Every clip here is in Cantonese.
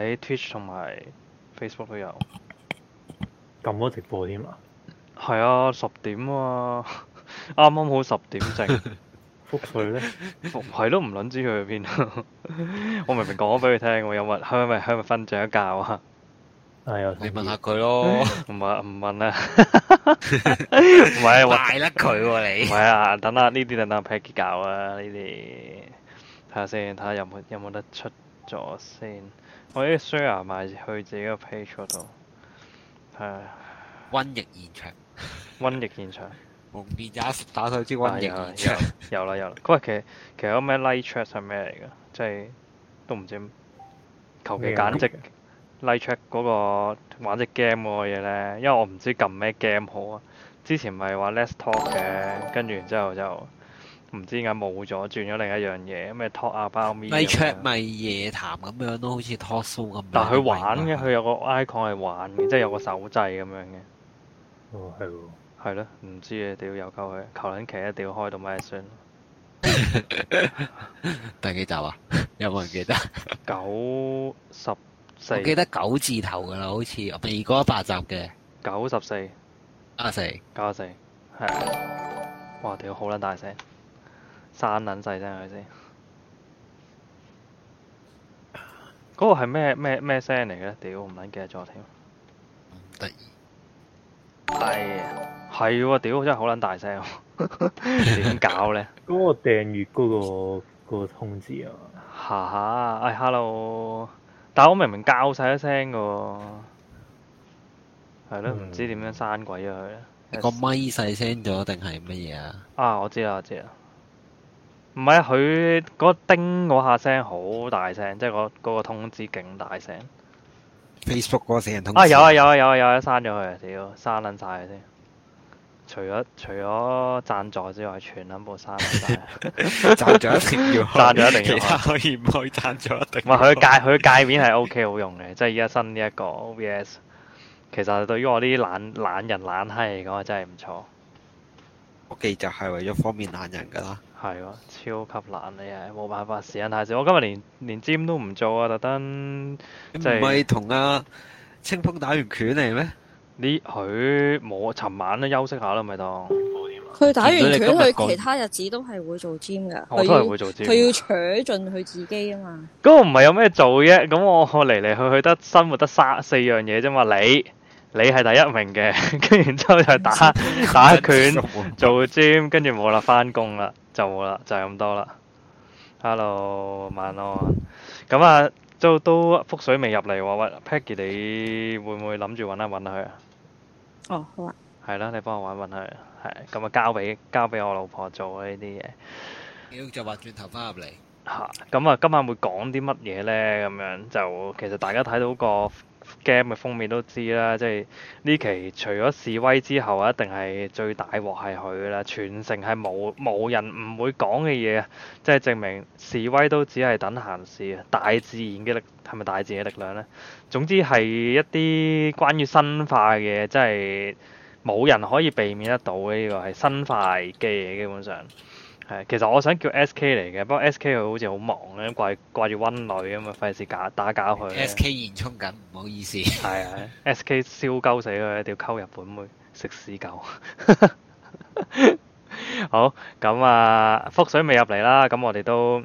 喺 Twitch 同埋 Facebook 都有咁多直播添啊！係啊，十點啊，啱 啱好十點正。福佢咧，福係 都唔撚知佢去邊。 我明明講咗俾佢聽，有咪係咪係咪瞓咗一覺啊？係啊，你問下佢咯。唔係唔問啊。唔係我賴得佢你。唔係啊，等下呢啲等下等 pack 教啊，呢啲睇下先，睇下有冇有冇得出咗先。.我啲 share 埋去自己個 page 度，係、uh, 瘟疫現場， 瘟疫現場，打打手之瘟、啊、 有啦有啦。不過其實其實咩 light chat 係咩嚟噶？即係都唔知，求其揀隻 light chat 嗰個玩隻 game 嗰個嘢咧，因為我唔知撳咩 game 好啊。之前咪話 let's talk 嘅，跟住然之後就。唔知點解冇咗，轉咗另一,一樣嘢，咩拖啊包咪，咪桌咪夜談咁樣咯，好似 talk show 咁。但係佢玩嘅，佢有個 icon 係玩嘅，即係有個手掣咁樣嘅。哦，係喎。係咯，唔知啊！屌有鳩佢，求撚其一定要，要開到咩算？第幾集啊？有冇人記得？九十四。我記得九字頭㗎啦，好似未夠一百集嘅。九十四。阿四。九十四。係。哇！屌，好撚大聲。閂捻細聲係咪先？嗰、嗰個係咩咩咩聲嚟嘅咧？屌唔捻記得咗添。得意、哎。係係喎，屌真係好捻大聲。點 搞咧？嗰、 嗰個訂閱嗰個個通知啊。吓吓、啊，哎，Hello！但係我明明教細一聲嘅。係咯、嗯，唔知點樣閂鬼咗佢咧。個咪細聲咗定係乜嘢啊？啊，我知啊，我知啊。唔係，佢嗰叮嗰下聲好大聲，即係嗰嗰個通知勁大聲。Facebook 嗰個成日通啊，有啊有啊有啊有啊，刪咗佢啊，屌刪捻晒佢先，除咗除咗贊助之外，全捻部刪晒。贊助 一定要，贊助 一定要，可以唔可以贊助一定？話佢界，佢界面係 OK 好用嘅，即係依家新呢一個 OBS，其實對於我啲懶懶人懶閪嚟講，真係唔錯。屋企、okay, 就係為咗方便懶人噶啦。係喎，超級難你係冇辦法，時間太少。我今日連連 gym 都唔做，即係、啊，特登即係唔係同阿清風打完拳嚟咩？你佢，冇，尋晚都休息下啦，咪當。佢、嗯、打完拳，佢天其他日子都係會做 gym 嘅。我都係會做 gym。佢要搶盡佢自己啊嘛。咁我唔係有咩做啫，咁我嚟嚟去去得生活得三四,四樣嘢啫嘛。你你係第一名嘅，跟 住然之後就打 打拳、做 gym，跟住冇啦，翻工啦。 就冇啦，就係咁多啦。Hello，晚安。咁啊，都都覆水未入嚟喎。喂，Peggy，你會唔會諗住搵一搵佢啊？哦，好啊。係啦，你幫我搵一搵佢，係咁啊，交俾交俾我老婆做呢啲嘢。就話轉頭翻入嚟。吓，咁啊，今晚會講啲乜嘢咧？咁樣就其實大家睇到個。game 嘅封面都知啦，即係呢期除咗示威之後，一定係最大鑊係佢啦。全城係冇冇人唔會講嘅嘢，即係證明示威都只係等閒事啊！大自然嘅力係咪大自然嘅力量咧？總之係一啲關於生化嘅嘢，即係冇人可以避免得到嘅呢個係生化危機基本上。係，其實我想叫 S.K. 嚟嘅，不過 S.K. 佢好似好忙咧，掛掛住温女咁啊，費事打打攪佢。S.K. 現充緊，唔好意思。係 啊，S.K. 燒鳩死佢，一定要溝日本妹食屎狗。 好，咁啊，福水未入嚟啦，咁我哋都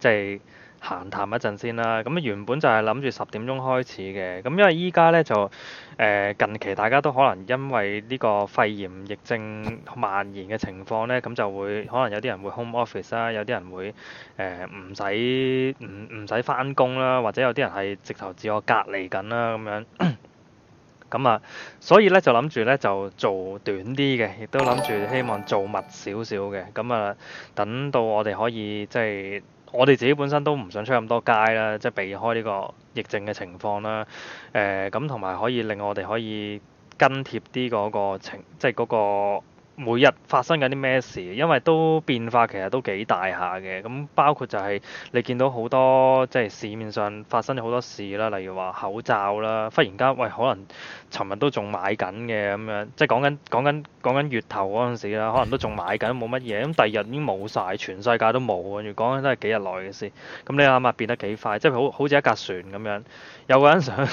即係。就是閒談一陣先啦，咁原本就係諗住十點鐘開始嘅，咁因為依家呢，就、呃、近期大家都可能因為呢個肺炎疫症蔓延嘅情況呢，咁就會可能有啲人會 home office 啦，有啲人會唔使唔唔使翻工啦，或者有啲人係直頭自我隔離緊啦咁樣。咁 啊，所以呢，就諗住呢，就做短啲嘅，亦都諗住希望做密少少嘅，咁啊等到我哋可以即係。我哋自己本身都唔想出咁多街啦，即係避開呢個疫症嘅情況啦。誒、呃，咁同埋可以令我哋可以跟貼啲嗰個情，即係、那、嗰個。每日發生緊啲咩事？因為都變化其實都幾大下嘅，咁包括就係你見到好多即係、就是、市面上發生咗好多事啦，例如話口罩啦，忽然間喂，可能尋日都仲買緊嘅咁樣，即係講緊講緊講緊月頭嗰陣時啦，可能都仲買緊冇乜嘢，咁第二日已經冇晒，全世界都冇，跟住講緊都係幾日內嘅事。咁你諗下變得幾快？即係好好似一架船咁樣，有個人想。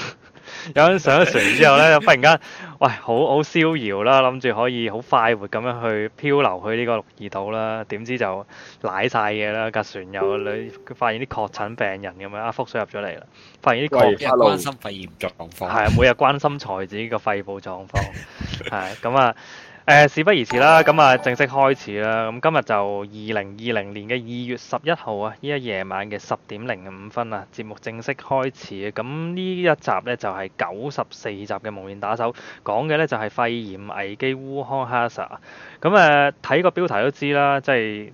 有人上咗船之後咧，忽然間喂，好好，好逍遙啦，諗住可以好快活咁樣去漂流去呢個鹿兒島啦。點知就瀨晒嘢啦，架船又你發現啲確診病人咁樣啊，福水入咗嚟啦。發現啲確診，啊、確診每日關心肺炎狀況，係 啊，每日關心財子個肺部狀況，係咁啊。誒，事不宜遲啦，咁啊，正式開始啦。咁今日就二零二零年嘅二月十一號啊，依家夜晚嘅十點零五分啊，節目正式開始。咁呢一集呢就係九十四集嘅蒙面打手，講嘅呢就係肺炎危機烏康哈薩。咁誒，睇個標題都知啦，即係一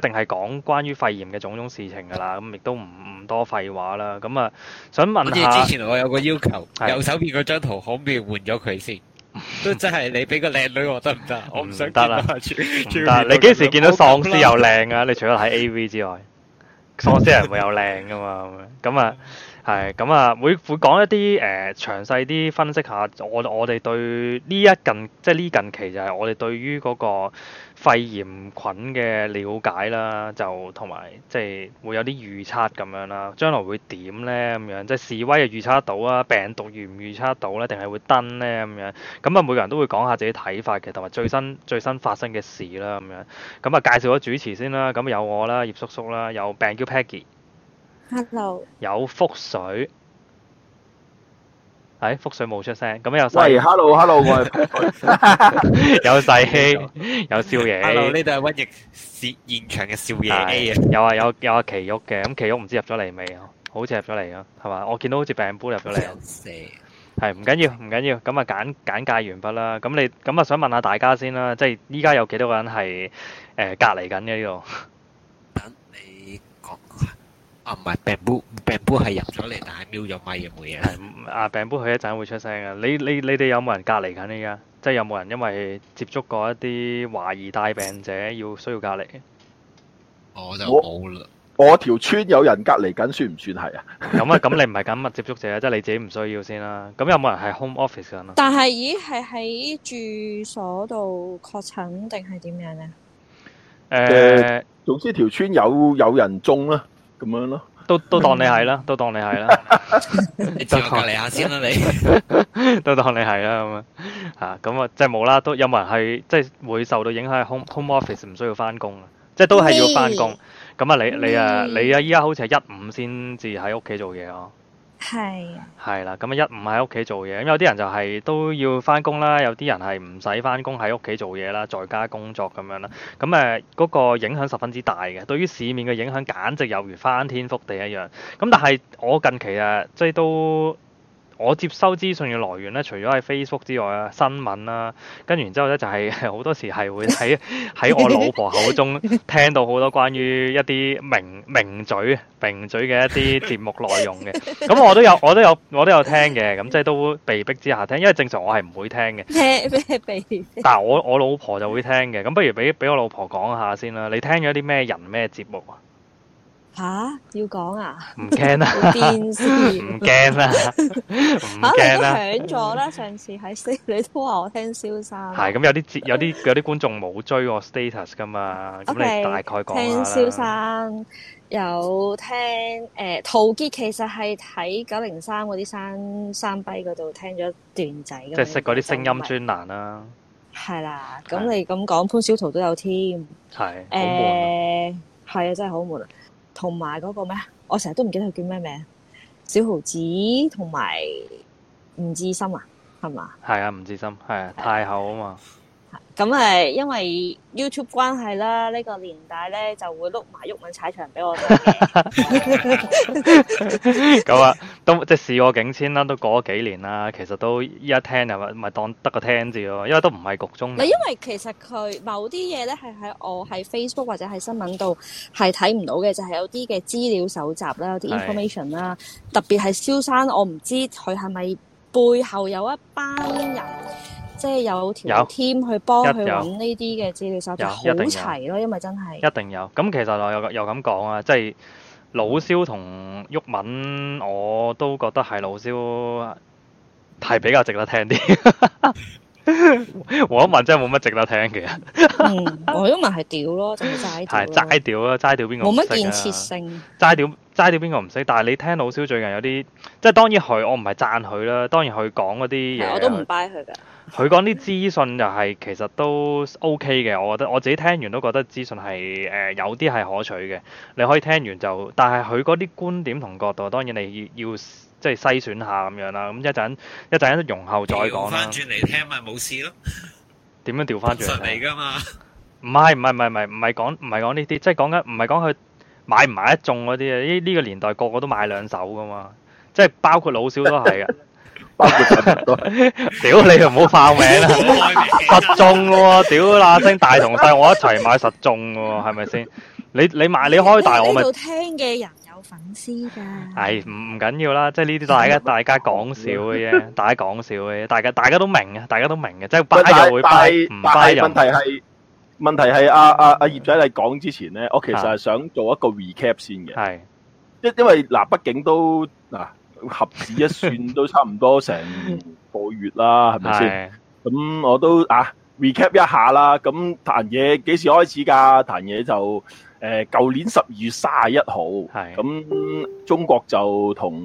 定係講關於肺炎嘅種種事情噶啦。咁亦都唔唔多廢話啦。咁啊，想問下，好似之前我有個要求，右手邊嗰張圖可唔可以換咗佢先？都真係你俾個靚女行行、嗯、我得唔得？我唔得啦！但係你幾時見到喪屍又靚啊？ 你除咗睇 AV 之外，喪屍係唔會又靚噶嘛？咁 啊，係咁啊，會會講一啲誒詳細啲分析下，我我哋對呢一近即係呢近期就係我哋對於嗰、那個。肺炎菌嘅了解啦，就同埋即係會有啲預測咁樣啦，將來會點咧咁樣，即係示威預測得到啊，病毒預唔預測得到咧，定係會登咧咁樣，咁啊每個人都會講下自己睇法嘅，同埋最新最新發生嘅事啦咁樣，咁啊介紹咗主持先啦，咁有我啦，葉叔叔啦，有病叫 Peggy，Hello，有福水。係福、哎、水冇出聲，咁又細。喂，Hello，Hello，我 Hello, 有細希，有少爺爺。呢度係瘟疫現現場嘅少爺 A 是 啊。有啊，有有、啊、阿奇玉嘅，咁、嗯、奇玉唔知入咗嚟未？好似入咗嚟啊，係嘛？我見到好似病煲入咗嚟。有蛇。 係，唔緊要，唔緊要。咁啊簡簡介完畢啦。咁你咁啊想問，問下大家先啦，即係依家有幾多個人係誒隔離緊嘅呢度？呃啊！唔係病煲，病煲係入咗嚟，但係瞄咗咪冇嘢。啊，病煲佢一陣會出聲啊。你你你哋有冇人隔離緊依家？即係有冇人因為接觸過一啲懷疑帶病者，要需要隔離？我就好啦。我條村有人隔離緊，算唔算係啊？咁啊，咁你唔係緊密接觸者，啊，即係你自己唔需要先啦、啊。咁有冇人喺 home office 緊啊？但係咦，係喺住所度確診定係點樣咧？誒、呃，總之條村有有人中啦、啊。咁樣咯，都都當你係啦，都當你係啦，你照隔離下先啦，你都當你係啦咁啊吓，咁、嗯、啊即係冇啦，都有冇人係即係會受到影響？home home office 唔需要翻工、嗯嗯、啊，即係都係要翻工，咁啊你你啊你啊依家好似係一五先至喺屋企做嘢哦。係，係啦，咁啊一唔喺屋企做嘢，咁有啲人就係都要翻工啦，有啲人係唔使翻工喺屋企做嘢啦，在家工作咁樣啦，咁誒嗰個影響十分之大嘅，對於市面嘅影響簡直有如翻天覆地一樣。咁但係我近期啊，即係都。我接收資訊嘅來源咧，除咗喺 Facebook 之外啊，新聞啦、啊，跟住之後咧就係、係、好多時係會喺喺我老婆口中聽到好多關於一啲名名嘴名嘴嘅一啲節目內容嘅。咁、 嗯、我都有我都有我都有聽嘅，咁、嗯、即係都被逼之下聽，因為正常我係唔會聽嘅。但係我我老婆就會聽嘅。咁不如俾俾我老婆講下先啦。你聽咗啲咩人咩節目啊？吓，要講啊？唔驚啦，電視唔驚啦，吓，你響咗啦！上次喺識你都話我聽蕭生，係咁有啲節，有啲有啲觀眾冇追我 status 噶嘛咁你大概講下啦。聽蕭生有聽誒，陶傑其實係喺九零三嗰啲山山陂，嗰度聽咗段仔，即係識嗰啲聲音專欄啦。係啦，咁你咁講潘小濤都有添，係誒，係啊，真係好悶啊！同埋嗰個咩？我成日都唔記得佢叫咩名，小豪子同埋吳志森啊，係的嘛？係啊，吳志森係啊，太后啊嘛。咁係因為 YouTube 關係啦，呢、這個年代咧就會碌埋郁文踩場俾我哋。咁啊，都即係事過境遷啦，都過咗幾年啦，其實都依家聽又咪咪當得個聽字咯，因為都唔係局中。你 因為其實佢某啲嘢咧係喺我喺 Facebook 或者喺新聞度係睇唔到嘅，就係、是、有啲嘅資料搜集啦，有啲 information 啦、啊， 特別係蕭生，我唔知佢係咪背後有一班人。即係有條 team 去幫佢揾呢啲嘅資料搜集，好齊咯。因為真係一定有。咁其實我又咁講啊，即係、就是、老蕭同郁文我都覺得係老蕭係比較值得聽啲。我郁文真係冇乜值得聽嘅、嗯。我郁文係屌咯，真係齋屌。係齋屌啦，齋屌邊個？冇乜建設性。齋屌齋屌邊個唔識？但係你聽老蕭最近有啲，即係當然佢，我唔係讚佢啦。當然佢講嗰啲嘢，我都唔 buy 佢噶。佢講啲資訊就係其實都 O K 嘅，我覺得我自己聽完都覺得資訊係誒有啲係可取嘅。你可以聽完就，但係佢嗰啲觀點同角度，當然你要要即係篩選下咁樣啦。咁一陣一陣容後再講啦。翻轉嚟聽咪冇事咯。點樣調翻轉嚟噶嘛？唔係唔係唔係唔係講唔係講呢啲，即係講緊唔係講佢買唔買得中嗰啲啊？呢、呢、呢個年代個個都買兩手噶嘛，即係包括老少都係嘅。屌你又唔好化名啊！實中喎，屌！嗱，聲大同細，我一齊買實中喎，係咪先？你你買你開大我咪？聽嘅人有粉絲噶。係唔唔緊要啦，即係呢啲大家大家講笑嘅啫，大家講笑嘅，大家大家都明嘅，大家都明嘅，即係 buy 又會 buy，唔 buy 又。問題係，問題係阿阿阿葉仔你講之前咧，我其實係想做一個 recap 先嘅，係，因因為嗱，畢竟都嗱。 合指一算都差唔多成個月啦，係咪先？咁 我都啊 recap 一下啦。咁單嘢幾時開始㗎？單嘢就誒，舊、呃、年十二月三十一號。係咁、 嗯，中國就同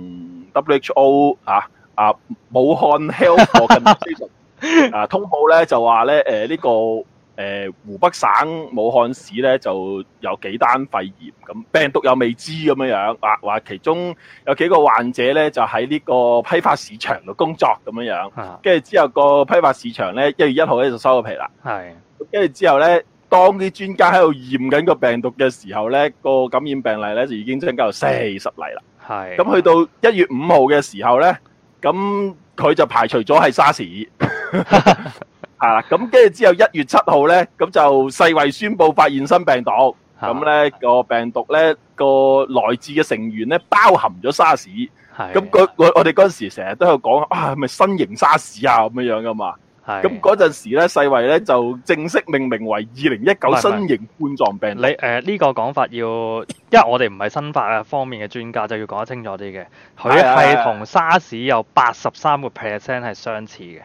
WHO 啊啊武漢 Health 啊通報咧，就話咧誒呢、呃這個。誒、呃，湖北省武漢市咧就有幾單肺炎，咁病毒又未知咁樣樣，話話其中有幾個患者咧就喺呢個批發市場度工作咁樣樣。跟住之後個批發市場咧一月一號咧就收咗皮啦，係。跟住之後咧當啲專家喺度驗緊個病毒嘅時候咧，個感染病例咧就已經增加到四十例啦，係。咁去到一月五號嘅時候咧，咁佢就排除咗係沙士。咁跟住之後一月七號呢，咁就世衛宣布發現新病毒，咁呢的個病毒呢，個來自嘅成員咧包含咗沙士。咁、那個、的我哋嗰陣時成日都有講啊，係咪新型沙士 r 啊咁樣樣噶嘛，咁嗰陣時呢，世衛呢就正式命名為二零一九新型冠狀病毒。你呢、呃這個講法要，因為我哋唔係新法啊方面嘅專家，就要講得清楚啲嘅，佢係同沙士有八十三個 percent 係相似嘅。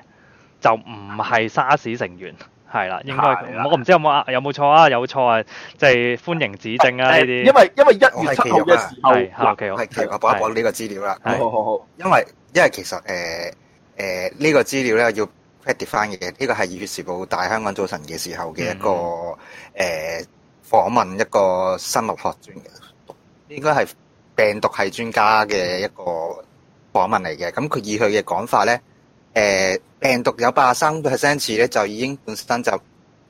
就唔係沙士成員，係啦，應該的我唔知有冇有冇錯啊？有錯啊？即、就、係、是、歡迎指正啊！呢啲因為因為一月七號嘅時候，係其實我補、啊 okay, 的一補呢個資料啦。的好好好，因為因為其實誒誒呢個資料咧要 verify 翻嘅，呢、這個係《二月時報》大香港早晨嘅時候嘅一個誒訪、嗯呃、問一個生物學專，應該係病毒係專家嘅一個訪問嚟嘅。咁佢以佢嘅講法咧。誒，病毒有八十三 percent 似咧，就已經本身就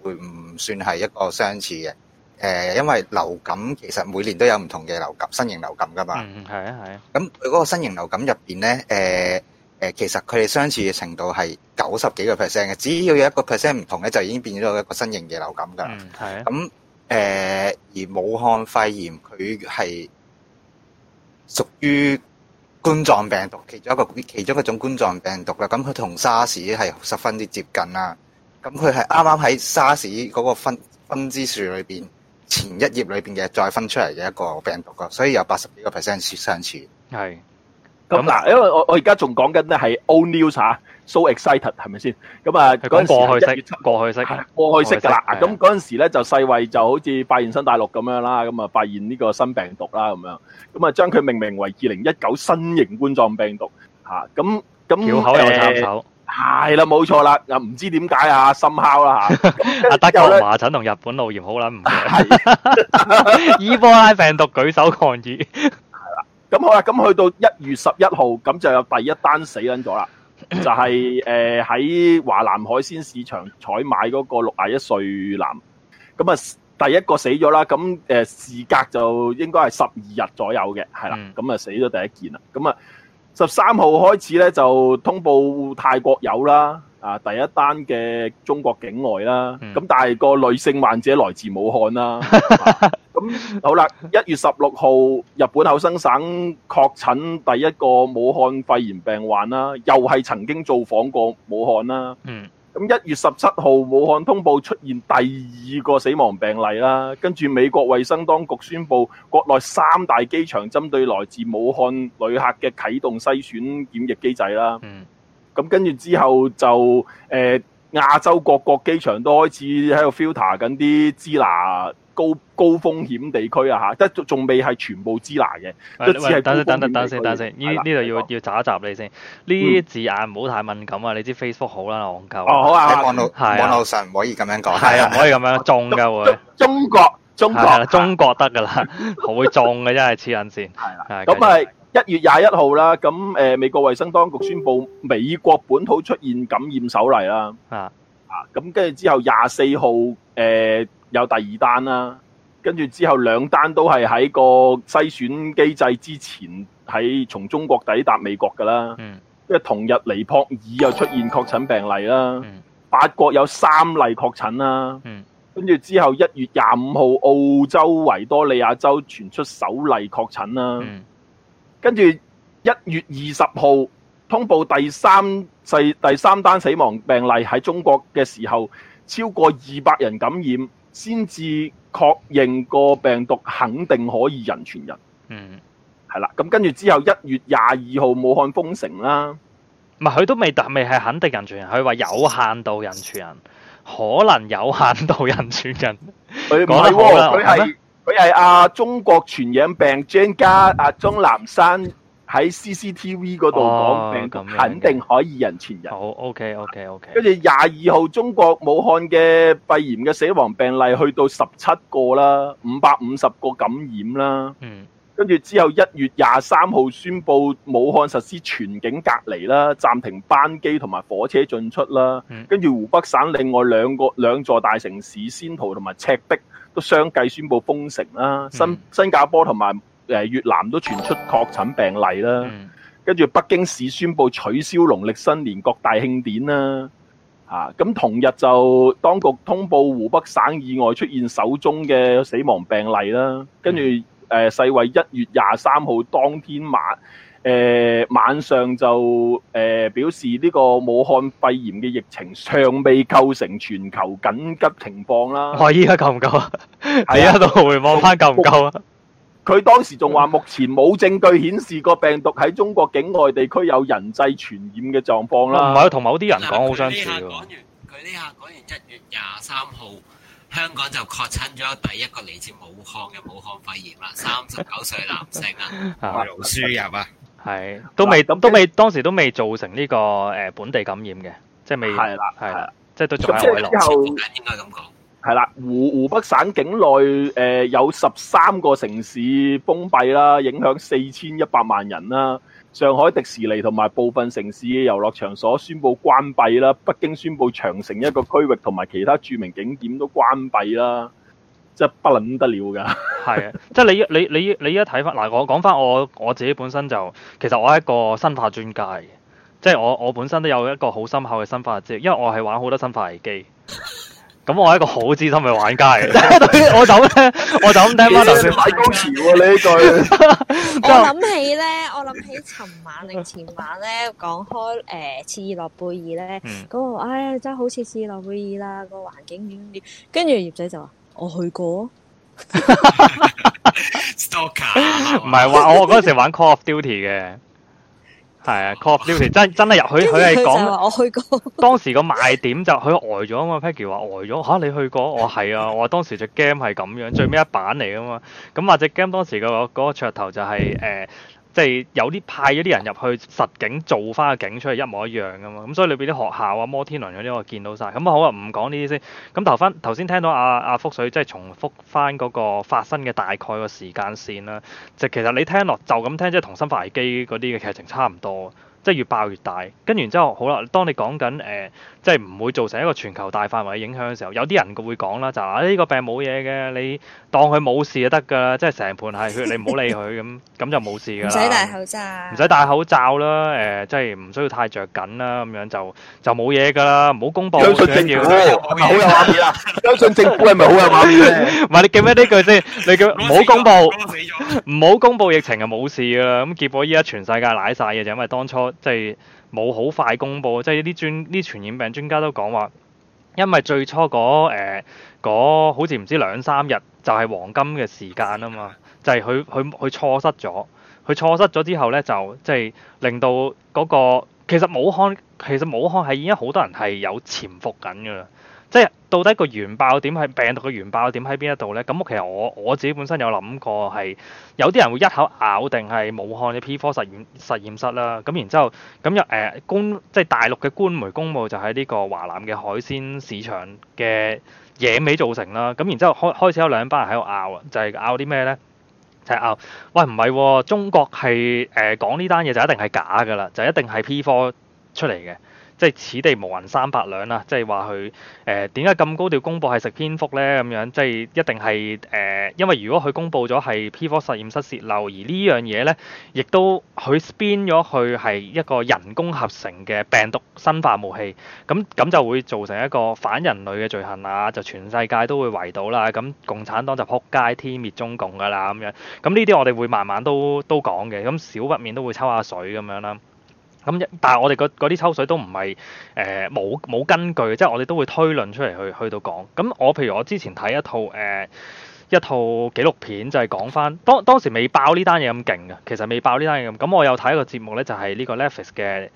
會唔算係一個相似嘅。誒，因為流感其實每年都有唔同嘅流感，新型流感噶嘛。嗯，係啊，係啊。咁佢嗰個新型流感入邊咧，誒，誒，其實佢哋相似嘅程度係九十幾個 percent 嘅。只要有一個 percent 唔同咧，就已經變咗一個新型嘅流感噶啦。嗯，係啊。咁，誒，而武漢肺炎佢係屬於。冠狀病毒，其中一個，其中一種冠狀病毒啦，咁佢同沙士係十分之接近啦，咁佢係啱啱喺沙士嗰個分分支樹裏邊，前一頁裏邊嘅再分出嚟嘅一個病毒咯，所以有八十幾個 percent 相似。係。咁嗱，因為我我而家仲講緊咧係 old news 啊，so excited 係咪先？咁啊，嗰陣時係越出過去式，過去式，過去式啦。咁嗰陣時咧就世衛就好似發現新大陸咁樣啦，咁啊發現呢個新病毒啦咁樣，咁啊將佢命名為二零一九新型冠狀病毒。吓，咁咁，口又插手，係啦，冇錯啦，又唔知點解啊，somehow 啦吓，阿德國麻疹同日本腦炎好啦，唔係，伊波拉病毒舉手抗議。咁好啦，咁去到一月十一號，咁就有第一單死撚咗啦，就係誒喺華南海鮮市場採買嗰個六十一歲男，咁啊第一個死咗啦，咁誒時隔就應該係十二日左右嘅，係啦，咁啊死咗第一件啦，咁啊十三號開始咧就通報泰國有啦。啊！第一單嘅中國境外啦，咁、嗯、但係個女性患者來自武漢啦。咁、 啊、好啦，一月十六號，日本厚生省確診第一個武漢肺炎病患啦，又係曾經造訪過武漢啦。嗯。咁一月十七號，武漢通報出現第二個死亡病例啦，跟住美國衛生當局宣布國內三大機場針對來自武漢旅客嘅啟動篩選檢疫機制啦。嗯。咁跟住之後就誒、呃、亞洲各國機場都開始喺度 filter 緊啲支那高高風險地區啊吓，得仲未係全部支那嘅，只係部分等一等，等一等先，等先，呢呢度要、嗯、要集一集你先。呢啲字眼唔好太敏感啊！你知 Facebook 好啦，網購。嗯、哦，好啊。係啊，網路上唔可以咁樣講。係啊，唔、啊、可以咁樣，中噶會。中國，中國，中國得噶啦，好、 啊、中嘅真係黐緊線。係啦，咁係。一言一月廿一號啦，咁、呃、誒，美國衛生當局宣布美國本土出現感染首例啦。啊咁跟住之後廿四號，誒、呃，有第二單啦，跟住之後兩單都係喺個篩選機制之前，喺從中國抵達美國噶啦。嗯，即係同日尼泊爾又出現確診病例啦。嗯，法國有三例確診啦。嗯，跟住之後一月廿五號，澳洲維多利亞州傳出首例確診啦。嗯跟住一月二十號通報第三世第三單死亡病例喺中國嘅時候，超過二百人感染，先至確認個病毒肯定可以人傳人。嗯，係啦。咁跟住之後一月廿二號武漢封城啦。唔係，佢都未，但未係肯定人傳人，佢話有限度人傳人，可能有限度人傳人。佢唔係喎，佢係 是。吧佢係阿中國傳染病專家阿鍾南山喺 CCTV 嗰度講，病毒肯定可以人傳人。哦。好 OK OK OK。跟住廿二號，中國武漢嘅肺炎嘅死亡病例去到十七個啦，五百五十個感染啦。嗯。跟住之後，一月廿三號宣布武漢實施全境隔離啦，暫停班機同埋火車進出啦。跟住、嗯、湖北省另外兩個兩座大城市仙桃同埋赤壁都相繼宣布封城啦。嗯、新新加坡同埋誒越南都傳出確診病例啦。跟住、嗯、北京市宣布取消農曆新年各大慶典啦。嚇、啊！咁、嗯、同日就當局通報湖北省以外出現首宗嘅死亡病例啦。跟住誒、呃，世衛一月廿三號當天晚，誒、呃、晚上就誒、呃、表示呢個武漢肺炎嘅疫情尚未構成全球緊急情況啦。我依家夠唔夠啊？係啊，哇 都回望翻夠唔夠啊？佢、嗯呃、當時仲話目前冇證據顯示個病毒喺中國境外地區有人際傳染嘅狀況啦。唔係，同某啲人講好相似。講完佢呢下講完一月廿三號。香港就確診咗第一個嚟自武漢嘅武漢肺炎啦，三十九歲男性啊，外勞輸 入啊， 係都未都都未當時都未造成呢個誒本地感染嘅，就是，即係未係啦係啦，即係都仲係外勞。之後應該咁講係啦，湖湖北省境內誒、呃、有十三個城市封閉啦，影響四千一百萬人啦、啊。上海迪士尼同埋部分城市嘅遊樂場所宣布關閉啦，北京宣布長城一個區域同埋其他著名景點都關閉的 啦，真係不撚得了㗎。係啊，即係你依你你你依家睇翻嗱，我講翻我我自己本身就其實我係一個生化專家，即係我我本身都有一個好深厚嘅生化知識，因為我係玩好多生化危機。 咁我係一個好資深嘅玩家嚟，嘅。我就咧，我就諗翻頭先，米高橋呢句，我諗起咧，我諗起尋晚定前晚咧講開誒，切爾諾貝爾咧，咁我唉真好似切爾諾貝爾啦，個環境點點，跟住葉仔就話我去過 Stalker，唔係話我嗰陣時玩 Call of Duty 嘅。係啊，Cooper 真真係入去佢係講， 當時個賣點就佢呆咗啊嘛，Peggy 話呆咗，吓你去過？我係啊，我 當時隻 game 係咁樣，最尾一版嚟啊嘛，咁話隻 game 當時、個嗰個噱頭就係、係、誒。呃即係有啲派一啲人入去實景做翻個景出嚟一模一樣㗎嘛，咁所以裏邊啲學校啊、摩天輪嗰啲我見到晒。咁啊好啊唔講呢啲先。咁頭先頭先聽到阿、啊、阿、啊、福水即係重複翻嗰個發生嘅大概個時間線啦，就其實你聽落就咁聽，即係同《生化危機》嗰啲嘅劇情差唔多，即係越爆越大。跟住之後好啦，當你講緊誒。呃即係唔會造成一個全球大範圍嘅影響嘅時候，有啲人會講啦，就話呢個病冇嘢嘅，你當佢冇事就得噶啦，即係成盤係血，你唔好理佢咁，咁就冇事噶啦。唔使戴口罩，唔使戴口罩啦，誒，即係唔需要太着緊啦，咁樣就就冇嘢噶啦，唔好公布。相信政府，好有話俾啦。相信政府係咪好有話俾咧？唔係你記咩呢句先？你叫唔好公布，唔好公布疫情啊，冇事噶啦。咁結果依家全世界瀨晒嘅，就因為當初即係。冇好快公布，即係啲專啲傳染病專家都講話，因為最初嗰、呃、好似唔知兩三日就係黃金嘅時間啊嘛，就係佢佢佢錯失咗，佢錯失咗之後咧就即係令到嗰個其實武漢其實武漢係已經好多人係有潛伏緊㗎啦。到底個原爆點係病毒嘅原爆點喺邊一度呢？咁其實我我自己本身有諗過係有啲人會一口咬定係武漢嘅 P4 實驗實驗室啦。咁然之後咁有誒公即係大陸嘅官媒公佈就喺呢個華南嘅海鮮市場嘅野味造成啦。咁然之後開開始有兩班人喺度拗就係拗啲咩呢？就係、是、拗喂唔係、啊、中國係誒講呢單嘢就一定係假㗎啦，就一定係 P4 出嚟嘅。即係此地無銀三百兩啦，即係話佢誒點解咁高調公佈係食蝙蝠咧咁樣，即係一定係誒、呃，因為如果佢公佈咗係 P4 實驗室泄漏，漏，而呢樣嘢咧，亦都佢 spin 咗去係一個人工合成嘅病毒生化武器，咁咁就會造成一個反人類嘅罪行啦，就全世界都會圍堵啦，咁共產黨就撲街天滅中共㗎啦咁樣，咁呢啲我哋會慢慢都都講嘅，咁少不免都會抽下水咁樣啦。咁，但係我哋嗰啲抽水都唔係誒冇冇根據，即係我哋都會推論出嚟去去到講。咁我譬如我之前睇一套誒、呃、一套紀錄片就，就係講返當當時未爆呢單嘢咁勁嘅，其實未爆呢單嘢咁。咁我有睇一個節目咧，就係、是、呢個 Netflix 嘅。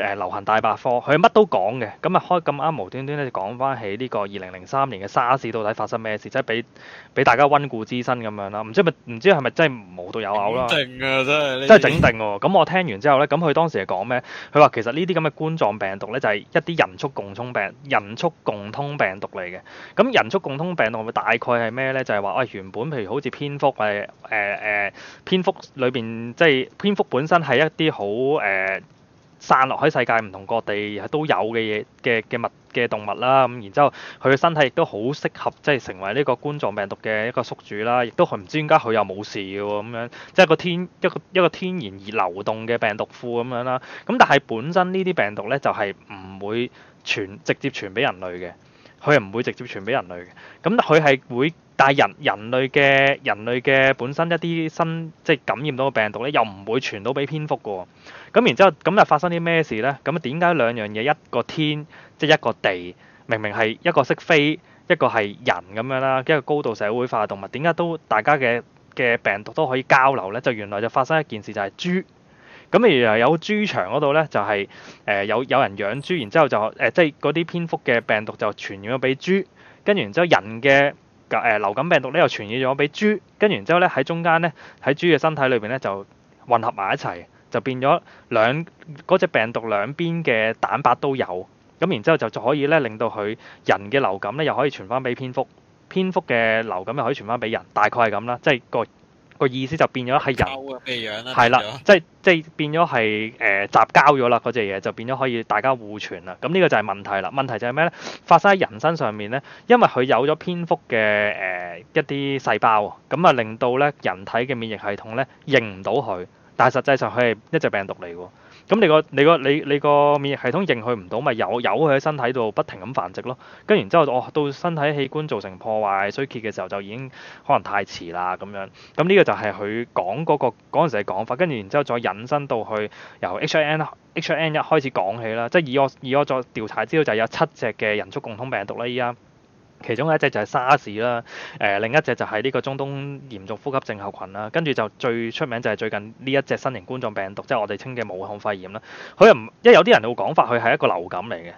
流行大百科，佢乜都講嘅，咁啊開咁啱無端端咧就講翻起呢個二零零三年嘅沙士到底發生咩事？即係俾俾大家溫故知新咁樣啦。唔知咪唔知係咪真係無獨有偶啦？定啊，真係整定喎、啊。咁 我聽完之後呢，咁佢當時係講咩？佢話其實呢啲咁嘅冠狀病毒呢，就係一啲人畜共通病、人畜共通病毒嚟嘅。咁人畜共通病毒咪大概係咩呢？就係話，我原本譬如好似蝙蝠或者誒蝙蝠裏邊，即係蝙蝠本身係一啲好誒。呃散落喺世界唔同各地都有嘅嘢嘅嘅物嘅動物啦，咁然之後，佢嘅身體亦都好適合即係成為呢個冠狀病毒嘅一個宿主啦，亦都佢唔知點解佢又冇事嘅咁樣，即係個天一個一個天然而流動嘅病毒庫咁樣啦。咁但係本身呢啲病毒咧就係、是、唔會傳直接傳俾人類嘅，佢唔會直接傳俾人類嘅，咁佢係會。但人人類嘅人類嘅本身一啲新即係感染到嘅病毒咧，又唔會傳到俾蝙蝠㗎喎。咁然之後咁就發生啲咩事咧？咁啊點解兩樣嘢一個天即係、就是、一個地，明明係一個識飛，一個係人咁樣啦，一個高度社會化動物，點解都大家嘅嘅病毒都可以交流咧？就原來就發生一件事就係豬咁，原來有豬場嗰度咧就係、是、誒、呃、有有人養豬，然之後就誒即係嗰啲蝙蝠嘅病毒就傳染咗俾豬，跟住之後人嘅，嘅誒流感病毒咧又傳染咗俾豬，跟完之後咧喺中間咧喺豬嘅身體裏邊咧就混合埋一齊，就變咗兩嗰隻、那個、病毒兩邊嘅蛋白都有，咁然之後就就可以咧令到佢人嘅流感咧又可以傳翻俾蝙蝠，蝙蝠嘅流感又可以傳翻俾人，大概係咁啦，即係個。個意思就變咗係人，係啦，即係即係變咗係誒雜交咗啦，嗰隻嘢就變咗可以大家互傳啦。咁呢個就係問題啦。問題就係咩咧？發生喺人身上面咧，因為佢有咗蝙蝠嘅誒、呃、一啲細胞，咁啊令到咧人體嘅免疫系統咧認唔到佢，但係實際上佢係一隻病毒嚟㗎。咁你個你個你你個免疫系統認佢唔到，咪有有佢喺身體度不停咁繁殖咯，跟然之後哦到身體器官造成破壞衰竭嘅時候，就已經可能太遲啦咁樣。咁、這、呢個就係佢講嗰個嗰、那個、時嘅講法，跟住然之後再引申到去由 H1N1 H1N1 一開始講起啦，即係以我以我作調查知道就有七隻嘅人畜共通病毒啦依家。其中一隻就係沙士啦，誒另一隻就係呢個中東嚴重呼吸症候群啦，跟住就最出名就係最近呢一隻新型冠狀病毒，即係我哋稱嘅武漢肺炎啦。佢又唔，因為有啲人會講法，佢係一個流感嚟嘅。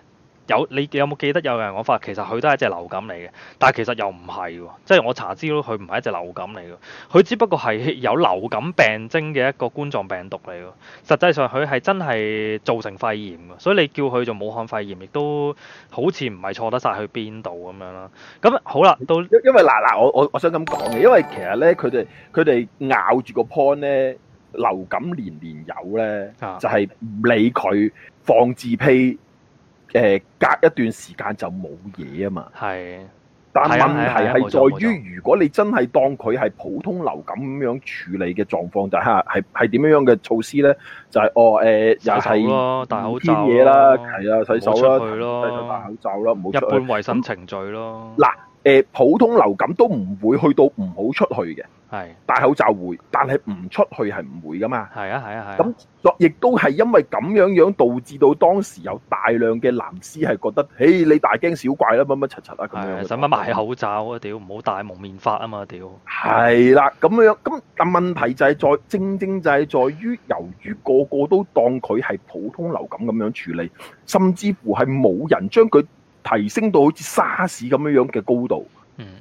有你有冇記得有人講法？其實佢都係一隻流感嚟嘅，但係其實又唔係喎，即係我查資料，佢唔係一隻流感嚟嘅，佢只不過係有流感病徵嘅一個冠狀病毒嚟嘅。實際上佢係真係造成肺炎嘅，所以你叫佢做武漢肺炎，亦都好似唔係錯得晒去邊度咁樣啦。咁好啦，到因因為嗱嗱，我我我想咁講嘅，因為其實咧，佢哋佢哋咬住個 point 咧，流感年年有咧，就係、是、唔理佢放自屁。誒隔一段時間就冇嘢啊嘛，係是。但問題係、啊啊啊、在於、啊，啊、如果你真係當佢係普通流感咁樣處理嘅狀況，就係係係點樣樣嘅措施咧？就係、是、哦誒，又係戴口罩嘢啦，係啦、啊，洗手啦，戴口罩啦，唔冇一般衞生程序咯。嗱誒、呃，普通流感都唔會去到唔好出去嘅。係戴口罩會，但係唔出去係唔會噶嘛。係啊係啊係。咁、啊、亦都係因為咁樣樣導致到當時有大量嘅藍絲係覺得，誒，你大驚小怪啦，乜乜柒柒啦咁樣。使乜買口罩啊屌，唔好戴蒙面法啊嘛屌。係啦，咁、啊、樣咁但問題就係在正正就係在於，由於個個都當佢係普通流感咁樣處理，甚至乎係冇人將佢提升到好似沙士咁樣樣嘅高度。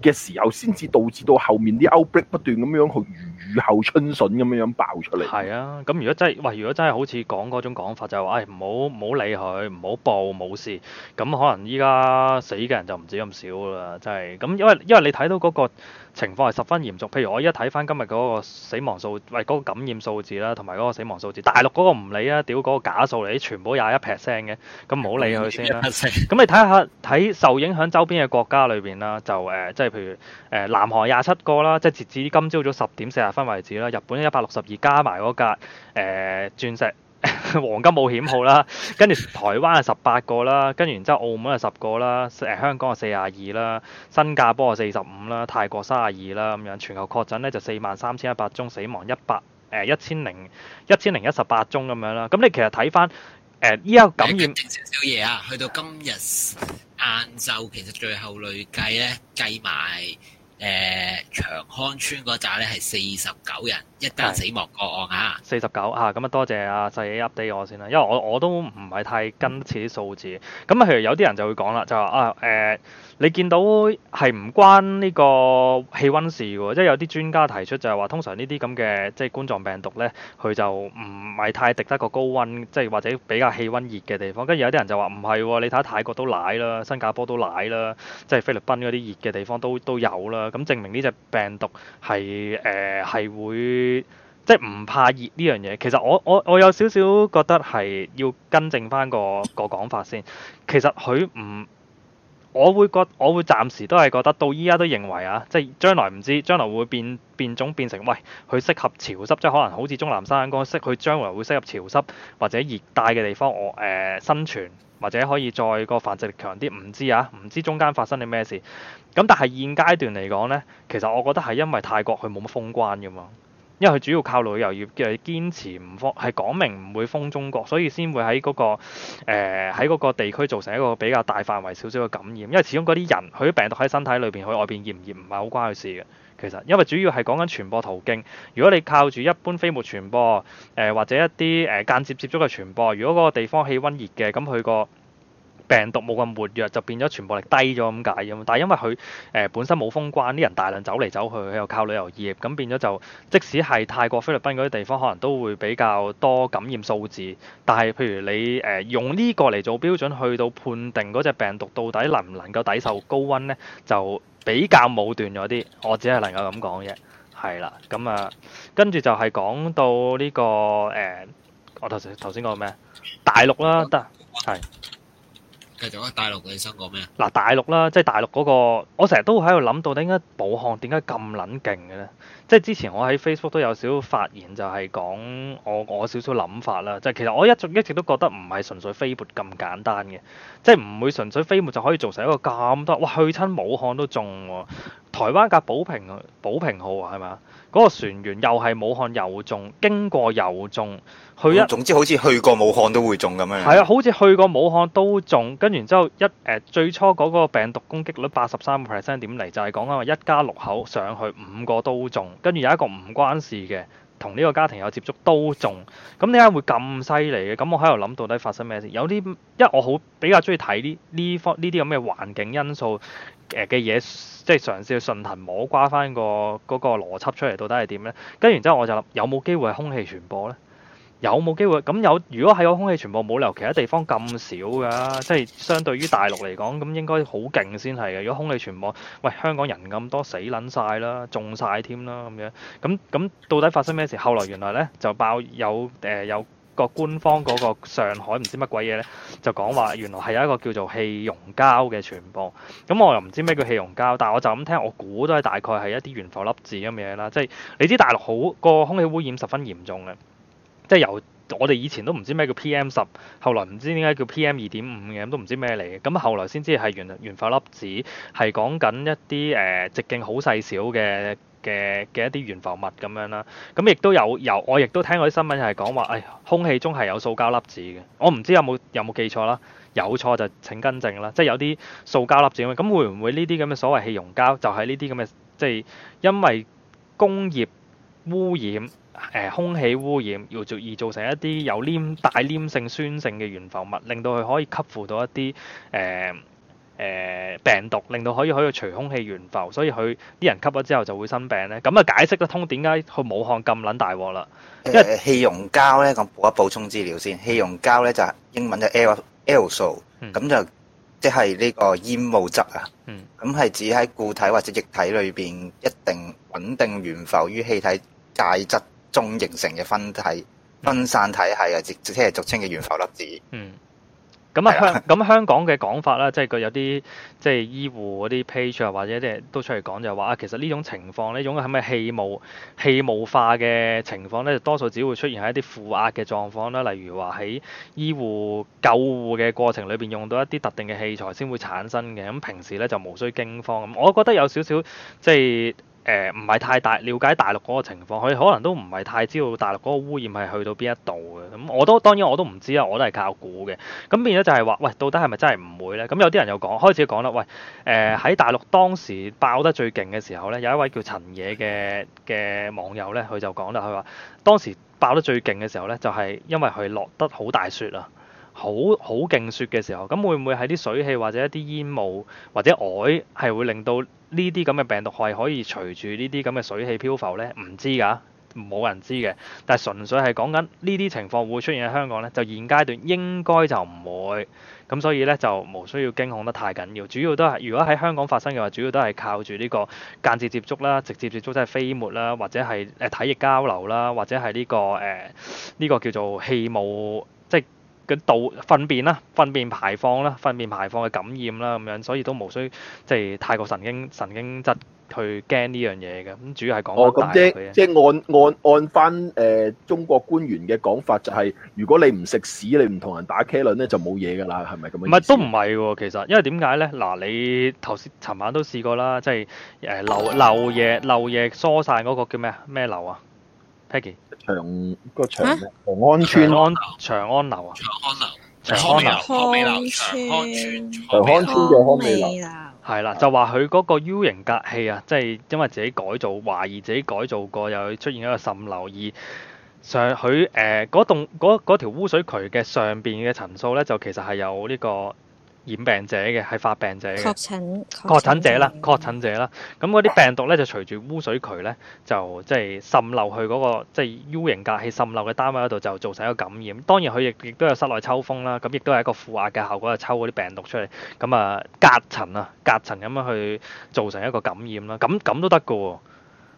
嘅 時候，先至導致到後面啲 outbreak 不斷咁樣去雨後春筍咁樣樣爆出嚟。係啊，咁如果真係喂，如果真係好似講嗰種講法，就係，就係話，唉，唔好唔好理佢，唔好報，冇事。咁可能依家死嘅人就唔止咁少啦，真係。咁因為因為你睇到嗰、嗰個。情況係十分嚴重，譬如我而家睇翻今日嗰個死亡數，喂、哎、嗰、那個感染數字啦，同埋嗰個死亡數字。大陸嗰個唔理啊，屌嗰個假數你全部廿 一 percent 嘅，咁唔好理佢先啦。咁你睇下睇受影響周邊嘅國家裏邊啦，就誒、呃、即係譬如誒、呃、南韓廿七個啦，即係截至今朝早十點四十分為止啦。日本一百六十二加埋嗰架誒鑽石 黃金冒險號啦，跟住台灣係十八個啦，跟住然之後澳門係十個啦，誒香港係四十二啦，新加坡係四十五啦，泰國三十二啦咁樣，全球確診咧就四萬三千一百宗，死亡一百誒一千零一千零一十八宗咁樣啦。咁你其實睇翻誒依個感染少少嘢啊，去到今日晏晝，其實最後累計咧計埋。誒、呃，長康村嗰紮咧係四十九人一單死亡個案的啊，四十九吓。咁啊，多謝阿細 update 我先啦，因為我我都唔係太跟得切啲數字，咁啊，譬如有啲人就會講啦，就話啊誒。呃你見到係唔關呢個氣温事喎？即係有啲專家提出就係話，通常呢啲咁嘅即係冠狀病毒呢，佢就唔係太敵得個高温，即係或者比較氣温熱嘅地方。跟住有啲人就話唔係喎，你睇泰國都奶啦，新加坡都奶啦，即係菲律賓嗰啲熱嘅地方都都有啦。咁證明呢隻病毒係誒係會即係唔怕熱呢樣嘢。其實我我我有少少覺得係要更正翻個個講法先。其實佢唔。我會覺得，我會暫時都係覺得到依家都認為啊，即係將來唔知，將來會變變種變成，喂，佢適合潮濕，即係可能好似鍾南山嗰個適，佢將來會適合潮濕或者熱帶嘅地方，我、呃、誒生存或者可以再個繁殖力強啲，唔知啊，唔知啊，唔知中間發生啲咩事。咁但係現階段嚟講咧，其實我覺得係因為泰國佢冇乜封關㗎嘛。因為佢主要靠旅遊業，嘅堅持唔封，係講明唔會封中國，所以先會喺嗰個、誒、喺嗰個地區造成一個比較大範圍少少嘅感染。因為始終嗰啲人，佢啲病毒喺身體裏邊，佢外邊熱唔熱唔係好關佢事嘅。其實，因為主要係講緊傳播途徑。如果你靠住一般飛沫傳播，誒、呃、或者一啲誒間接接觸嘅傳播，如果嗰個地方氣温熱嘅，咁佢個病毒冇咁活躍，就變咗傳播力低咗咁解啊。但係因為佢誒、呃、本身冇封關，啲人大量走嚟走去，佢又靠旅遊業，咁變咗就即使係泰國、菲律賓嗰啲地方，可能都會比較多感染數字。但係譬如你誒、呃、用呢個嚟做標準，去到判定嗰隻病毒到底能唔能夠抵受高温呢，就比較武斷咗啲。我只係能夠咁講啫，係啦。咁啊，跟住就係講到呢、呢個誒、呃，我頭先頭先講咩？大陸啦，得係、嗯。就喺大陸嘅醫生講咩嗱，就是、大陸啦，即係大陸嗰個，我成日都喺度諗，到底點解武漢點解咁撚勁嘅咧？即係之前我喺 Facebook 都有少少發言，就係、是、講我我少少諗法啦。就是、其實我一直一直都覺得唔係純粹飛沫咁簡單嘅，即係唔會純粹飛沫就可以做成一個咁多。哇，去親武漢都中喎、啊，台灣架寶瓶寶瓶號係、啊、嘛？嗰個船員又係武漢又中，經過又中，去一，總之好似去過武漢都會中咁樣。係啊，好似去過武漢都中，跟完之後一誒，最初嗰個病毒攻擊率八十三個 percent 點嚟？就係講緊話一家六口上去五個都中，跟住有一個唔關事嘅同呢個家庭有接觸都中。咁點解會咁犀利嘅？咁我喺度諗到底發生咩事？有啲，因為我好比較中意睇呢呢方呢啲咁嘅環境因素。誒嘅嘢，即係嘗試去順藤摸瓜，翻個嗰個邏輯出嚟，到底係點咧？跟住然之後，我就諗有冇機會係空氣傳播咧？有冇機會咁有？如果係有空氣傳播，冇理由其他地方咁少㗎，即係相對於大陸嚟講，咁應該好勁先係嘅。如果空氣傳播，喂香港人咁多，死撚晒啦，中晒添啦，咁樣咁咁到底發生咩事？後來原來咧就爆有誒有。呃有個官方嗰個上海唔知乜鬼嘢咧，就講話原來係有一個叫做氣溶膠嘅傳播。咁我又唔知咩叫氣溶膠，但係我就咁聽，我估都係大概係一啲懸浮粒子咁嘅嘢啦。即係你知大陸好個空氣污染十分嚴重嘅，即係由我哋以前都唔知咩叫 PM 十，後來唔知點解叫 PM 二點五嘅，咁都唔知咩嚟嘅。咁後來先知係原懸浮粒子，係講緊一啲誒、呃、直徑好細小嘅。嘅嘅一啲懸浮物咁樣啦，咁亦都有由我亦都聽過啲新聞係講話，誒空氣中係有塑膠粒子嘅，我唔知有冇有冇記錯啦，有錯就請更正啦，即係有啲塑膠粒子咁，咁會唔會呢啲咁嘅所謂氣溶膠就係呢啲咁嘅，即係因為工業污染誒、呃、空氣污染要造而造成一啲有黏大黏性酸性嘅懸浮物，令到佢可以吸附到一啲誒。呃誒病毒令到可以可以隨空氣懸浮，所以佢啲人吸咗之後就會生病咧。咁啊解釋得通點解去武漢咁撚大鑊啦？因為氣溶膠咧，我補一補充資料先。氣溶膠咧就係、是、英文 L, L、嗯、就 air aerosol 咁就即係呢個煙霧質啊。咁係、嗯、指喺固體或者液體裏邊一定穩定懸浮於氣體介質中形成嘅分體、嗯、分散體系啊，即即係俗稱嘅懸浮粒子。嗯。咁啊香咁香港嘅講法啦，即係佢有啲即係醫護嗰啲 page 啊，或者即係都出嚟講就係話啊，其實呢種情況呢種係咪氣霧氣霧化嘅情況咧，多數只會出現喺一啲負壓嘅狀況啦，例如話喺醫護救護嘅過程裏邊用到一啲特定嘅器材先會產生嘅，咁平時咧就無需驚慌。咁我覺得有少少即係。誒唔係太大，了解大陸嗰個情況，佢可能都唔係太知道大陸嗰個污染係去到邊一度嘅。咁我都當然我都唔知啦，我都係靠估嘅。咁變咗就係話，喂，到底係咪真係唔會咧？咁有啲人又講，開始講啦，喂，誒、呃、喺大陸當時爆得最勁嘅時候咧，有一位叫陳野嘅嘅網友咧，佢就講啦，佢話當時爆得最勁嘅時候咧，就係、是、因為佢落得好大雪啊。好好勁雪嘅時候，咁會唔會係啲水氣或者一啲煙霧或者埃係會令到呢啲咁嘅病毒係可以隨住呢啲咁嘅水氣漂浮呢？唔知㗎，冇人知嘅。但係純粹係講緊呢啲情況會出現喺香港呢，就現階段應該就唔會。咁所以呢，就冇需要驚恐得太緊要。主要都係如果喺香港發生嘅話，主要都係靠住呢個間接接觸啦、直接接觸即係、就是、飛沫啦，或者係誒體液交流啦，或者係呢、呢個誒呢、呃呢個叫做氣霧。嗰度，糞便啦，糞便排放啦，糞便排放嘅感染啦，咁樣，所以都無需即係太過神經神經質去驚呢樣嘢嘅。咁主要係講個大佢。即係即係按按按翻誒、呃、中國官員嘅講法、就係，就係如果你唔食屎，你唔同人打茄輪咧，就冇嘢㗎啦，係咪咁樣？唔係都唔係喎，其實，因為點解咧？嗱，你頭先尋晚都試過啦，即係誒漏漏嘢漏嘢疏曬嗰個叫咩啊？咩漏啊？Peggy。長個長長安村安長安樓啊？長安樓，長安樓，長安村嘅康美樓係啦，就話佢嗰個 U 型隔氣啊，即係因為自己改造，懷疑自己改造過，又出現一個滲漏而上佢誒，嗰棟條污水渠嘅上邊嘅層數咧，就其實係有呢個。染病者嘅，係發病者嘅，確診，確診者啦，確診者啦。咁嗰啲病毒咧就隨住污水渠咧，就即係、就是、滲漏去嗰、那個即係、就是、U 型隔氣滲漏嘅單位嗰度，就做成一個感染。當然佢亦亦都有室內抽風啦，咁亦都係一個負壓嘅效果，就抽嗰啲病毒出嚟。咁啊，隔層啊，隔層咁樣去造成一個感染啦。咁咁都得㗎喎，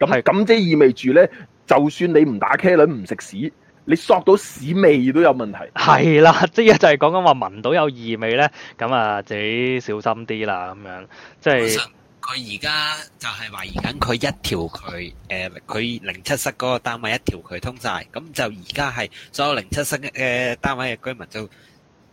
咁係咁即意味住咧，就算你唔打茄輪，唔食屎。你索到屎味都有問題，係啦，即係就係講緊話聞到有異味呢，咁啊自己小心啲啦，咁樣即係佢而家就係、是、懷疑緊佢一條渠，誒佢零七室嗰個單位一條渠通晒。咁就而家係所有零七室嘅單位嘅居民就。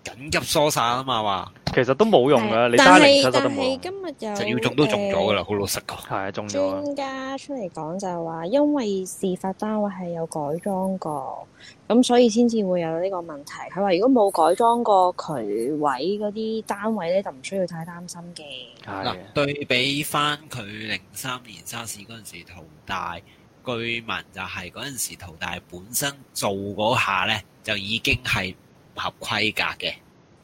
緊急疏散啊嘛，話其實都冇用㗎，是你單零七都冇。但係今日又就要中都中咗㗎喇，好、欸、老實講。係啊，中咗啦。專家出嚟講就話，因為事發單位係有改裝過，咁所以先至會有呢個問題。佢話如果冇改裝過佢位嗰啲單位咧，就唔需要太擔心嘅。係嗱的、啊，對比翻佢零三年沙士嗰陣時淘大，據聞就係嗰陣時淘大本身做嗰下咧，就已經係。合規格嘅，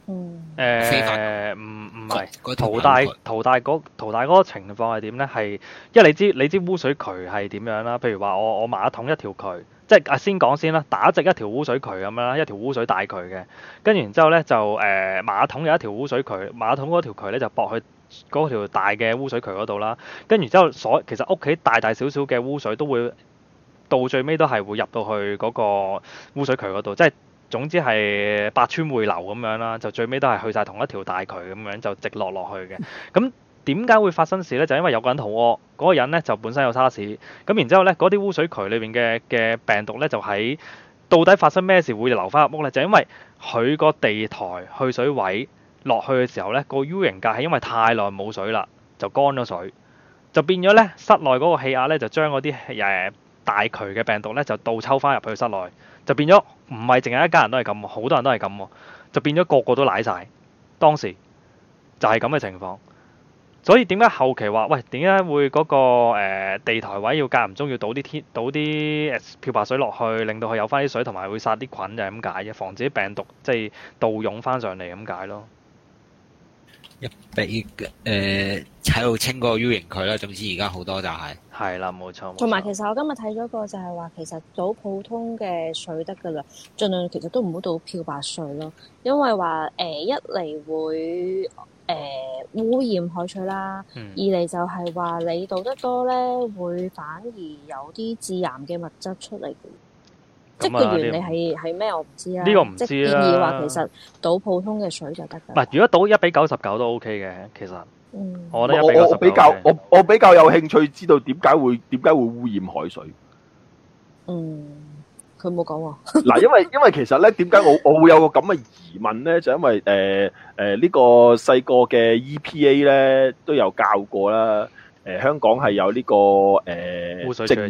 嗯，誒，唔唔係，淘大淘大嗰淘大嗰個情況係點呢？係，因為你知你知污水渠係點樣啦？譬如話，我我馬桶一條渠，即係啊，先講先啦，打直一條污水渠咁樣啦，一條污水大渠嘅，跟完之後呢就誒馬桶有一條污水渠，馬桶嗰條渠呢就駁去嗰條大嘅污水渠嗰度啦，跟完之後所其實屋企大大小小嘅污水都會到最尾都係會入到去嗰個污水渠嗰度，即係。總之係百川匯流咁樣啦，就最尾都係去晒同一條大渠咁樣，就直落落去嘅。咁點解會發生事呢？就因為有個人肚屙，嗰、嗰個人呢就本身有沙士。咁然之後呢，嗰啲污水渠裏面嘅嘅病毒呢，就喺到底發生咩事會流翻入屋咧？就是、因為佢個地台去水位落去嘅時候呢，個 U 型架係因為太耐冇水啦，就乾咗水，就變咗呢室內嗰個氣壓咧，就將嗰啲誒大渠嘅病毒呢，就倒抽翻入去室內。就變咗唔係淨係一家人都係咁，好多人都係咁，就變咗個個都舐晒。當時就係咁嘅情況，所以點解後期話喂，點解會嗰、嗰個、呃、地台位要間唔中要倒啲天倒啲漂白水落去，令到佢有翻啲水，同埋會殺啲菌就係咁解嘅，防止啲病毒即係倒湧翻上嚟咁解咯。一比，誒喺度清嗰 U 型渠啦，總之而家好多就係係啦，冇錯。同埋其實我今日睇咗個就係話，其實倒普通嘅水得噶啦，儘量其實都唔好倒漂白水咯，因為話誒、呃、一嚟會誒、呃、污染海水啦，嗯、二嚟就係話你倒得多咧，會反而有啲致癌嘅物質出嚟。即個原理係係咩？我唔知啊。呢個唔知啊。即建議話其實倒普通嘅水就得㗎。嗱，如果倒一比九十九都 OK 嘅，其實我我我比較我我比較有興趣知道點解會點解會污染海水。嗯，佢冇講喎。嗱，因為因為其實咧，點解我我會有個咁嘅疑問咧，就因為誒誒呢個細個嘅 EPA 咧都有教過啦。誒，香港係有呢個誒污水廠，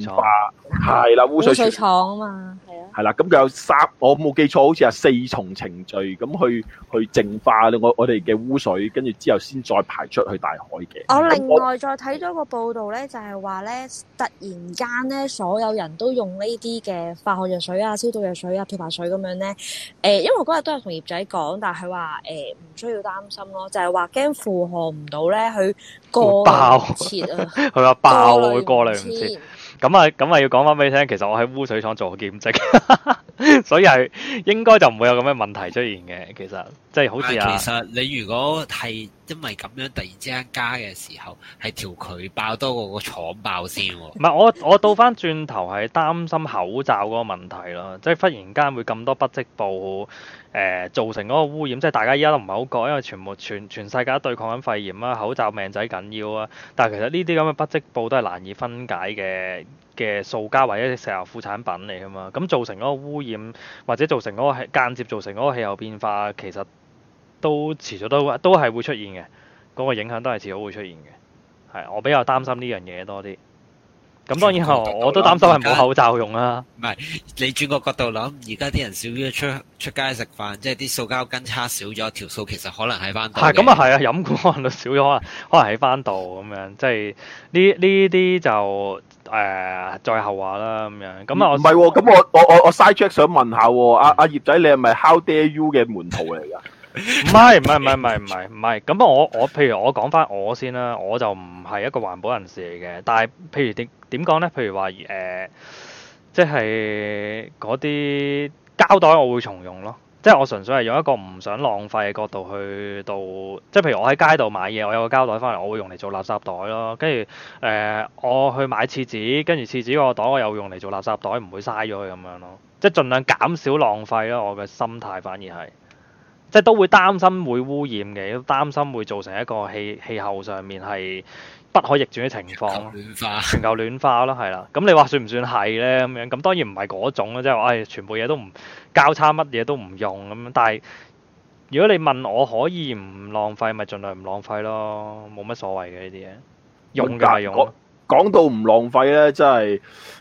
係啦，污水廠啊嘛。係啦，咁就有三，我冇記錯，好似係四重程序咁去去淨化我我哋嘅污水，跟住之後先再，再排出去大海嘅。我另外我再睇咗個報道咧，就係話咧，突然間咧，所有人都用呢啲嘅化學藥水啊、消毒藥水啊、漂白水咁樣咧。誒、呃，因為嗰日都係同葉仔講，但係佢話誒唔需要擔心咯，就係話驚負荷唔到咧，佢過濾啊，佢話 爆會 爆 過濾唔 咁啊，咁啊，要講翻俾你聽，其實我喺污水廠做過兼職， 所以係應該就唔會有咁嘅問題出現嘅，其實。即係好似啊！其實你如果係因為咁樣突然之間加嘅時候，係條佢爆多過個廠爆先喎，哦。 唔係我我倒返轉頭係擔心口罩嗰個問題咯，即、就、係、是、忽然間會咁多不織布誒、呃、造成嗰個污染，即係大家依家都唔係好覺，因為全部全全世界都對抗緊肺炎啊，口罩命仔緊要啊。但係其實呢啲咁嘅不織布都係難以分解嘅。嘅塑膠或者石油副產品嚟啊嘛，咁造成嗰個污染或者造成嗰個間接造成嗰個氣候變化，其實都遲早都都係會出現嘅，嗰個影響都係遲早會出現嘅，係，我比較擔心呢樣嘢多啲。咁當然係，我都擔心係冇口罩用啦。唔係，你轉個角度諗，而家啲人少咗出出街食飯，即係啲塑膠羹叉少咗條數，條其實可能喺翻度。係咁啊，係啊，飲罐可能少咗可能喺翻度咁樣，即係呢呢啲就誒再、呃、後話啦咁樣。咁啊，唔係咁我我我我，我，我 side check 想問下阿阿葉仔，你係咪 How dare you 嘅門徒嚟㗎？唔係唔係唔係唔係唔係咁啊！我我譬如我講翻我先啦，我就唔係一個環保人士嚟嘅，但係譬如啲。點講呢？譬如話誒、呃，即係嗰啲膠袋我會重用咯，即係我純粹係用一個唔想浪費嘅角度去到，即係譬如我喺街度買嘢，我有個膠袋翻嚟，我會用嚟做垃圾袋咯。跟住誒，我去買廁紙，跟住廁紙個袋我又用嚟做垃圾袋，唔會嘥咗佢咁樣咯。即係盡量減少浪費咯。我嘅心態反而係，即係都會擔心會污染嘅，擔心會造成一個氣氣候上面係。不可逆轉嘅情況，全球暖化咯，係啦。咁你話算唔算係呢？咁樣咁當然唔係嗰種啦，即係話全部嘢都唔交叉，乜嘢都唔用咁樣。但係如果你問我可以唔浪費，咪盡量唔浪費咯，冇乜所謂嘅呢啲嘢，用就係用。講到唔浪費咧，真係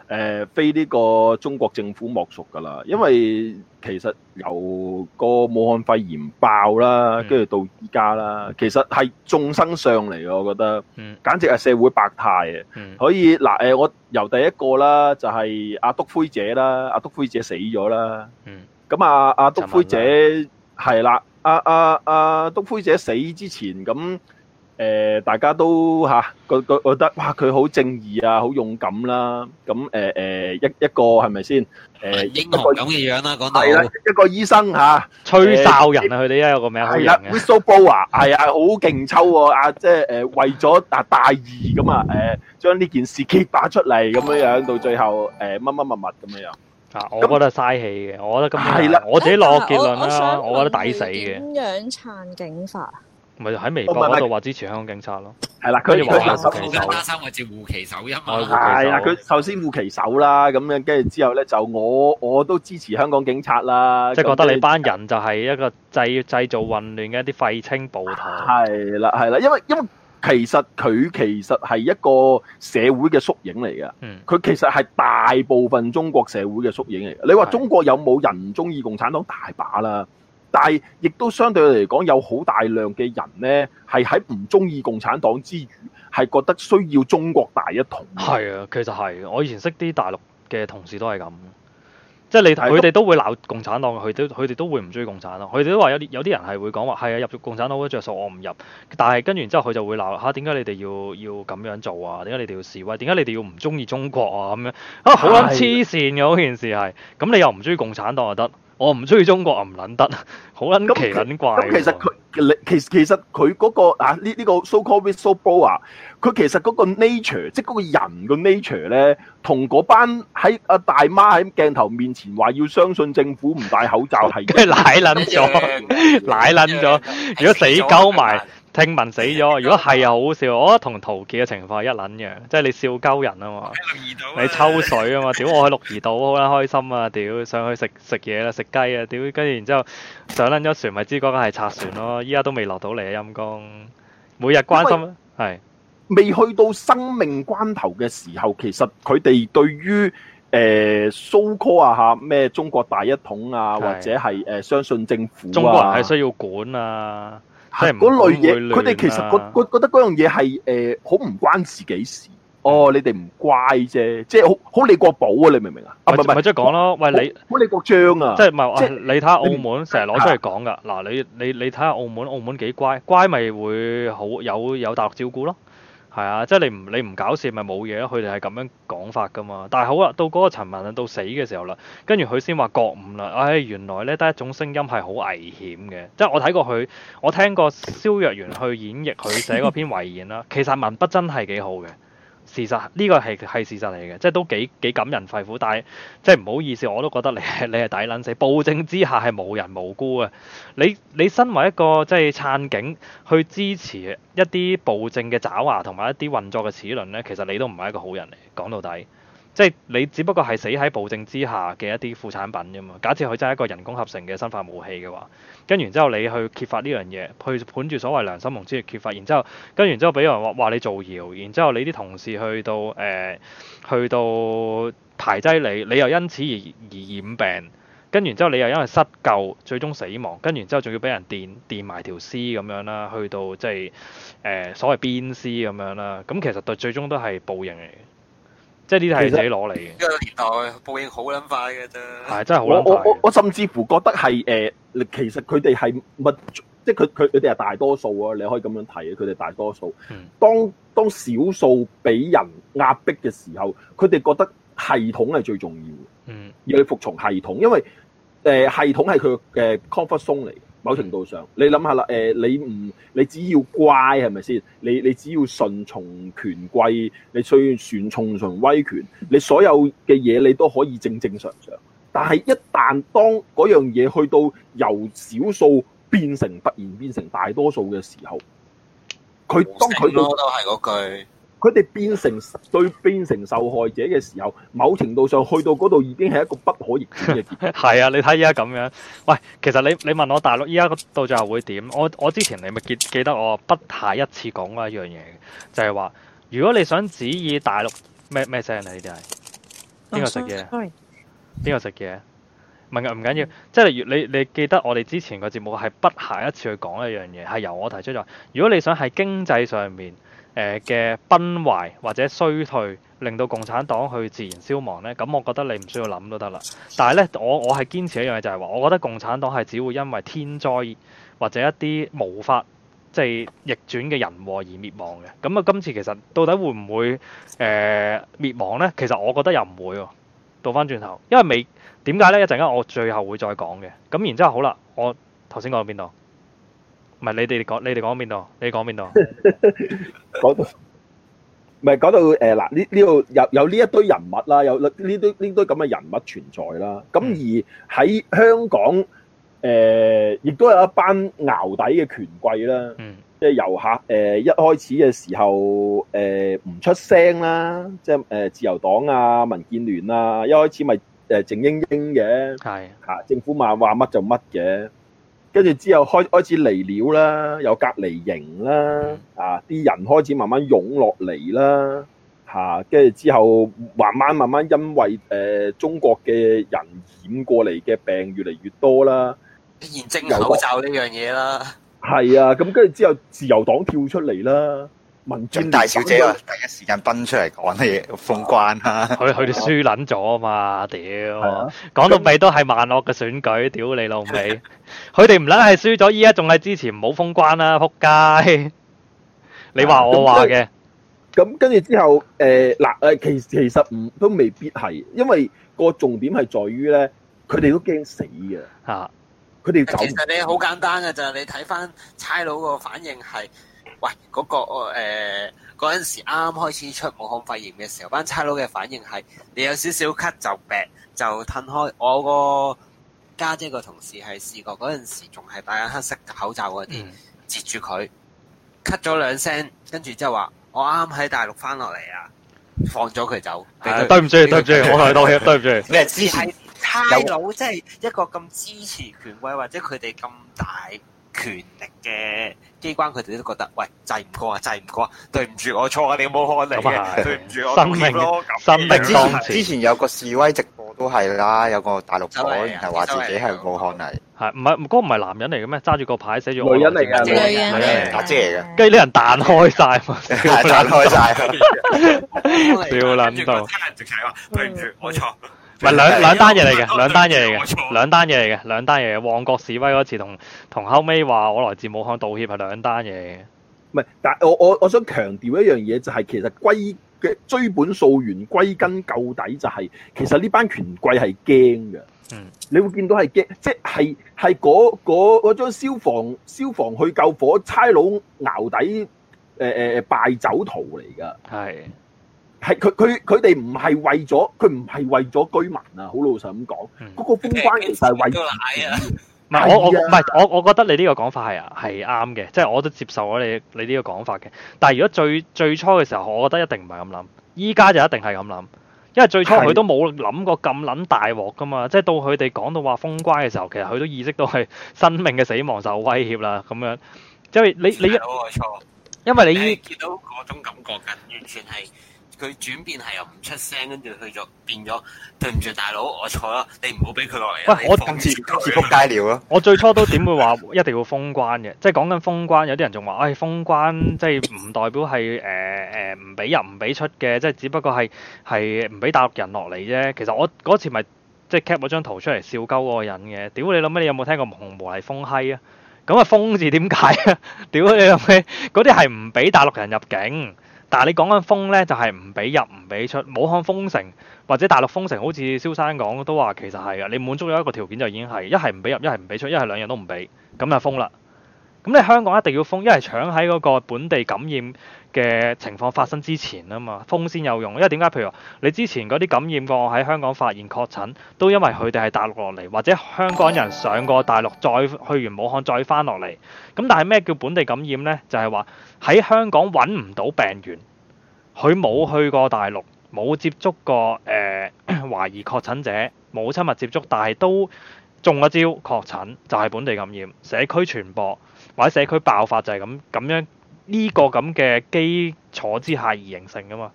誒，非呢個中國政府莫屬噶啦。因為其實由個武漢肺炎爆啦，跟住到而家啦，其實係眾生相嚟，我覺得，簡直係社會百態啊。可以嗱，誒，我由第一個啦，就係阿篤灰姐啦，阿篤灰姐死咗啦。咁啊，阿篤灰姐係啦，阿阿阿篤灰姐死之前咁。誒，大家都吓，覺覺覺得，哇，佢好正義啊，好勇敢啦，咁誒誒，一一個係咪先？誒，英雄咁嘅樣啦，講到。係啦，一個醫生吓，吹哨人啊，佢哋有個名好 Whistleblower，係啊，好勁抽啊，即係誒，為咗啊大義咁啊，誒，將呢件事揭發出嚟咁樣樣，到最後誒，乜乜物物咁樣樣。什麼什麼什麼啊，我覺得嘥氣嘅，我覺得咁，係啦，我自己落結論啦，我覺得抵死嘅。點樣撐警法？咪係喺微博嗰度話支持香港警察咯，係啦，佢佢首先拉生或者護旗手音嘛，係啦，佢首先護旗手啦，咁樣跟住之後咧就我我都支持香港警察啦，即係覺得你班人就係一個製製造混亂嘅一啲廢青暴徒，係啦係啦，因為因為，因為其實佢其實係一個社會嘅縮影嚟嘅。佢、嗯、其實係大部分中國社會嘅縮影嚟嘅，你話中國有冇人中意共產黨大把啦？但係，亦都相對嚟講有好大量嘅人呢，係喺唔中意共產黨之餘，係覺得需要中國大一統。係啊，其實係，我以前識啲大陸嘅同事都係咁，即係你佢哋的都會鬧共產黨，佢都佢哋都會唔中意共產黨。佢哋都話有啲有啲人係會講話，係啊，入咗共產黨好着數，我唔入。但係跟完之後，佢就會鬧嚇點解你哋要要咁樣做啊？點解你哋要示威？點解你哋要唔中意中國啊？咁樣啊，好捻黐線嘅嗰件事係。咁你又唔中意共產黨又得？我唔中意中國啊，唔撚得，好撚奇撚怪。咁其實佢，你其其實佢嗰個啊呢呢個 so called whistleblower，佢其實嗰個 nature，即係嗰個人個 nature 咧，同嗰班喺阿大媽喺鏡頭面前話要相信政府唔戴口罩係梗係奶撚咗，奶撚咗，如果死鳩埋。聽聞死咗，如果係又好笑，我覺得同陶傑嘅情況一撚樣，即係你笑鳩人啊嘛，你抽水啊嘛，屌我喺鹿兒島好啦開心啊，屌上去食食嘢啦，食雞啊，屌跟住然之後上捻咗船，咪知嗰間係拆船咯，依家都未落到嚟啊陰公，每日關心係未去到生命關頭嘅時候，其實佢哋對於誒 so call 啊吓咩中國大一統啊，或者係誒相信政府，中國人係需要管啊。係嗰類嘢，佢哋、啊、其實覺覺覺得嗰樣嘢係誒好唔關自己事。嗯、哦，你哋唔乖啫，即係好好李國寶啊！你明唔明啊？咪咪即係講咯，喂你，好李國章啊！即係即啊？你睇下澳門成日攞出嚟講噶。嗱、啊，你你你睇下澳門，澳門幾乖，乖咪會好有有，有大陸照顧咯。係啊，即係你唔你唔搞事咪冇嘢咯，佢哋係咁樣講法噶嘛。但係好啦，到嗰個陳文啊，到死嘅時候啦，跟住佢先話覺悟啦。唉、哎，原來咧得一種聲音係好危險嘅，即係我睇過佢，我聽過蕭若元去演繹佢寫嗰篇遺言啦。其實文筆真係幾好嘅。事實呢，呢個係係事實嚟嘅，即係都幾幾感人肺腑。但係即係唔好意思，我都覺得你你係抵撚死。暴政之下係無人無辜嘅。你你身為一個即係撐警去支持一啲暴政嘅爪牙同埋一啲運作嘅齒輪呢，其實你都唔係一個好人嚟。講到底。即係你只不過係死喺暴政之下嘅一啲副產品啫嘛。假設佢真係一個人工合成嘅生化武器嘅話，跟完之後你去揭發呢樣嘢，去盤住所謂良心蒙之去揭發，然之後跟完之後俾人話話你造謠，然之後你啲同事去到誒、呃、去到排擠你，你又因此而而染病，跟完之後你又因為失救最終死亡，跟完之後仲要俾人電電埋條屍咁樣啦，去到即係誒所謂鞭屍咁樣啦。咁其實對最終都係報應嚟嘅。即係呢啲係你自己攞嚟嘅，因呢個年代報應好撚快嘅啫，係真係好撚快。我我我甚至乎覺得係誒、呃，其實佢哋係物，即係佢佢佢哋係大多數啊！你可以咁樣睇啊，佢哋大多數，當當少數俾人壓迫嘅時候，佢哋覺得系統係最重要嘅。嗯，要服從系統，因為誒、呃、系統係佢嘅 comfort zone 嚟。某程度上，你諗下啦，誒、呃，你唔，你只要乖係咪先？你你只要順從權貴，你需要順從威權，你所有嘅嘢你都可以正正常常，常。但係一旦當嗰樣嘢去到由少數變成突然變成大多數嘅時候，佢當佢。佢哋變成對變成受害者嘅時候，某程度上去到嗰度已經係一個不可逆轉嘅。係啊，你睇依家咁樣。喂，其實你你問我大陸依家到最後會點？我我之前你咪記記得我不下一次講過一樣嘢，就係話如果你想指意大陸咩咩聲啊？你哋係邊個食嘢？邊個食嘢？唔緊唔緊要，即係如你你記得我哋之前個節目係不下一次去講一樣嘢，係由我提出咗。如果你想喺經濟上面。誒嘅、呃、崩壞或者衰退，令到共產黨去自然消亡呢，咁我覺得你唔需要諗都得啦。但係呢，我我係堅持一樣嘢就係、是、話，我覺得共產黨係只會因為天災或者一啲無法即係逆轉嘅人禍而滅亡嘅。咁啊，今次其實到底會唔會誒、呃、滅亡呢？其實我覺得又唔會喎。倒翻轉頭，因為未點解呢？一陣間我最後會再講嘅。咁然之後，好啦，我頭先講到邊度？唔係你哋講，你哋講邊度？你講邊度？講唔係講到誒嗱，呢呢度有有呢一堆人物啦，有呢堆呢堆咁嘅人物存在啦。咁而喺香港誒、呃，亦都有一班淆底嘅權貴啦。即係遊客誒，一開始嘅時候誒唔、呃、出聲啦，即係誒自由黨啊、民建聯啊，一開始咪誒靜英英嘅係吓，政府話話乜就乜嘅。跟住之後開開始離了啦，有隔離營啦，啊啲人開始慢慢湧落嚟啦，嚇、啊！跟住之後慢慢慢慢，因為誒、呃、中國嘅人染過嚟嘅病越嚟越多啦，驗證口罩呢樣嘢啦，係啊！咁跟住之後自由黨跳出嚟啦。 文尊大小姐啊，第一時間奔出嚟講啲嘢封關啦，佢佢哋輸捻咗啊嘛，屌！講到尾都係萬惡嘅選舉，屌你老味！佢哋唔捻係輸咗，依家仲係支持，唔好封關啦，撲街！你話我話嘅，咁跟住之後，誒嗱誒，其其實唔都未必係，因為個重點係在於咧，佢哋都驚死嘅吓，佢哋其實你好簡單嘅就係你睇翻差佬個反應係。喂，嗰、嗰個誒嗰陣時啱啱開始出武漢肺炎嘅時候，班差佬嘅反應係：你有少少咳就病就褪開。我個家姐個同事係試過嗰陣時，仲係戴緊黑色口罩嗰啲，截住佢，咳咗兩聲，跟住之後話：我啱喺大陸翻落嚟啊，放咗佢走。對唔住，他對唔住， 我嚟道歉，對唔住。有人試係差佬，即係一個咁支持權威，或者佢哋咁大。權力嘅機關，佢哋都覺得喂，制唔過啊，制唔過啊，對唔住我錯啊，你武漢嚟嘅，對唔住我錯，生命生命。之前之前有個示威直播都係啦，有個大陸然係話自己係武漢嚟，係唔係？嗰個唔係男人嚟嘅咩？揸住個牌寫住女人嚟嘅，大姐嚟嘅，跟住啲人彈開晒，彈開晒，屌卵到。跟住直情話對唔住，我錯。唔係兩兩單嘢嚟嘅，兩單嘢嚟嘅，兩單嘢嚟嘅，兩單嘢。旺角示威嗰次同同後尾話我來自武漢道歉，係兩單嘢。唔係，但係我我我想強調一樣嘢就係，其實歸嘅追本溯源歸根究底就係，其實呢班權貴係驚嘅。嗯，你會見到係驚，即係係嗰嗰張消防消防去救火差佬咬底誒誒敗走圖嚟噶。係。係佢佢佢哋唔係為咗佢唔係為咗居民啊！好老實咁講，嗰、嗯、個封關其實係為咗唔係 我我唔係我我覺得你呢個講法係係啱嘅，即係我都接受咗你你呢個講法嘅。但係如果最最初嘅時候，我覺得一定唔係咁諗，依家就一定係咁諗，因為最初佢都冇諗過咁捻大鑊噶嘛。即係到佢哋講到話封關嘅時候，其實佢都意識到係生命嘅死亡受威脅啦。咁樣，即你你是是因為你你一，因為我錯，因為你依見到嗰種感覺嘅，完全係。佢轉變係又唔出聲，跟住佢就變咗，對唔住大佬，我錯咯，你唔好俾佢落嚟。喂，我今次今次撲街了咯。我最初都點會話一定要封關嘅，即係講緊封關，有啲人仲話，唉，封關即係唔代表係誒誒唔俾入唔俾出嘅，即係只不過係係唔俾大陸人落嚟啫。其實我嗰次咪即係 cap 咗張圖出嚟笑鳩嗰個人嘅，屌你諗咩？你有冇聽過紅毛嚟封閪啊？咁啊封字點解啊？屌你諗咩？嗰啲係唔俾大陸人入境。但係你講緊封咧，就係唔畀入唔畀出。武漢封城或者大陸封城，好似蕭生講都話其實係啊，你滿足咗一個條件就已經係，一係唔畀入，一係唔畀出，一係兩樣都唔畀。咁就封啦。咁你香港一定要封，因為搶喺嗰個本地感染嘅情況發生之前啊嘛，封先有用。因為點解？譬如話，你之前嗰啲感染個喺香港發現確診都因為佢哋係大陸落嚟，或者香港人上過大陸再去完武漢再翻落嚟。咁但係咩叫本地感染咧？就係話喺香港揾唔到病源，佢冇去過大陸，冇接觸過誒懷疑確診者，冇親密接觸，但係都中咗招確診就係本地感染、社區傳播。或者社區爆發就係咁，咁樣呢個咁嘅基礎之下而形成噶嘛，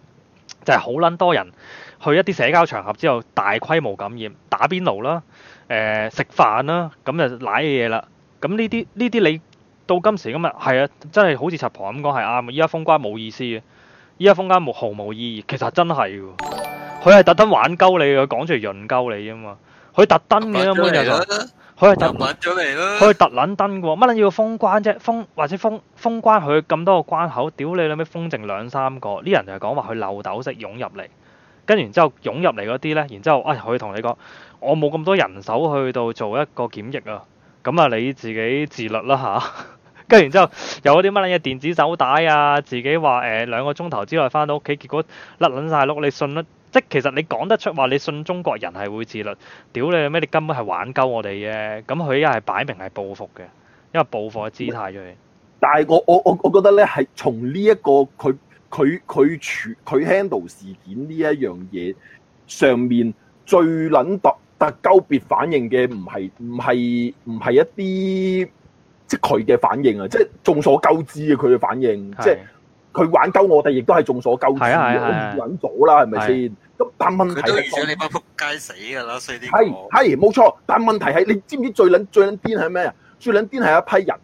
就係好撚多人去一啲社交場合之後大規模感染，打邊爐啦、誒、呃、食飯啦，咁就舐嘢啦。咁呢啲呢啲你到今時今日係啊，真係好似柒婆咁講係啱。依家封關冇意思嘅，依家封關冇，毫無意義，其實真係嘅，佢係特登玩鳩你嘅，佢講住潤鳩你啫嘛，佢特登嘅咁就。佢係特撚咗嚟咯，佢係特撚登嘅，乜撚要封關啫？封或者封封關佢咁多個關口，屌你老味？封剩兩三個，啲人就係講話佢漏斗式湧入嚟，跟然之後湧入嚟嗰啲咧，然之後，哎，我可以同你講，我冇咁多人手去到做一個檢疫啊，咁啊你自己自律啦嚇，啊、 跟然之後有啲乜撚嘢電子手帶啊，自己話誒、呃、兩個鐘頭之內返到屋企，結果甩撚晒咯，你信乜、啊？即其實你講得出話你信中國人係會自律，屌你咩？你根本係玩鳩我哋嘅。咁佢一係擺明係報復嘅，因為報復嘅姿態。但係我我我我覺得咧、這個，係從呢一個佢佢佢處佢 handle 事件呢一樣嘢上面最撚特特鳩別反應嘅，唔係唔係唔係一啲即係佢嘅反應啊！即係眾所周知嘅佢嘅反應，即係佢玩鳩我哋，亦都係眾所周知，的知，好唔撚到啦，係咪先？的但問題佢都賠你班撲街死噶啦，所以啲係係冇錯。但問題係你知唔知最捻最捻癲係咩啊？最捻癲係一批人，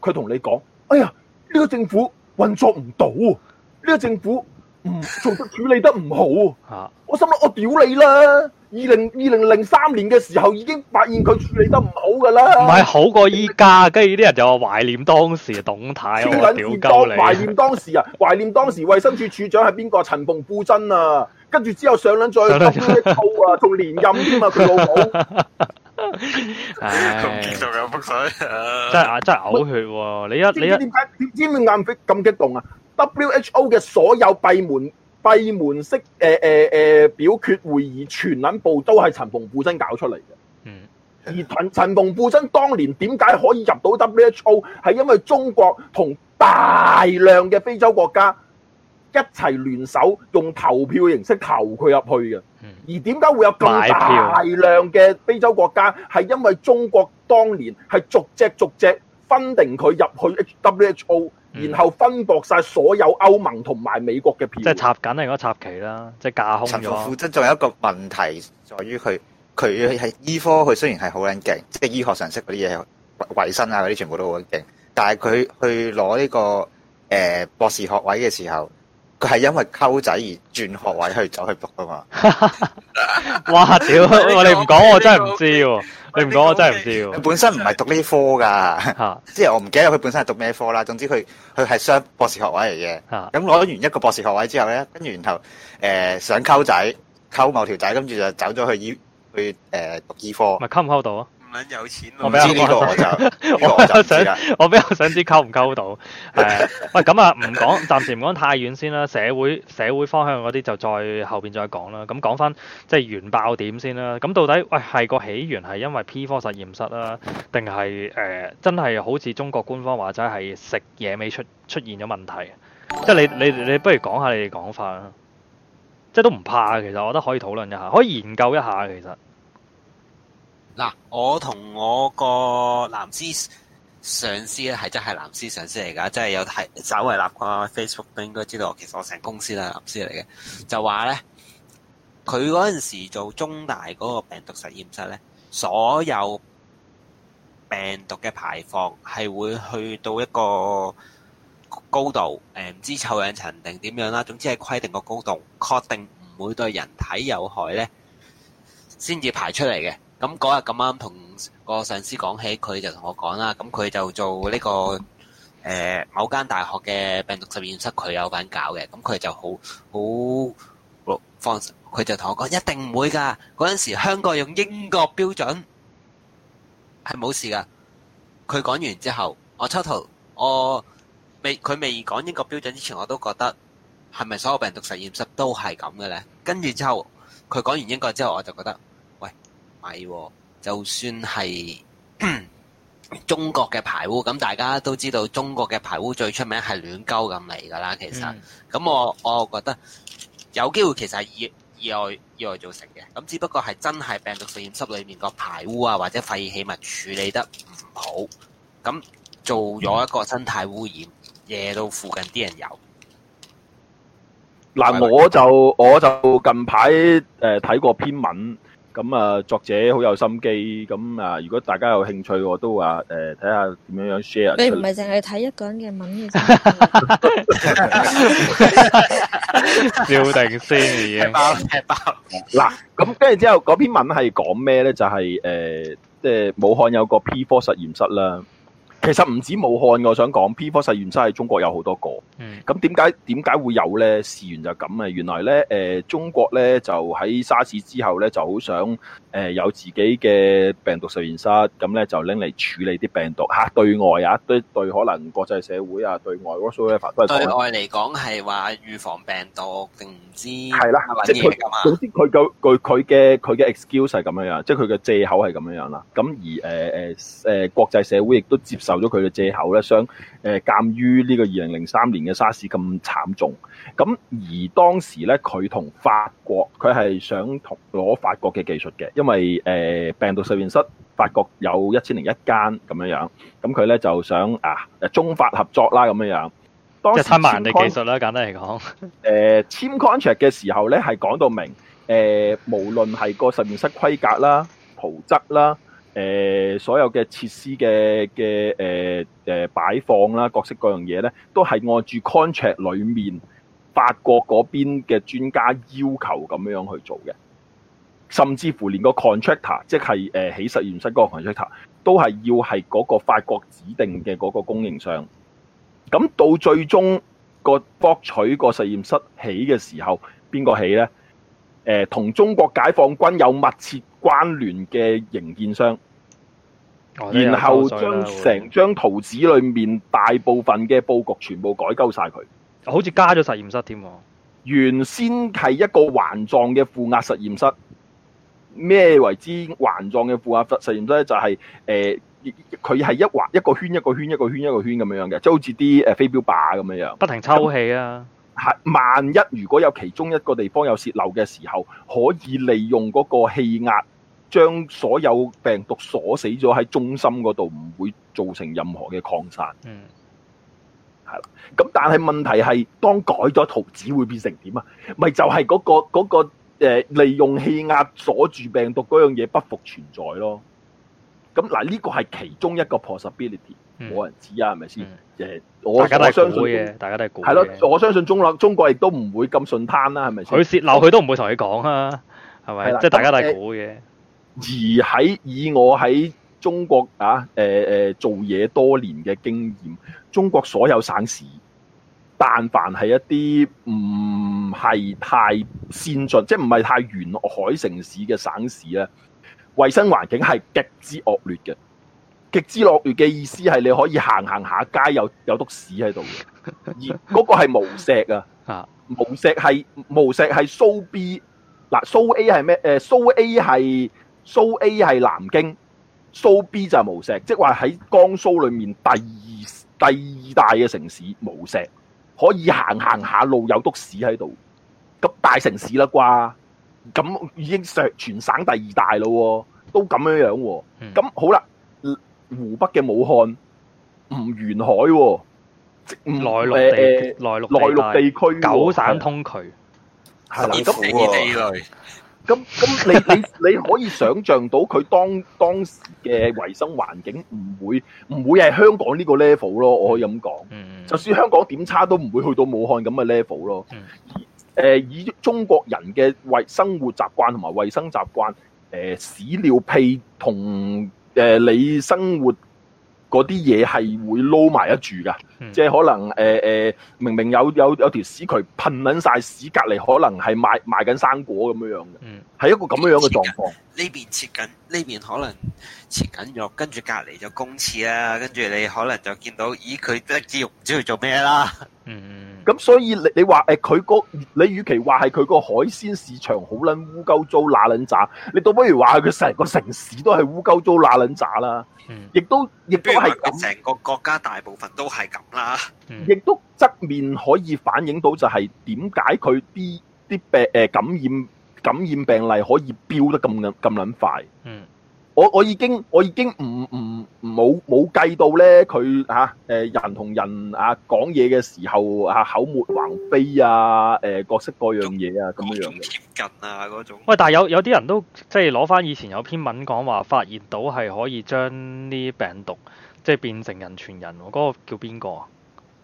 佢同你講：哎呀，呢個政府運作唔到，呢個政府唔做得處理得唔好。吓，我心諗我屌你啦！二零二零零三年嘅時候已經發現佢處理得唔好噶啦，唔係好過依家，跟住啲人就懷念當時董太，懷念當時啊，懷念當時衛生署署長係邊個？陳馮富珍啊！跟住之後上撚咗去 WHO 一鋪啊，仲連任添啊，佢老母，唉、 哎，仲有福水，真係真係嘔血、啊、你一你一點解點點解硬逼咁激動啊？WHO 嘅所有閉門閉門式誒誒誒表決會議，全撚部都係陳馮富珍搞出嚟嘅。嗯，而陳陳馮富珍當年點解可以入到 WHO，係因為中國同大量嘅非洲國家。一齊聯手用投票形式投佢入去嘅，而點解會有咁大量嘅非洲國家係票因為中國當年係逐隻逐隻分定佢入去 h WHO，、嗯、然後分薄晒所有歐盟同埋美國嘅票。即係插緊啦，而家插旗啦，即係架空咗。陳富真仲有一個問題，在於佢佢係醫科，佢、e、雖然係好撚勁，即、就、係、是、醫學常識嗰啲嘢、衞生啊嗰啲全部都好撚勁，但係佢去攞呢、這個誒、呃、博士學位嘅時候。佢係因為溝仔而轉學位去走去讀噶嘛？ 哇！屌，你唔講我真係唔知喎，你唔講我真係唔知喎。佢本身唔係讀呢科噶， 即係我唔記得佢本身係讀咩科啦。總之佢佢係雙博士學位嚟嘅。咁攞咗完一個博士學位之後咧，跟住然後誒、呃、想溝仔溝某條仔，跟住就走咗去醫去誒、呃、讀醫科。咪溝唔溝到啊？搵有錢，我知呢個我就，我想我比較想知溝唔溝到。誒，喂，咁啊，唔講，暫時唔講太遠先啦。社會社會方向嗰啲就再後邊再講啦。咁講翻即係原爆點先啦。咁到底喂係個起源係因為 P4 實驗室啊，定係誒真係好似中國官方話齋係食野味出出現咗問題？即係你你你不如講下你哋講法啦。即係都唔怕，其實我覺得可以討論一下，可以研究一下其實。嗱，我同我個藍絲上司咧，係真係藍絲上司嚟㗎，真係有睇稍為立過 Facebook，應該知道其實我成公司都係藍絲嚟嘅。就話咧，佢嗰陣時做中大嗰個病毒實驗室咧，所有病毒嘅排放係會去到一個高度，誒唔知臭氧層定點樣啦。總之係規定個高度，確定唔會對人體有害咧，先至排出嚟嘅。咁嗰日咁啱同個上司講起，佢就同我講啦。咁佢就做呢個誒某間大學嘅病毒實驗室，佢有份搞嘅。咁佢就好好放，佢就同我講：一定唔會㗎。嗰陣時香港用英國標準係冇事㗎。佢講完之後，我初頭我未佢未講英國標準之前，我都覺得係咪所有病毒實驗室都係咁嘅呢？跟住之後佢講完英國之後，我就覺得。米、哦，就算係 中國嘅排污，咁大家都知道中國嘅排污最出名係亂鳩咁嚟噶啦。其實，咁、嗯、我我覺得有機會其實係意意外意外造成嘅，咁只不過係真係病毒實驗室裏面個排污啊，或者廢棄物處理得唔好，咁做咗一個生態污染，惹、嗯、到附近啲人有。嗱、呃，我就我就近排誒睇過篇文。咁啊，作者好有心機。咁啊，如果大家有興趣，我都話誒睇下點樣樣 share。你唔係淨係睇一個人嘅文嘅。笑定先嘅。包、嗯，包。嗱，咁跟住之後，嗰篇文係講咩咧？就係、是、誒、呃，即係武漢有個 P4 實驗室啦。其實唔止武漢，我想講 P4 實驗室喺中國有好多個。咁點解點解會有呢？事源就咁啊！原來呢，誒、呃、中國呢就喺沙士之後呢就好想。誒有自己嘅病毒實驗室，咁咧就拎嚟處理啲病毒嚇、啊、對外啊，對對可能國際社會啊對外 whatever 都係對外嚟講係話預防病毒定唔知係啦，即咪佢總之佢嘅佢嘅佢嘅 excuse 係咁樣樣，即係佢嘅借口係咁樣樣啦。咁而誒誒誒國際社會亦都接受咗佢嘅借口咧，想誒、呃、鑑於呢個二零零三年嘅沙士咁慘重。咁而當時咧，佢同法國佢係想同攞法國嘅技術嘅，因為誒、呃、病毒實驗室法國有一千零一間咁樣樣，咁佢咧就想啊，中法合作啦咁樣樣，樣樣樣當時即係親民嘅技術啦、啊，簡單嚟講誒簽 contract 嘅時候咧，係講到明誒、呃，無論係個實驗室規格啦、圖則啦、誒、呃、所有嘅設施嘅嘅誒誒擺放啦、各式各樣嘢咧，都係按住 contract 裡面。法國嗰邊嘅專家要求咁樣去做嘅，甚至乎連個 contractor，即係誒、呃、起實驗室嗰個 contractor，都係要係嗰個法國指定嘅嗰個供應商。咁到最終個獲取個實驗室起嘅時候，邊個起呢？誒、呃，同中國解放軍有密切關聯嘅營建商，然後將成張圖紙裡面大部分嘅佈局全部改鳩晒佢。好似加咗實驗室添喎，原先係一個環狀嘅負壓實驗室。咩為之環狀嘅負壓實實驗室咧，就係？就係誒，佢係一環一個圈一個圈一個圈一個圈咁樣嘅，即係好似啲誒飛鏢靶咁樣樣，不停抽氣啊。係萬一如果有其中一個地方有洩漏嘅時候，可以利用嗰個氣壓將所有病毒鎖死咗喺中心嗰度，唔會造成任何嘅擴散。嗯。係啦，咁但係問題係，當改咗圖紙會變成點啊？咪就係、是、嗰、那個、那個誒，利用氣壓鎖住病毒嗰樣嘢不復存在咯。咁嗱，呢個係其中一個 possibility，冇人知啊，係咪先？誒、嗯，我大家都係估嘅，相大家都係估。係咯，我相信中立中國亦都唔會咁順攤啦，係咪先？佢泄漏，佢都唔會同你講啊，係咪的？即係大家都係估嘅。而喺以我喺中國啊誒誒做嘢多年嘅經驗。中國所有省市，但凡係一啲唔係太先進，即係唔係太沿海城市嘅省市咧，衛生環境係極之惡劣嘅。極之惡劣嘅意思係你可以行行下街有，有有篤屎喺度，而個係無錫啊吓，無錫係無錫係蘇 B，嗱蘇 A 係咩？誒、呃、蘇 A 係蘇 A 係南京，蘇 B 就係無錫，即係話，喺江蘇裏面第二。第二大嘅城市無錫，可以行行下路有督屎喺度，咁大城市啦啩，咁已經係全省第二大啦，都咁樣樣，咁好啦，湖北嘅武漢唔沿海，內、呃、陸地，內陸內陸地區，九省通衢，係啦，咁。 咁咁 你你你可以想象到佢當當時嘅衞生環境唔會唔會係香港呢個 level 咯，我可以咁講。嗯嗯。 就算香港點差都唔會去到武漢咁嘅 level 咯。嗯、 呃。以中國人嘅生活習慣同埋衞生習慣，誒、呃、屎尿屁同誒、呃、你生活。嗰啲嘢係會撈埋一住噶，嗯、即係可能誒誒、呃，明明有有有條屎渠噴撚晒屎，隔離可能係賣賣緊生果咁樣樣嘅，係、嗯、一個咁樣樣嘅狀況。呢邊切緊，呢邊，邊可能切緊咗，跟住隔離就公廁啦，跟住你可能就見到咦，佢得隻肉唔知佢做咩啦～嗯，咁所以你你話誒，佢個你與其話係佢個海鮮市場好撚污鳩糟乸撚渣，你倒不如話佢成個城市都係污鳩糟乸撚渣啦，亦都亦都係成、嗯、個國家大部分都係咁啦，亦都側面可以反映到就係點解佢啲啲病誒感染感染病例可以飆得咁咁撚快。嗯我我已經我已經唔唔冇冇計到咧，佢嚇誒人同人啊講嘢嘅時候啊，口沫橫飛啊誒、呃、各式各樣嘢啊咁樣樣嘅啊嗰種喂，但係有有啲人都即係攞翻以前有篇文講話發現到係可以將啲病毒即係變成人傳人嗰、那個叫邊個啊？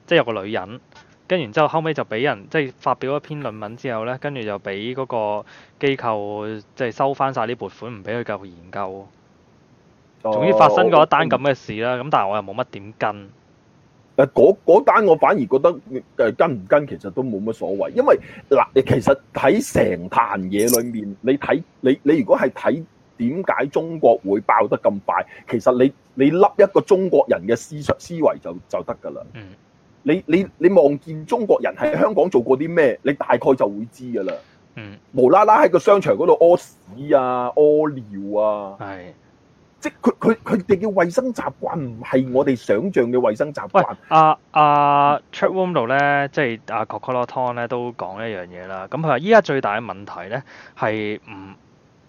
即係有個女人跟完之後，後，後尾就俾人即係發表一篇論文之後咧，跟住就俾嗰個機構即係收翻晒啲撥款，唔俾佢繼續研究。總之發生過一單咁嘅事啦，咁我但係我又冇乜點跟。誒，嗰嗰單我反而覺得誒跟唔跟其實都冇乜所謂，因為嗱，其實喺成壇嘢裏面，你睇你你如果係睇點解中國會爆得咁快，其實你你笠一個中國人嘅思想思維就就得噶啦。嗯。你你你望見中國人喺香港做過啲咩，你大概就會知噶啦。嗯。無啦啦喺個商場嗰度屙屎啊，屙尿啊。係。即佢佢佢哋嘅衞生習慣唔係我哋想象嘅衞生習慣。喂，阿阿 Chew Woondo 咧，即係阿 Collo 湯咧，啊、都講一樣嘢啦。咁佢話依家最大嘅問題咧係唔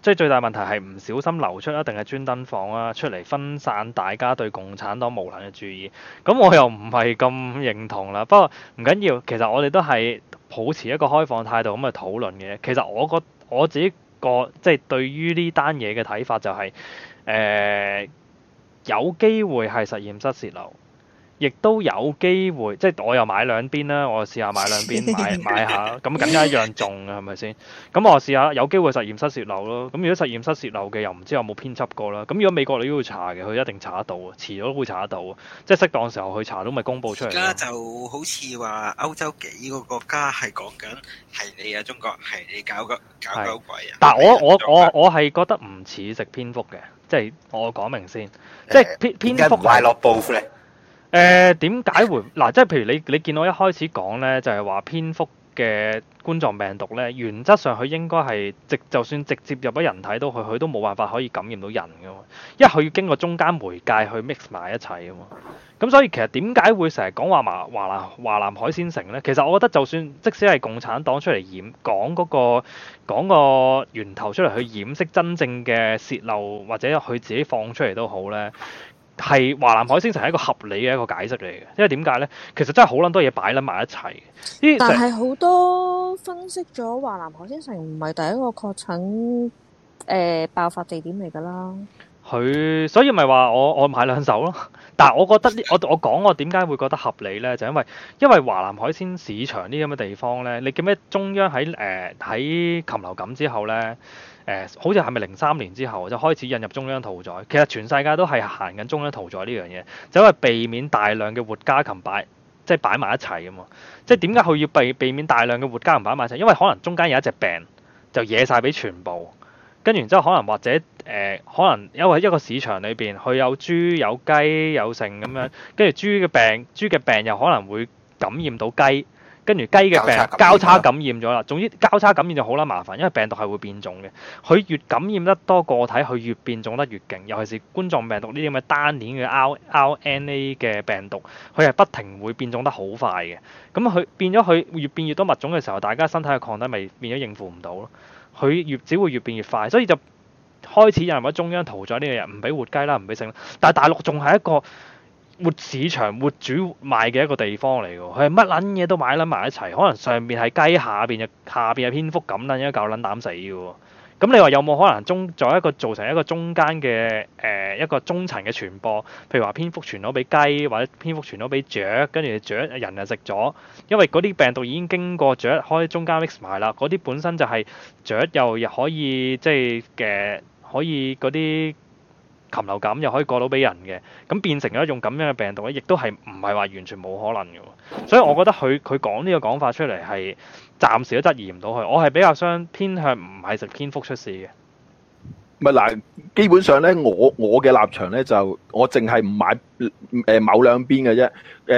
即係最大問題係唔小心流出，定係專登放啊出嚟分散大家對共產黨無能嘅注意？咁我又唔係咁認同啦。不過唔緊要，其實我哋都係抱持一個開放態度咁去討論嘅。其實我覺我自己個即係對於呢單嘢嘅睇法就係。誒、呃，有機會係實驗室泄漏，亦都有機會，即係我又買兩邊啦，我試下買兩邊買買下，咁更加一樣重嘅，係咪先？咁我試下有機會實驗室泄漏咯。咁如果實驗室泄漏嘅，又唔知有冇編輯過啦。咁如果美國你都要查嘅，佢一定查得到，遲咗會查得到，即係適當嘅時候去查都咪公布出嚟。而家就好似話歐洲幾個國家係講緊係你啊，中國係你搞個搞個鬼啊！是但我我我我係覺得唔似食蝙蝠嘅。即係我講明先，呃、即係蝙蝠快樂報咧。誒、呃，點解會嗱？ 即係譬如你你見我一開始講咧，就係、是、話蝙蝠嘅冠狀病毒呢，原則上佢應該係直，就算直接入咗人體都好，佢都冇辦法可以感染到人噶嘛，因為佢要經過中間媒介去 mix 埋一齊啊嘛。咁所以其實點解會成日講話麻華南華南海鮮城呢？其實我覺得就算即使係共產黨出嚟掩講嗰，嗰個講個源頭出嚟去掩飾真正嘅泄漏，或者佢自己放出嚟都好呢。係華南海鮮城係一個合理嘅一個解釋嚟嘅，因為點解咧？其實真係好撚多嘢擺撚埋一齊。但係好多分析咗華南海鮮城唔係第一個確診誒、呃、爆發地點嚟㗎啦。佢所以咪話我我買兩手咯，但係我覺得呢，我我講我點解會覺得合理呢？就因為因為華南海鮮市場呢啲咁嘅地方呢，你記唔記得中央喺誒喺禽流感之後呢？呃、好似係咪零三年之後就開始引入中央屠宰，其實全世界都係行緊中央屠宰呢樣嘢，就因為避免大量嘅活家禽擺即係擺埋一齊㗎嘛，即係點解佢要避避免大量嘅活家禽擺埋一齊？因為可能中間有一隻病就惹晒俾全部。跟住之後、呃，可能或者誒，可能因為一個市場裏邊，佢有豬有雞有成咁樣，跟住豬嘅病，豬嘅病又可能會感染到雞，跟住雞嘅病交叉感染咗啦。了總之交叉感染就好啦，麻煩，因為病毒係會變種嘅。佢越感染得多個體，佢越變種得越勁。尤其是冠狀病毒呢啲咁嘅單鏈嘅 RNA 嘅病毒，佢係不停會變種得好快嘅。咁佢變咗，佢越變越多物種嘅時候，大家身體嘅抗體咪變咗應付唔到咯。佢越只會越變越快，所以就開始有人喺中央屠宰呢啲人，唔俾活雞啦，唔俾剩。但係大陸仲係一個活市場、活主賣嘅一個地方嚟嘅，佢係乜撚嘢都買撚埋一齊，可能上邊係雞下面，下邊就下邊係蝙蝠咁撚，夠撚膽死嘅喎。咁你話有冇可能中作為一個造成一個中間嘅誒、呃、一個中層嘅傳播，譬如話蝙蝠傳咗俾雞，或者蝙蝠傳咗俾雀，跟住雀人就食咗，因為嗰啲病毒已經經過雀開中間 mix 埋啦，嗰啲本身就係雀又又可以即係嘅可以嗰啲。禽流感又可以過到俾人嘅，咁變成一種咁樣嘅病毒咧，亦都係唔係話完全冇可能嘅喎。所以我覺得佢佢講呢個講法出嚟係暫時都質疑唔到佢。我係比較相偏向唔係食蝙蝠出事嘅。唔係嗱，基本上咧，我我嘅立場咧就我淨係唔買誒某兩邊嘅啫。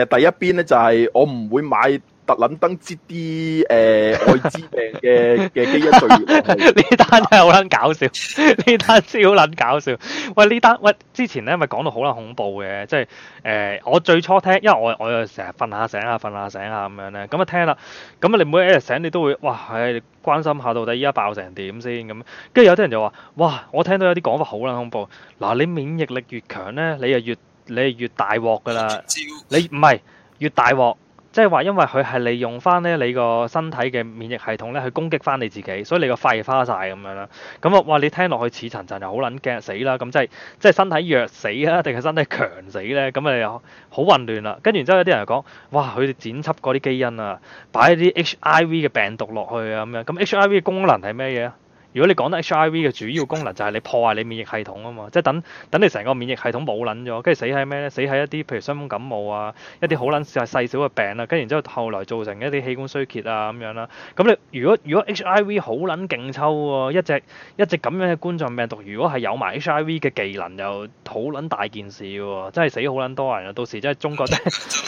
誒第一邊咧就係、是、我唔會買。特撚登接啲誒艾滋病嘅嘅基因序列呢單真係好撚搞笑，呢單超撚搞笑。喂，呢單喂，之前咧咪講到好撚恐怖嘅，即係誒、呃、我最初聽，因為我我又成日瞓下醒下、啊，瞓下醒下、啊、咁樣咧，咁啊聽啦，咁啊你每一日醒你都會，哇係關心下到底依家爆成點先咁。跟住有啲人就話，哇，我聽到有啲講法好撚恐怖。嗱，你免疫力越強咧，你就越你係越，越大鑊㗎啦。你唔係越大鑊。即係話，因為佢係利用翻咧你個身體嘅免疫系統咧去攻擊翻你自己，所以你個肺花晒咁樣啦。咁啊，哇！你聽落去似層層又好撚驚死啦。咁、就是、即係即係身體弱死啊，定係身體強死咧？咁誒又好混亂啦。跟住然之後有啲人講：哇！佢哋剪輯嗰啲基因啊，擺啲 HIV 嘅病毒落去啊咁樣。咁 HIV 嘅功能係咩嘢啊？如果你講得 HIV 嘅主要功能就係你破壞你免疫系統啊嘛，即係等等你成個免疫系統冇撚咗，跟住死喺咩咧？死喺一啲譬如傷風感冒啊，一啲好撚細小嘅病啦、啊，跟住然之後後來造成一啲器官衰竭啊咁樣啦、啊。咁你如果如果 HIV 好撚勁抽喎，一隻一隻咁樣嘅冠狀病毒，如果係有埋 HIV 嘅技能，又好撚大件事喎，真係死好撚多人啊！到時真係中國真係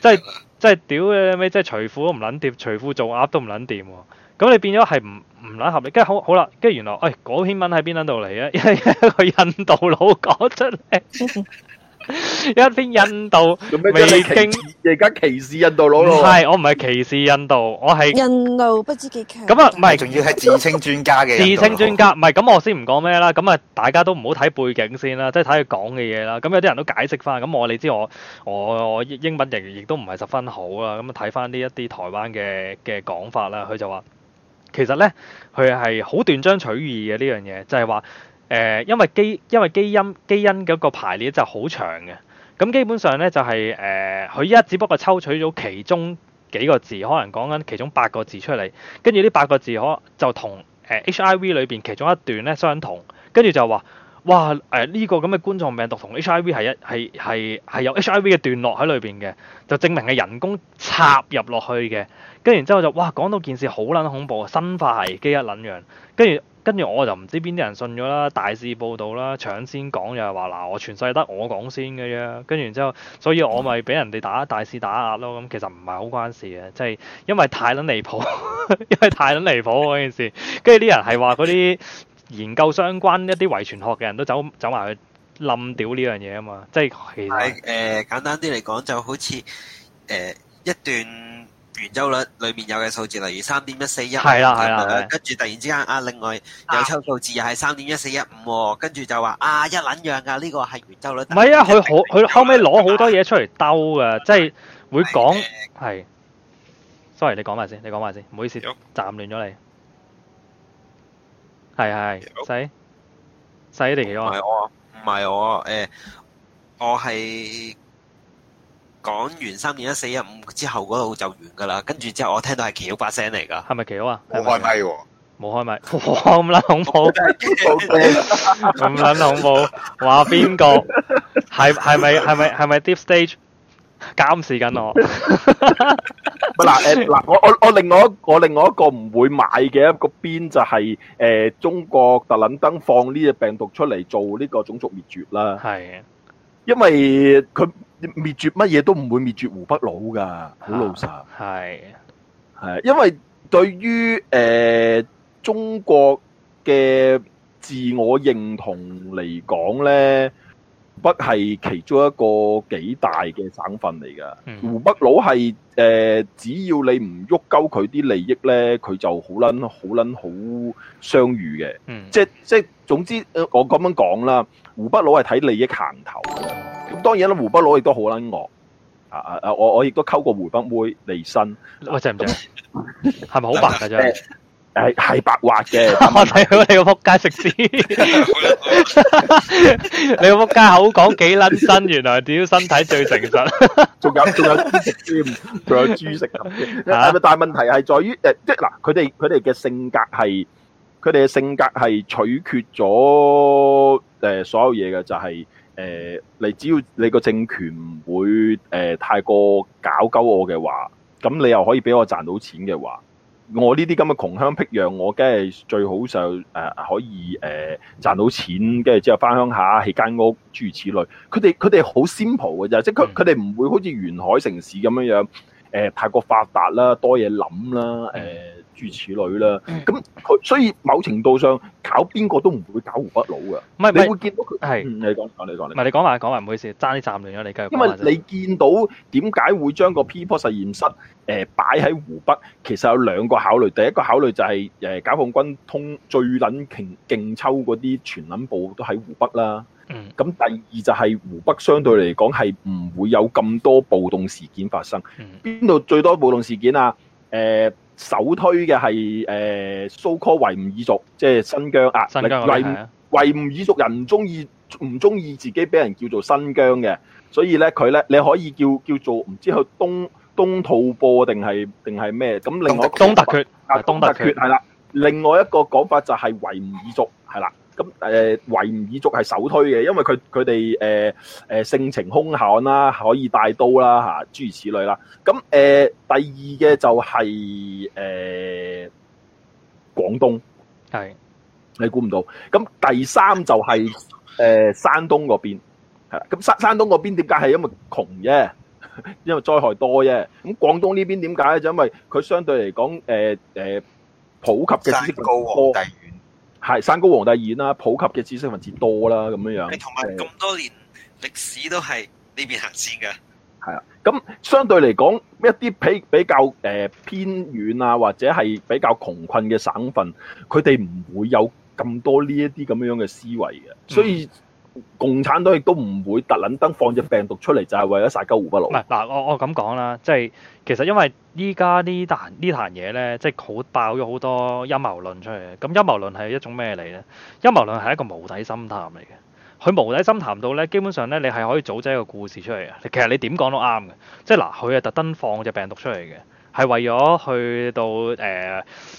真係真係屌你咩？真係除褲都唔撚掂，除褲做鴨都唔撚掂喎。咁你變咗係唔？唔難合理，跟住好好啦，跟住原來，哎，嗰篇文喺邊度嚟啊？一個印度佬講出嚟，一篇印度未經而家歧視印度佬咯。係，我唔係歧視印度，我係印度不知幾強。咁啊，唔係，仲要係自稱專家嘅。自稱專家，唔係，咁我先唔講咩啦。咁啊，大家都唔好睇背景先啦，即係睇佢講嘅嘢啦。咁有啲人都解釋翻。咁我話你知我我英文亦亦都唔係十分好啦。咁睇翻呢一啲台灣嘅嘅講法啦，佢就話。其實咧，佢係好斷章取義嘅呢樣嘢，就係話誒，因為基因為基因基因嗰個排列就好長嘅，咁基本上咧就係、是、誒，佢依家只不過抽取咗其中幾個字，可能講緊其中八個字出嚟，跟住呢八個字可就同誒 HIV 裏邊其中一段咧相同，跟住就話哇誒呢、呃這個咁嘅冠狀病毒同 HIV 係一係係係有 HIV 嘅段落喺裏邊嘅，就證明係人工插入落去嘅。跟然之後就哇講到件事好撚恐怖，生化危機一撚樣，跟住跟住我就唔知邊啲人信咗啦，大肆報導啦，搶先講又係話嗱，我全世界得我講先嘅啫，跟住之後，所以我咪俾人哋打大肆打壓咯。咁其實唔係好關事嘅，即、就、係、是、因為太撚離譜， 因為太撚離譜嗰件事。跟住啲人係話嗰啲研究相關一啲遺傳學嘅人都走走埋去冧掉呢樣嘢啊嘛，即係、呃、其實誒、呃、簡單啲嚟講就好似誒、呃、一段。圓周率裏面有嘅數字，例如三點一四一係啦，係啦，跟住突然之間啊，另外有抽數字又係三點一四一五，跟住就話啊，一捻樣噶呢個係圓周率。唔係啊，佢好佢後尾攞好多嘢出嚟兜噶，即係會講係。sorry，你講埋先，你講埋先，唔好意思，斬亂咗你。係係，使使第幾個？唔係我，唔係我，誒，我係。講完三二一四一五之後嗰度就完噶啦，跟住之後我聽到係奇好把聲嚟噶，係咪奇好啊？冇開咪喎，冇開咪，哇咁捻恐怖，咁捻恐怖，話邊個？係係咪係咪係咪 Deep Stage 監視緊我？嗱誒嗱，我我我另外我另外一個唔會買嘅一個邊就係誒，中國特倫登放呢隻病毒出嚟做呢個種族滅絕啦，係，因為佢。滅絕乜嘢都唔會滅絕湖北佬噶，好老實。係係，因為對於誒中國嘅自我認同嚟講咧，湖北係其中一個幾大嘅省份嚟噶。湖北佬係誒，只要你唔喐鳩佢啲利益咧，佢就好捻好捻好相與嘅。嗯，即即總之，誒我咁樣講啦。湖北佬係睇利益行頭，咁當然啦，湖北佬亦都好撚惡，啊啊啊！我我亦都溝過湖北妹，離身，我正係唔知，係咪好白嘅啫？係係、 呃、白滑嘅，我睇到你個仆街食屎，你個仆街口講幾撚身，原來屌身體最誠實，仲有仲有豬食，仲有豬食。但係大問題係在於，誒、呃，即係嗱，佢哋佢哋嘅性格係，佢哋嘅性格係取決咗。誒、呃、所有嘢嘅就係、是、誒、呃，你只要你個政權唔會誒、呃、太過搞鳩我嘅話，咁你又可以俾我賺到錢嘅話，我呢啲咁嘅窮鄉僻壤，我梗係最好就誒、呃、可以誒、呃、賺到錢，跟住之後返鄉下起間屋，諸如此類。佢哋佢哋好 simple 㗎咋，即係佢佢哋唔會好似沿海城市咁樣樣誒、呃，太過發達啦，多嘢諗啦誒。呃嗯諸如此類啦，咁佢、嗯、所以某程度上搞邊個都唔會搞湖北佬嘅。唔係是，你會見到佢係。唔係你講，你講，你唔係你講話，講話，唔好意思，爭啲站亂咗，你繼續因為你見到點解會將個 PPO 實驗室誒、呃、擺喺湖北？其實有兩個考慮。第一個考慮就係、是、誒、呃、解放軍通最撚勁勁抽嗰啲全撚部都喺湖北啦。咁、嗯、第二就係湖北相對嚟講係唔會有咁多暴動事件發生。嗯。邊度、嗯、最多暴動事件啊？誒、呃。首推嘅係誒所謂維吾爾族，即係新疆啊，維維吾爾族人唔中意唔中意自己俾人叫做新疆嘅，所以咧佢咧，你可以叫叫做唔知去東東土坡定係定係咩？咁另外東突厥啊，東突厥係啦，另外一個講法就係維吾爾族係啦。咁誒、呃、維吾爾族係首推嘅，因為佢佢哋誒誒性情兇悍啦，可以帶刀啦嚇、啊，諸如此類啦。咁誒、呃、第二嘅就係、是、誒、呃、廣東，係是你估唔到。咁第三就係、是、誒、呃、山東嗰邊，咁山、啊、山東嗰邊點解係因為窮啫？因為災害多啫。咁廣東呢邊點解咧？就是、因為佢相對嚟講誒誒普及嘅知識高係山高皇帝遠啦，普及嘅知識分子多啦，咁樣樣。同埋咁多年歷、嗯、史都係呢邊行先嘅。係啊，咁相對嚟講，一啲比比較誒、呃、偏遠啊，或者係比較窮困嘅省份，佢哋唔會有咁多呢一啲咁樣嘅思維嘅，所以。嗯共產黨亦都唔會特捻登放隻病毒出嚟，就係、是、為咗殺鳩湖北佬。嗱、啊，我我咁講啦，即係其實因為依家呢壇呢壇嘢咧，即係好爆咗好多陰謀論出嚟。咁陰謀論係一種咩嚟咧？陰謀論係一個無底深潭嚟嘅，佢無底深潭到咧，基本上咧你係可以組織一個故事出嚟嘅。其實你點講都啱嘅，即係嗱，佢係特登放隻病毒出嚟嘅，係為咗去到誒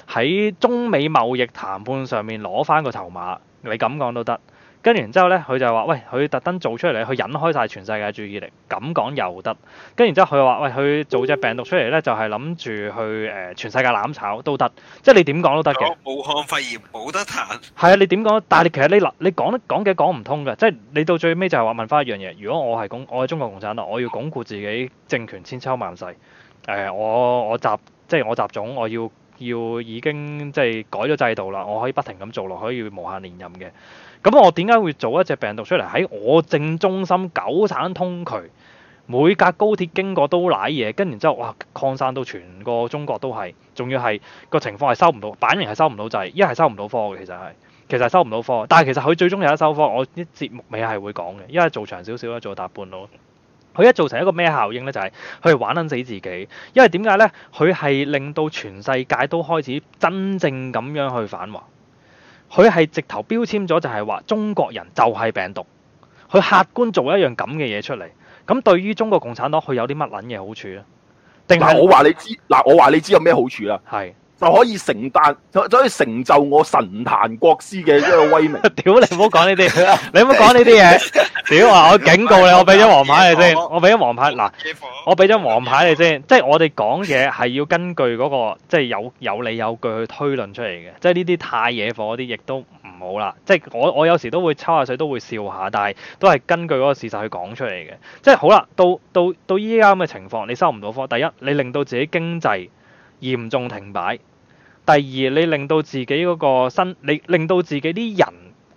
喺、呃、中美貿易談判上面攞翻個籌碼，你咁講都得。跟完之後咧，佢就話：喂，佢特登做出嚟，佢引開晒全世界注意力，咁講又得。跟完之後，佢就話：喂，佢做隻病毒出嚟咧，就係諗住去誒、呃、全世界攬炒都得。即係你點講都得嘅。武漢肺炎冇得彈。係啊，你點講？但係其實你你講咧講嘅講唔通嘅，即係你到最尾就係話問翻一樣嘢：如果我係共我係中國共產黨，我要鞏固自己政權千秋萬世，誒、呃、我我習即係我習總，我要要已經即係改咗制度啦，我可以不停咁做落，可以無限連任嘅。咁我點解會做一隻病毒出嚟喺我正中心九省通衢，每架高鐵經過都瀨嘢，跟然之後哇擴散到全個中國都係，仲要係個情況係收唔到，擺明係收唔到掣。一係收唔到科嘅其實係，其實係收唔到科，但係其實佢最終有得收科，我啲節目尾係會講嘅，因為做長少少咧做大半咯。佢一做成一個咩效應呢？就係佢係玩撚死自己，因為點解呢？佢係令到全世界都開始真正咁樣去反華。佢係直頭標籤咗，就係話中國人就係病毒，佢客觀做一樣咁嘅嘢出嚟，咁對於中國共產黨，佢有啲乜捻嘢好處啊？定係我話你知，嗱，我話你知有咩好處啦，係。就可以承擔，就可以成就我神壇國師嘅一個威名。屌 你，唔好講呢啲，你唔好講呢啲嘢。屌啊！ 我警告你，我俾咗黃牌你先，我俾咗黃牌嗱，我俾咗黃牌你先。即係我哋講嘢係要根據嗰、嗰個，即、就、係、係、有有理有據去推論出嚟嘅、 那個就是。即係呢啲太惹火嗰啲，亦都唔好啦。即係我我有時都會抽下水，都會笑下，但係都係根據嗰個事實去講出嚟嘅。即係好啦，到到到依家咁嘅情況，你收唔到科。第一，你令到自己經濟嚴重停擺。第二，你令到自己嗰、那個生，你令到自己啲人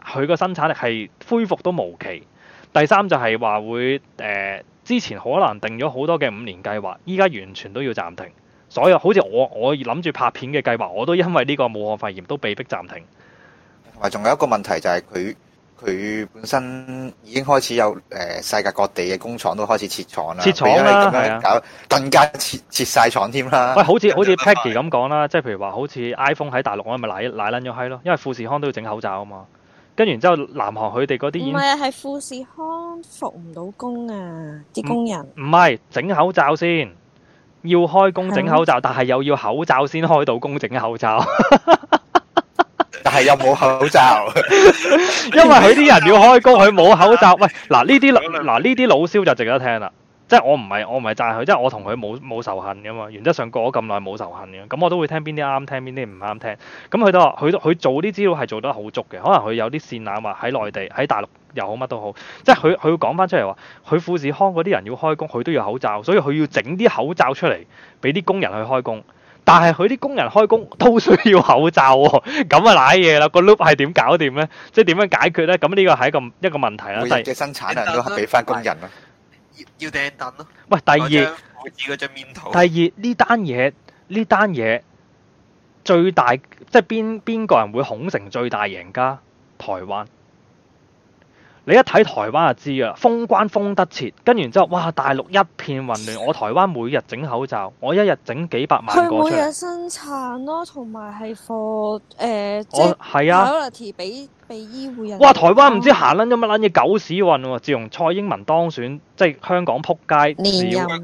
佢個生產力係恢復都無期。第三就係話會誒、呃，之前可能定咗好多嘅五年計劃，依家完全都要暫停。所以好似我我諗住拍片嘅計劃，我都因為呢個武漢肺炎都被迫暫停。同埋仲有一個問題就係佢。佢本身已經開始有誒、呃、世界各地嘅工廠都開始撤廠啦，設因為咁樣搞、啊、更加撤撤曬廠添啦。喂，好似好似 Peggy 咁講啦，即係譬如話，好似 iPhone 喺大陸，我咪賴賴撚咗閪咯，因為富士康都要整口罩啊嘛。跟住然之後，南韓佢哋嗰啲唔係啊，係富士康復唔到工啊，啲工人唔係整口罩先要開工整口罩，啊、但係又要口罩先開到工整口罩。 但係又冇口罩， 因為佢啲人要開工，佢冇口罩。喂，嗱呢啲，嗱呢啲老蕭就值得聽啦。即係我唔係我唔係讚佢，即係我同佢冇冇仇恨噶嘛。原則上過咗咁耐冇仇恨嘅，咁我都會聽邊啲啱聽邊啲唔啱聽。咁佢都話佢佢做啲資料係做得好足嘅，可能佢有啲綫眼話喺內地喺大陸又好乜都好，即係佢佢講翻出嚟話，佢富士康嗰啲人要開工，佢都要口罩，所以佢要整啲口罩出嚟俾啲工人去開工。但係佢啲工人開工都需要口罩喎。哦，咁啊賴嘢啦， 個 loop 係點搞掂咧？即係點樣解決咧？咁呢個係一個一個問題啦。第二嘅生產人都俾翻工人咯，要要訂單咯。喂，第二第二呢單嘢呢單嘢最大即係邊邊個人會恐成最大贏家？台灣。你一睇台灣就知啦，封關封得切，跟完之後，哇！大陸一片混亂，我台灣每日整口罩，我一日整幾百萬個出嚟，佢每日生產咯，同埋係貨誒，即係 quality 俾俾醫護人。哇！台灣唔知行撚咗乜撚嘢狗屎運喎，自從蔡英文當選，即係香港撲街。連任。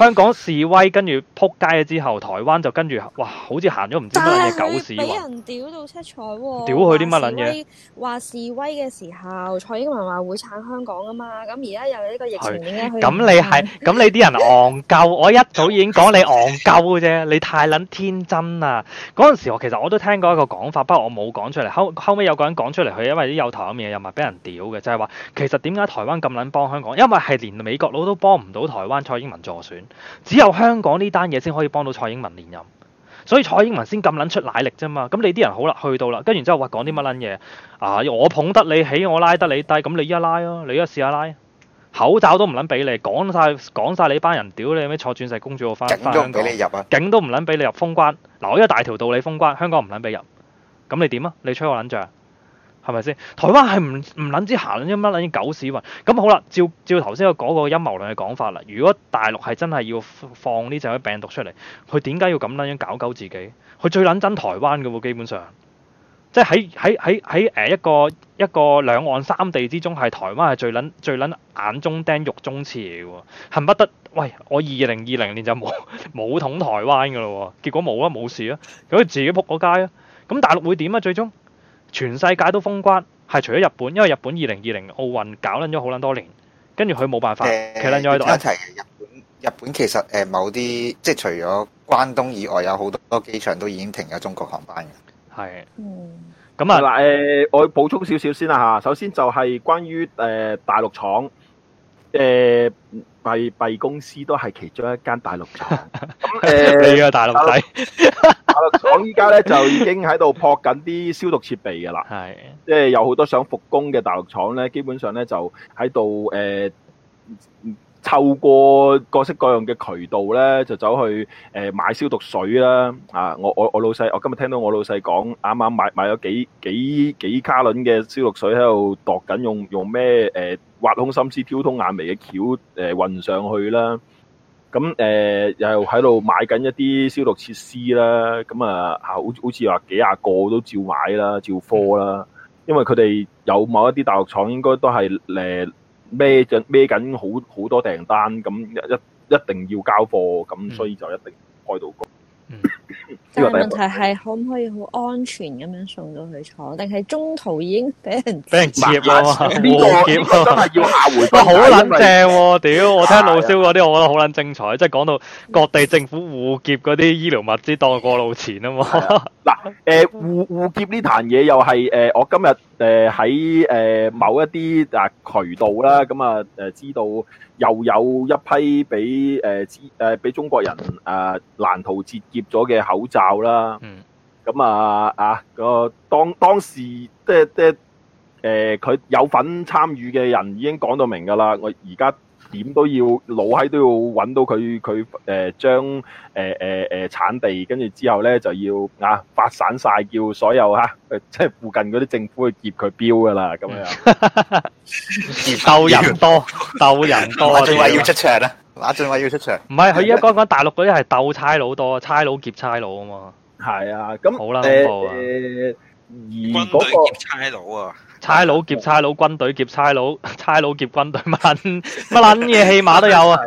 香港示威跟住仆街之後，台灣就跟住哇！好似行咗唔知幾多隻狗屎喎！俾人屌到七彩，屌佢啲乜撚嘢！話示威嘅時候，蔡英文話會撐香港啊嘛！咁而家又有呢個疫情點咁，是你係咁，你啲人戇鳩！ 我一早已經講你戇鳩嘅啫，你太撚天真啦！嗰陣時我其實我都聽過一個講法，不過我冇講出嚟。後後尾有個人講出嚟，佢因為啲有台嗰面又咪俾人屌嘅，就係、是、話其實點解台灣咁撚幫香港？因為係連美國佬都幫唔到台灣，台灣蔡英文助選。只有香港呢單嘢先可以幫到蔡英文連任，所以蔡英文先咁撚出奶力啫嘛。咁你啲人好啦，去到啦，跟住之後話講啲乜撚嘢啊？我捧得你起，我拉得你低，咁你依家拉咯、啊，你依家試下拉、啊。口罩都唔撚俾你，講晒講曬你班人屌，屌你咩坐鑽石公主我翻香港，俾你入啊，警都唔撚俾你入封關。嗱，我一大條道理封關，香港唔撚俾入，咁你點啊？你吹我撚脹？係咪先？台灣係唔唔撚知行，啲乜撚嘢狗屎運？咁、嗯、好啦，照照頭先個嗰個陰謀論嘅講法啦。如果大陸係真係要放呢隻病毒出嚟，佢點解要咁撚樣搞鳩自己？佢最撚憎台灣嘅喎，基本上即係喺喺喺喺誒一個一個,一個兩岸三地之中，係台灣係最撚最撚眼中釘肉中刺嚟嘅喎，恨不得喂我二零二零年就冇冇統台灣嘅咯喎，結果冇啊冇事啊，咁佢自己撲個街啊！咁、嗯、大陸會點啊？最終？全世界都封關，係除咗日本，因為日本二零二零奧運搞撚咗好撚多年，跟住佢冇辦法。誒、呃，企撚咗喺度，一齊。日本日本其實誒、呃、某啲，即係除咗關東以外，有好多機場都已經停咗中國航班嘅。係的。嗯。咁啊嗱，誒我補充少少先啦嚇。首先就係關於誒、呃、大陸廠。誒，閉閉、呃、公司都係其中一間大陸廠。嗯呃、 你個大陸仔，大陸廠依家咧就已經喺度撲緊啲消毒設備噶啦。係， 即係有好多想復工嘅大陸廠咧，基本上咧就喺度誒，透、呃、過各式各樣嘅渠道咧，就走去誒、呃、買消毒水啦。啊，我我我老細，我今日聽到我老細講，啱啱買買咗幾幾幾，幾，幾卡輪嘅消毒水喺度度緊，用用咩誒？挖空心思挑通眼眉嘅橋，誒運上去啦。咁誒又喺度買緊一啲消毒設施啦。咁啊嚇，好好似話幾廿個都照買啦，照科啦。因為佢哋有某一啲大藥廠，應該都係誒孭緊孭緊好好多訂單，咁一一定要交貨，咁所以就一定開到高。但係、嗯、問題係可唔可以好安全咁樣送到去廠？定係中途已經俾人俾人，接人接 劫嘛？邊劫、這個？這個、真係要下回好撚正喎！屌 為，啊、 我聽老蕭嗰啲，我覺得好撚精彩，即係講到各地政府護劫嗰啲醫療物資當過路錢啊嘛。嗱、啊，誒、 呃，護護劫呢壇嘢又係誒，我今日。 誒喺誒某一啲啊渠道啦，咁啊誒知道又有一批俾誒資誒俾中國人啊攔途截劫咗嘅口罩啦，嗯，咁啊啊個當當時即即誒佢有份參與嘅人已經講到明㗎啦，我而家。點都要老喺都要揾到佢佢誒將誒誒誒產地，跟住之後咧就要啊發散晒，叫所有吓即係附近嗰啲政府去劫佢標噶啦，咁樣樣。鬥 人多，鬥人多。阿俊偉要出場啦！阿俊偉要出場。唔係，佢而家講講大陸嗰啲係鬥差佬多，差佬劫差佬啊嘛。係啊，咁、嗯、好啦，恐、嗯嗯、而啊軍隊！軍隊劫差佬啊！差佬劫差佬，軍隊劫差佬，差佬劫軍隊，乜乜撚嘢戲碼都有啊！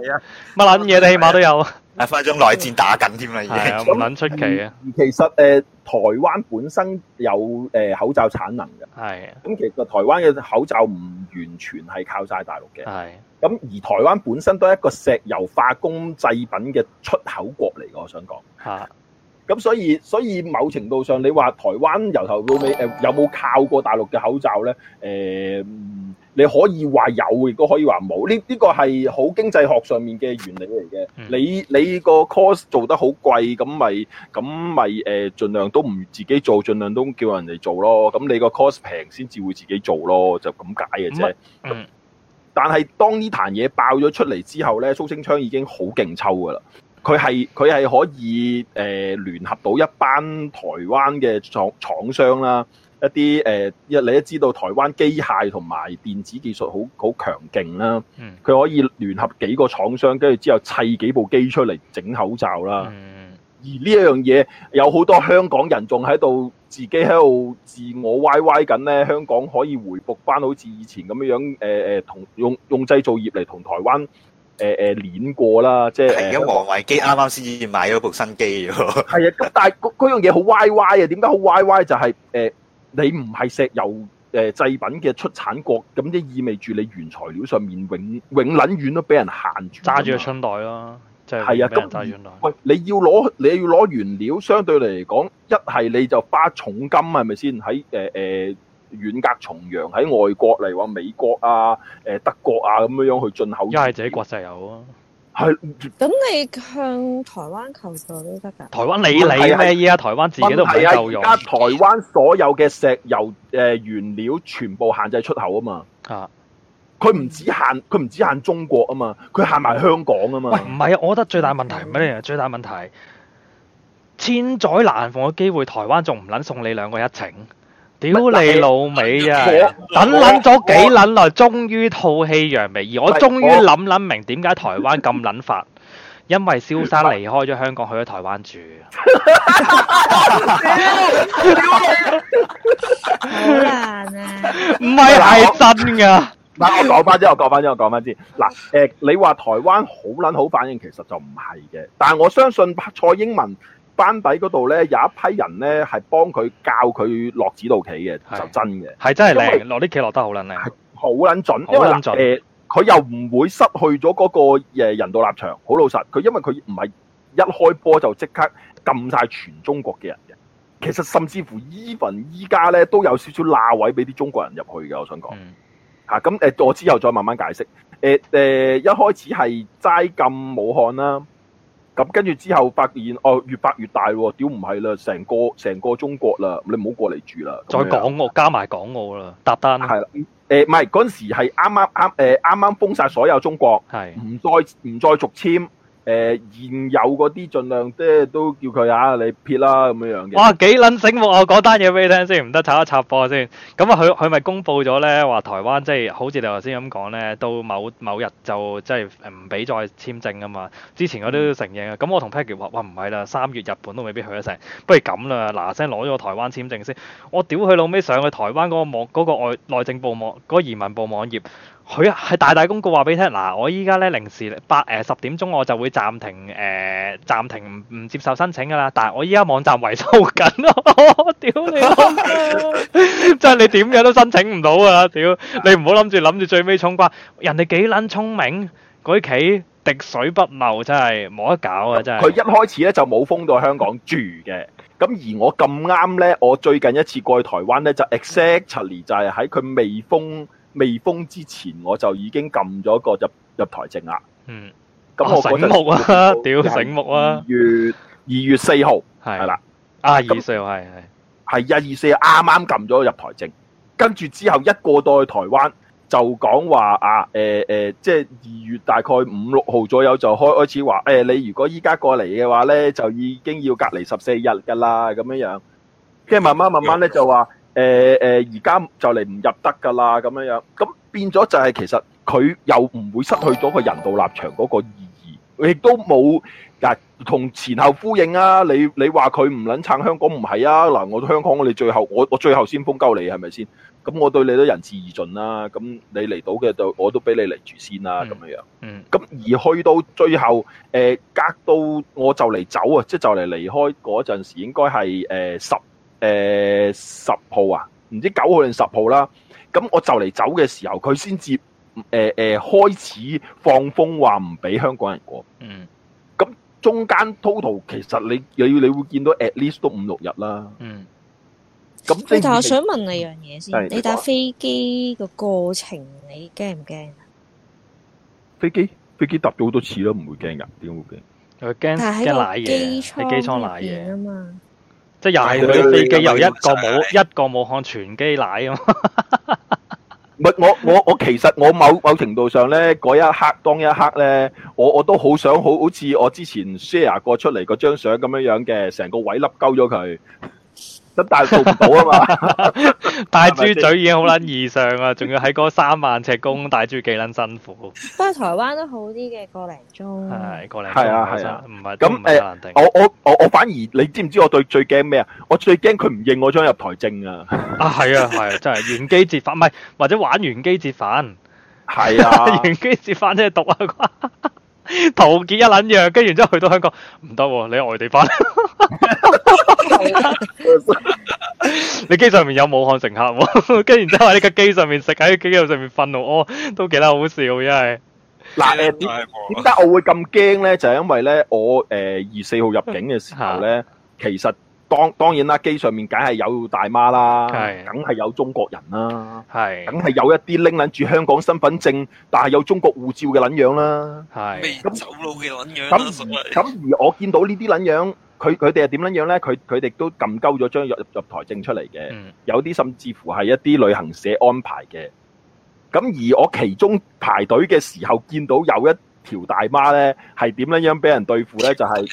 乜撚嘢嘅戲碼都有啊！啊， 分鐘內戰打緊添啦，唔撚 出奇啊！而、嗯、其實誒，台灣本身有誒口罩產能嘅，係咁的其實台灣嘅口罩唔完全係靠晒大陸嘅，係的。咁而台灣本身都係一個石油化工製品嘅出口國嚟嘅，我想講。係、啊。咁所以所以某程度上，你話台灣由頭到尾誒、呃、有冇靠過大陸嘅口罩咧？誒、呃，你可以話有，亦都可以話冇。呢呢個係好經濟學上面嘅原理嚟嘅、嗯。你你個 cost 做得好貴，咁咪咁咪誒，儘、呃、量都唔自己做，儘量都叫人哋做咯。咁你個 cost 平，先至會自己做咯，就咁解嘅啫。嗯。但係當呢壇嘢爆咗出嚟之後咧，蘇清昌已經好勁抽噶啦。佢係佢係可以誒、呃、聯合到一班台灣嘅廠廠商啦，一啲誒一你都知道台灣機械同埋電子技術好好強勁啦。佢、嗯、可以聯合幾個廠商，跟住之後砌幾部機出嚟整口罩啦。嗯、而呢一樣嘢有好多香港人仲喺度自己喺度自我 YY 緊呢，香港可以回復返好似以前咁樣樣，誒誒，同、呃、用用製造業嚟同台灣。誒誒，碾、呃呃、過啦，即係而家王維基啱啱先買咗部新機、嗯，係啊， 咁但係嗰樣嘢好歪歪啊！點解好歪歪？就係、是、誒、呃，你唔係石油誒製、呃、品嘅出產國，咁即意味住你原材料上面永永捻遠都俾人限住，揸住個春袋啦、啊，就係係啊，咁喂、嗯嗯呃，你要攞你要攞原料，相對嚟講，一係你就花重金，係咪先喺誒誒？遠隔重洋喺外國，例如話美國啊、誒德國啊咁樣樣去進口，因係自己國石油啊，係等是你向台灣求助都得㗎。台灣理你咩依家？啊、台灣自己都唔夠用。而家、啊、台灣所有嘅石油誒、呃、原料全部限制出口啊嘛。啊！佢唔止限佢唔止限中國啊嘛，佢限埋香港啊嘛。喂，唔係啊！我覺得最大問題係咩？最大問題千載難逢嘅機會，台灣仲唔撚送你兩個一程。屌你老味啊！等撚咗幾撚耐，終於吐氣揚眉，而我終於諗諗明點解台灣咁撚法，因為蕭生離開咗香港去咗台灣住。好難啊！唔係係真噶。嗱，我講翻先，我講翻先，我講翻先。嗱，誒，你話台灣好撚好反應，其實就唔係嘅，但係我相信蔡英文。班底嗰度咧有一批人咧，係幫佢教佢落指導棋嘅，就真嘅，係真係靚，落啲棋落得好撚靚，好撚為準，好撚準。佢、呃、又唔會失去咗嗰個誒人道立場，好老實。佢因為佢唔係一開波就即刻撳晒全中國嘅人嘅。其實甚至乎 even 依家咧，都有少少罅位俾啲中國人入去嘅。我想講吓咁誒，我之後再慢慢解釋。誒、呃、誒、呃呃，一開始係齋禁武漢啦。咁跟住之後，發現哦，越發越大喎，屌唔係啦，成個成個中國啦，你唔好過嚟住啦。再港澳加埋港澳啦，搭單係啦。誒，唔係嗰陣時係啱啱啱，誒，啱啱封晒所有中國，係唔再唔再續簽。誒、呃、現有嗰啲盡量即係都叫佢嚇你撇啦咁樣樣嘅。哇幾撚醒目，我講單嘢俾你聽插插先，唔得插一插貨先。咁啊佢佢咪公佈咗咧話台灣即係好似你頭先咁講咧，到某某日就即係唔俾再簽證啊嘛。之前我都承認嘅。咁我同 Patrick 話話唔係啦，三月日本都未必去得成。不如咁啦，嗱嗱聲攞咗個台灣簽證先。我屌佢老尾上去台灣嗰、嗰個網嗰、嗰個內政部網嗰、嗰個移民部網頁。佢係大大公告話俾你聽，嗱，我依家咧零時八誒十點鐘我就會暫停誒暫停唔唔接受申請㗎啦。但係我依家網站維修緊咯，屌你！真係你點樣都申請唔到啊！屌你唔好諗住諗住最尾衝關，人哋幾撚聰明，嗰啲企滴水不漏，真係冇得搞啊！真係。佢一開始咧就冇封到香港住嘅，咁而我咁啱咧，我最近一次過去台灣咧就 exactly 就係喺佢未封。未封之前我就已經撳咗個入入台證啦。嗯，咁那我、啊、醒目啊，屌醒目啊！二月二月四號係啦，啊二四係係係一、二四日啱啱撳咗入台證，跟住之後一過到去台灣就講話啊誒誒，即係二月大概五六號左右就開開始話誒、呃，你如果依家過嚟嘅話咧，就已經要隔離十四日噶啦咁樣樣，跟住慢慢慢慢咧就話。嗯誒誒，而家就嚟唔入得㗎喇，咁樣樣，咁變咗就係其實佢又唔會失去咗個人道立場嗰個意義，亦都冇啊同前後呼應啊！你你話佢唔撚撐香港唔係啊嗱、呃，我香港我哋最後我我最後先封鳩你係咪先？咁我對你都仁至義盡啦，咁你嚟到嘅就我都俾你嚟住先啦、啊，咁樣樣。嗯。咁而去到最後誒、呃，隔到我就嚟走啊，即係就嚟離開嗰陣時，應該係誒十。誒，十號啊，唔知九號定十號啦。咁我就嚟走嘅時候，佢先至誒誒開始放風話唔俾香港人過。嗯。咁、嗯、中間 total 其實你要你,你,你會見到 at least 都五六日啦、啊。嗯。咁但我、嗯，我想問你樣嘢先，嗯、你搭飛機個過程你驚唔驚？飛機飛機搭咗好多次都唔會驚噶，點會驚？我驚驚賴嘢，喺機艙賴嘢啊嘛。即係又係佢飛機，的又一個武的一個武漢的全機奶啊！唔 係我我我其實我某某程度上咧，嗰一刻當一刻咧，我我都好想好好似我之前 share 過出嚟嗰張相咁樣樣嘅，成個位粒勾咗佢。咁但係做唔到啊嘛！戴 豬嘴已經好撚異常啦，仲要喺嗰三萬尺公戴豬幾撚辛苦？不過台灣都好啲嘅，個零鐘。係、 哎、個零鐘。係啊係啊，唔係咁誒。我我我我反而你知唔知我對最驚咩啊？我最驚佢唔認我張入台證 啊！啊係啊係、啊，真係原機折返，唔係或者玩完機折返，係啊！原 機折返即係毒啊！陶 傑一撚樣，跟住然之後去到香港唔得，你外地返。 你機上面有武漢乘客，跟然之後喺個機上面食，喺機上面瞓度屙，都幾得好笑，真係。嗱誒，點點解我會咁驚咧？就係因為咧，我誒二四號入境嘅時候咧，其實當當然啦，機上面梗係有大媽啦，梗係有中國人啦，係，梗係有一啲拎捻住香港身份證，但係有中國護照嘅捻樣啦，係咁走路嘅捻樣咁咁，而我見到呢啲捻樣。佢佢哋係點樣樣咧？佢佢哋都撳鳩咗張入入台證出嚟嘅，有啲甚至乎係一啲旅行社安排嘅。咁而我其中排隊嘅時候見到有一條大媽咧，係點樣樣俾人對付咧？就係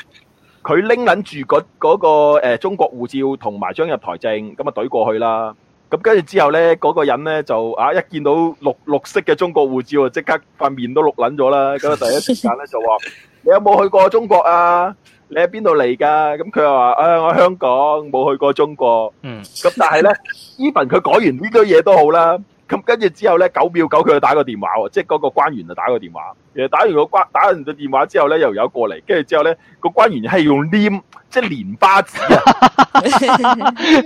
佢拎撚住嗰嗰個誒中國護照同埋張入台證，咁啊懟過去啦。咁跟住之後咧，嗰、那個人咧就啊一見到綠綠色嘅中國護照，即刻塊面都綠捻咗啦。咁啊第一時間咧就話： 你有冇去過中國啊？你喺邊度嚟噶？咁佢又話，啊、哎，我喺香港冇去過中國。嗯。咁但係咧，Even 佢改完呢堆嘢都好啦。咁跟住之後咧，九秒九佢就打個電話喎、哦，即係嗰個官員就打個電話。其實打完個關，打完個電話之後咧，又有過嚟。跟住之後咧，個官員係用黏，即係連巴子啊，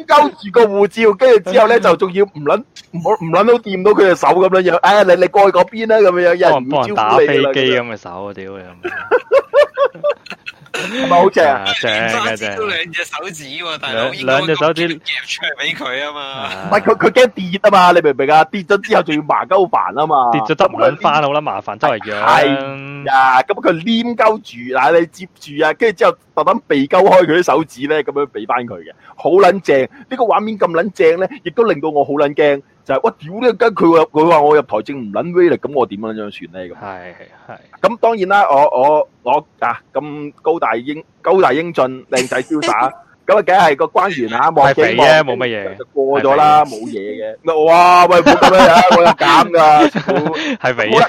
勾住個護照。跟住之後咧，就仲要唔捻唔唔捻到掂到佢隻手咁樣樣。唉、哎，你你過去嗰邊啦，咁樣樣，唔幫 幫 招呼你啦。打飛機咁嘅手，屌你！係咪好正？正嘅正，兩、啊隻，啊、隻手指，大佬！兩兩隻手指夾出嚟俾佢啊嘛！唔係佢佢驚跌啊嘛！你明唔明 啊？跌咗之後仲要麻鳩煩啊嘛！跌咗執唔捻翻好啦，麻煩真係樣係呀！咁佢黏鳩住，嗱你接住啊，跟住之後特登被鳩開佢啲手指咧，咁樣俾翻佢嘅，好捻正！呢、這個畫面咁捻正咧，亦都令到我好捻驚。就係我屌呢個跟佢話，佢話我入台證唔撚威力，咁我點樣樣算咧？咁係係係。咁當然啦，我我我啊咁高大英高大英俊靚仔瀟灑，咁啊梗係個關員嚇望起望，太肥咧，冇乜嘢就過咗啦，冇嘢嘅。哇喂，冇咁樣啊！我又減㗎，係肥啊！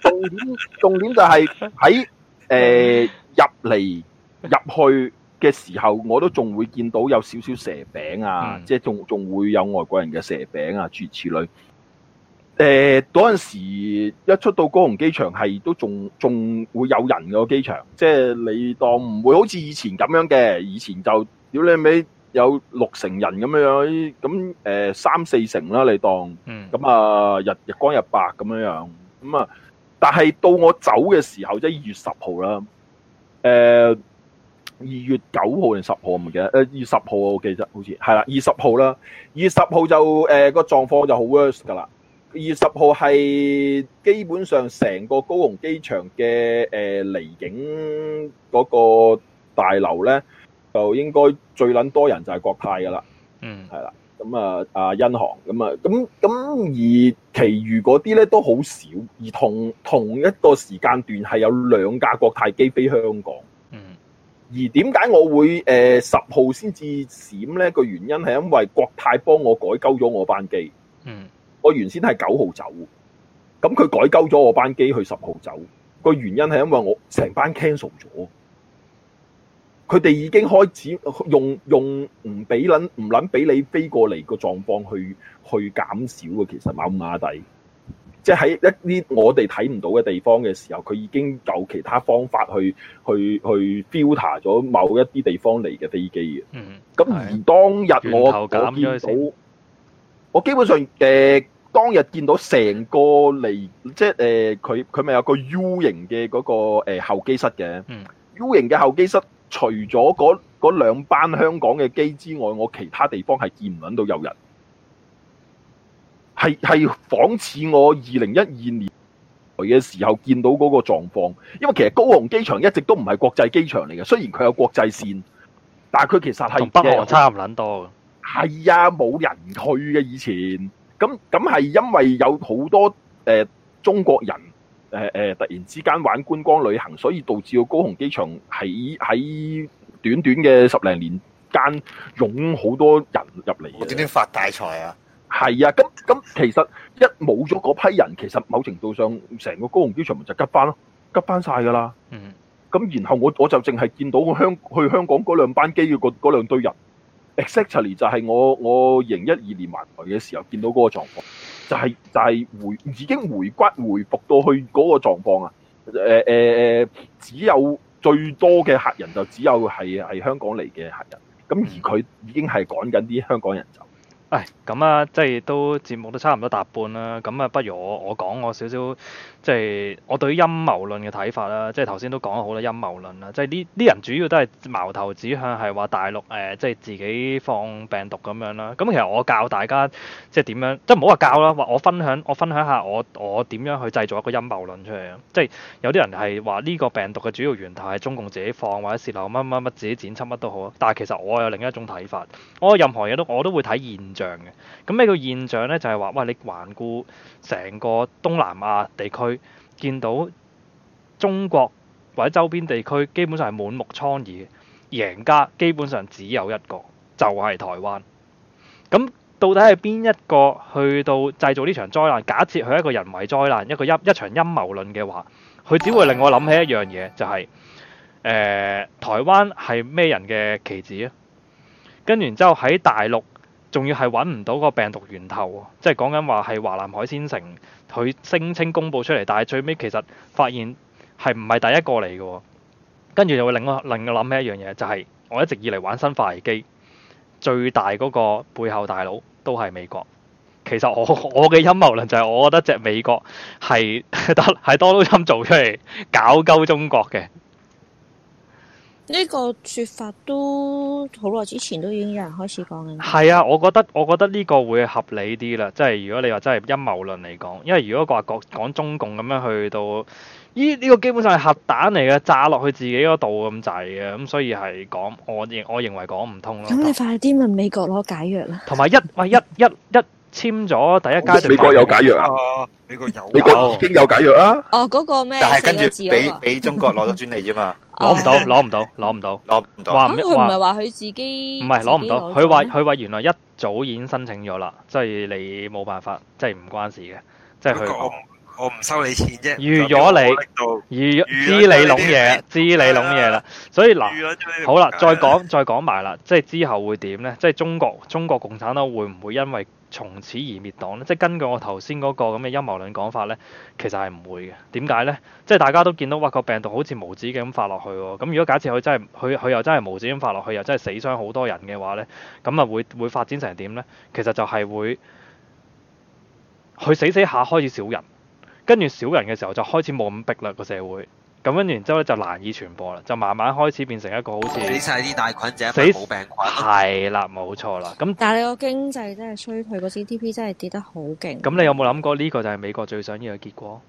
重點重點就係喺誒入嚟入去。嘅時候，我都仲會見到有少少蛇餅啊，嗯、即係仲仲會有外國人嘅蛇餅啊，諸如此類。誒、呃，嗰陣時一出到高雄機場，係都仲仲會有人個機場，即係你當唔會好似以前咁樣嘅，以前就屌你尾，有六成人咁樣樣，咁誒、呃、三四成啦，你當，咁、嗯、啊日日光日白咁樣樣，咁啊，但係到我走嘅時候，即係二月十號啦，誒、呃。二月九號定十號，我唔記得，誒，二十號我記得，好似係啦，二十號啦，二十號就誒、呃，那個狀況就好 worse 噶啦，二十號係基本上成個高雄機場嘅誒離境嗰個大樓咧，就應該最捻多人就係國泰噶啦，嗯，係啦，咁啊啊因航，咁啊，咁、啊、咁、啊啊、而其餘嗰啲咧都好少，而同同一個時間段係有兩架國泰機飛香港。而點解我會誒十號先至閃呢？個原因係因為國泰幫我改鳩咗我班機。嗯，我原先係九號走，咁佢改鳩咗我班機去十號走。個原因係因為我成班 cancel 咗，佢哋已經開始用用唔俾撚唔撚俾你飛過嚟個狀況去去減少嘅。其實冇咁馬地。即係一啲我哋睇唔到嘅地方嘅時候，佢已經有其他方法去去去 filter 咗某一啲地方嚟嘅飛機嘅。嗯，咁而當日我，我見到，我基本上誒、呃、當日見到成個嚟，即係誒佢佢咪有個 U 型嘅嗰、嗰個誒、呃、候機室嘅。嗯，U 型嘅候機室，除咗嗰嗰兩班香港嘅機之外，我其他地方係見唔到到有人。係係仿似我二零一二年嘅時候見到嗰個狀況，因為其實高雄機場一直都唔係國際機場嚟嘅。雖然佢有國際線，但係佢其實係同北韓差唔撚多嘅。係啊，冇人去嘅。以前咁，咁係因為有好多誒、呃、中國人誒誒、呃呃、突然之間玩觀光旅行，所以導致到高雄機場喺喺短短嘅十零年間湧好多人入嚟。點點發大財啊？係啊，咁其實一冇咗嗰批人，其實某程度上成個高雄機場就急翻咯，急翻晒噶啦。嗯。咁然後我我就淨係見到個香去香港嗰兩班機嘅嗰兩堆人，exactly 就係我我二零一二年埋台嘅時候見到嗰個狀況，就係、是、就係、是、回已經回骨回復到去嗰個狀況啊！誒誒誒，只有最多嘅客人就只有係係香港嚟嘅客人，咁而佢已經係趕緊啲香港人走。唉，咁啊，即係都節目都差唔多搭半啦，咁啊，不如我我講我少少。即係我對於陰謀論嘅睇法啦，即係頭先都講咗好多陰謀論啦，即係呢啲人主要都係矛頭指向係話大陸誒，即係自己放病毒咁樣啦。咁其實我教大家即係點樣，即係唔好話教啦，話我分享我分享下我我點樣去製造一個陰謀論出嚟啊！即係有啲人係話呢個病毒嘅主要源頭係中共自己放，或者泄漏乜乜乜，自己剪輯乜都好。但係其實我有另一種睇法，我任何嘢都我都會睇現象嘅。咁咩叫現象咧？就係話，喂，你環顧成個東南亞地區。見到中國或者周邊地區基本上係滿目瘡痍，贏家基本上只有一個，就係、是、台灣。咁到底係邊一個去到製造呢場災難？假設佢係一個人為災難，一個陰一,一場陰謀論嘅話，佢只會令我諗起一樣嘢，就係、是、誒、呃、台灣係咩人嘅棋子啊？跟完之後喺大陸仲要係揾唔到個病毒源頭喎，即係講緊話係華南海鮮城。佢聲稱公佈出嚟，但係最尾其實發現係唔係第一個嚟嘅、哦，跟住就會令我令我諗起一樣嘢，就係、是、我一直以嚟玩生化危機最大嗰個背後大佬都係美國。其實我我嘅陰謀論就係我覺得隻美國係得係多撈噏做出嚟搞鳩中國嘅。呢個說法都好耐之前都已經有人開始講嘅。係啊，我覺得我覺得呢個會合理啲啦。即係如果你話真係陰謀論嚟講，因為如果話講中共咁樣去到依呢、呢個基本上係核彈嚟嘅，炸落去自己嗰度咁滯嘅，咁、嗯、所以係講我認我認，我認為講唔通咯。咁你快啲問美國攞解藥啦。同埋一咪一一一,一簽咗第一階段。美國有解藥啊？美國有。美國已經有解藥啊？藥啊哦，嗰、嗰個咩？但係跟住俾俾中國攞咗專利啫嘛。 攞唔到，攞唔 到，攞唔到，攞唔 到。話唔係話佢自己？唔係攞唔到，佢話佢話原來一早已經申請咗啦，即係你冇辦法，即係唔關事嘅，即係佢。我唔收你錢啫，預咗你，預知你諗嘢，知你諗嘢啦。所以嗱，好啦，再講再講埋啦，即係之後會點呢？即係中國中國共產黨會唔會因為從此而滅黨呢？即係根據我頭先嗰個咁嘅陰謀論講法呢，其實係唔會嘅。點解呢？即係大家都見到，哇個病毒好似無止境咁發落去。咁如果假設佢真係佢佢又真係無止咁發落去，又真係死傷好多人嘅話呢，咁啊會會發展成點呢？其實就係會，佢死死下開始少人。跟住少人嘅時候就開始冇咁逼啦個社會，咁跟住然之後咧就難以傳播啦，就慢慢開始變成一個好似死晒啲大菌者死冇病菌係啦，冇錯啦。咁但係你個經濟真係衰退，個 GDP 真係跌得好勁。咁你有冇諗過呢個就係美國最想要嘅結果？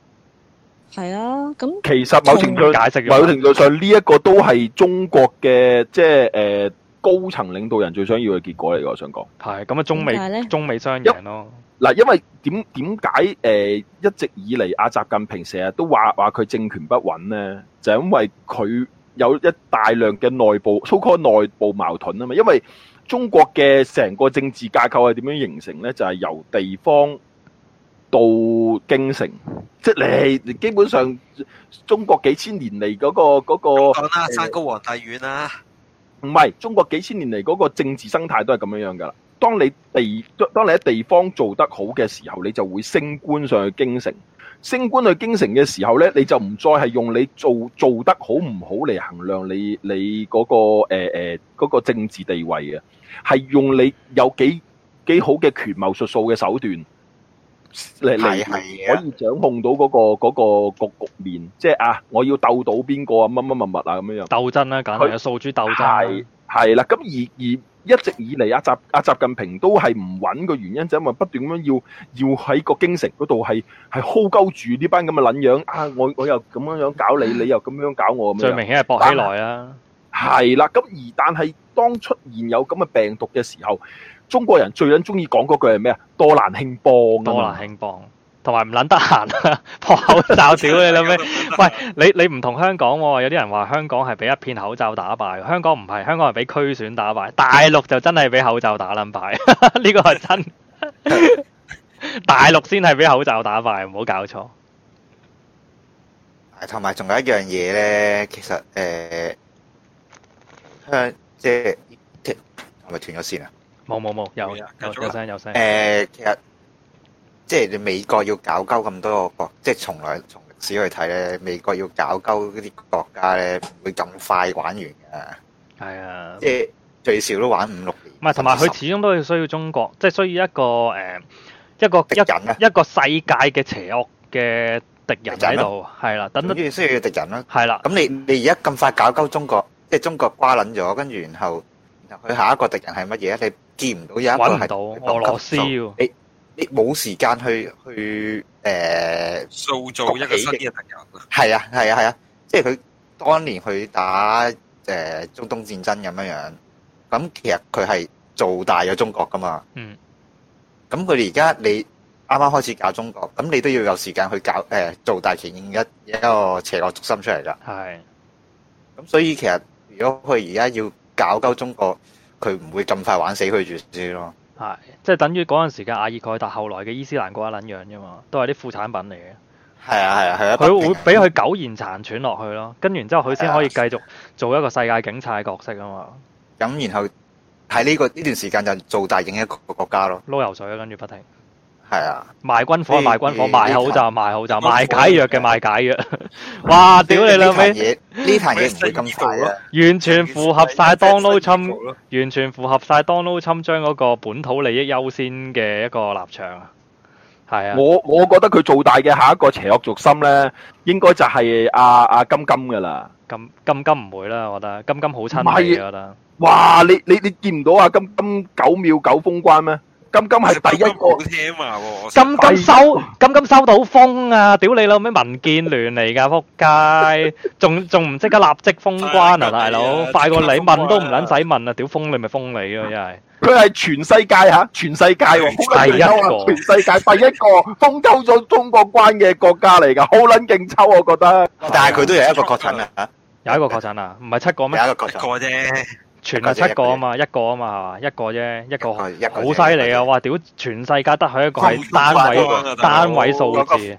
係啊，咁其實某程度上，從某程度上呢一個都係中國嘅即係誒高層領導人最想要嘅結果嚟噶，我想講係咁啊，中美中美雙贏咯。嗱，因為點點解誒一直以嚟阿習近平成日都話話佢政權不穩咧？就因為佢有一大量嘅內部操控、內部矛盾啊嘛。因為中國嘅成個政治架構係點樣形成咧？就係由地方到京城，即係你基本上中國幾千年嚟嗰個嗰個，講啦，山高皇帝遠啊。唔係，中國幾千年嚟嗰個政治生態都係咁樣樣㗎啦。當你地當你喺地方做得好嘅時候，你就會升官上去京城。升官去京城嘅時候咧，你就唔再係用你做做得好唔好嚟衡量你你嗰個誒誒嗰個政治地位嘅，係用你有幾幾好嘅權謀術數嘅手段嚟嚟，可以掌控到嗰個嗰個局局面。即係啊，我要鬥到邊個乜乜物物啊咁樣樣。鬥爭啦，梗係啦，素珠鬥爭。係啦，咁而而一直以嚟阿習阿習近平都係唔穩嘅原因就係因為不斷咁樣要要喺個京城嗰度係係 hold 鳩住呢班咁嘅撚樣啊！我我又咁樣樣搞你，你又咁樣搞我咁樣。最明顯係薄熙來啦。係啦，咁而但係當出現有咁嘅病毒嘅時候，中國人最捻中意講嗰句係咩啊？多難興邦。多難興邦。同埋唔捻得閒啊！破口罩少你啦咩？ 喂，你你唔同香港喎，哦，有啲人話香港係俾一片口罩打敗，香港唔係，香港係俾區選打敗，大陸就真係俾口罩打冧牌。呢個係真，大陸先係俾口罩打敗，唔 好 搞錯。同埋仲有一樣嘢呢，其實誒，香、呃呃、即係係咪斷咗線啊？冇冇冇，有有有聲有聲。誒、呃，其實。即係你美國要搞鳩咁多個國，即係從來從歷史去睇咧，美國要搞鳩嗰啲國家咧，唔會咁快玩完嘅。係啊，即係最少都玩五六年。唔係，同埋佢始終都要需要中國，即係需要一個誒一個敵人，啊一一個世界嘅邪惡嘅敵人喺度，係啦，等等。需要敵人啦，係啦。咁你你而家咁快搞鳩中國，即係中國瓜撚咗，跟住然後，然後佢下一個敵人係乜嘢啊？你見唔到有一個係俄羅斯嘅？你冇時間去去誒、呃、塑造一個新嘅朋友。係啊係啊係啊，啊，即係佢當年去打誒、呃、中東戰爭咁樣樣，咁其實佢係做大咗中國噶嘛。嗯。咁佢哋而家你啱啱開始搞中國，咁你都要有時間去搞誒、呃、做大前一一個邪惡之心出嚟噶。係是。咁、嗯、所以其實如果佢而家要搞鳩中國，佢唔會咁快玩死佢住咯。係，即係等於嗰陣時間，阿爾蓋達後來嘅伊斯蘭國一撚樣啫嘛，都係啲副產品嚟嘅。係啊係啊係啊，佢、啊啊、會俾佢苟延殘喘落去咯，跟完之後佢先可以繼續做一個世界警察嘅角色啊嘛。咁然後喺呢、這個呢段時間就做大型一個國家咯，撈油水、啊、跟住不停。係啊，賣軍火賣軍火，賣口罩賣口罩，賣解藥嘅賣解藥，哇！屌你老味，呢壇嘢呢壇嘢唔會咁快啊！完全符合晒 Donald Trump，完全符合晒 Donald Trump 將嗰個本土利益優先嘅一個立場啊！係啊，我我覺得佢做大嘅下一個邪惡軸心咧，應該就係阿阿金金噶啦，金金金唔會啦，我覺得金金好親嘅啦，哇！你你你見唔到啊？金金九秒九封關咩？金金係第一個添啊！金金收金金收到封啊！屌你老咩民建聯嚟噶？扑街！仲仲唔即刻立即封關啊，大佬！快過你問都唔撚使問啊。屌封你咪封你咯，真係。佢係全世界吓，全世界第一個啊！全世界第一個封鳩咗中國關嘅國家嚟噶，好撚勁抽我覺得。但係佢都有一個確診啦，有一個確診啊，唔係七個咩？有一個啫。全係七個啊嘛，一個啊嘛，係嘛一個啫，一個好犀利啊！哇屌，全世界得佢一個係單位個單位數字，嗰、哦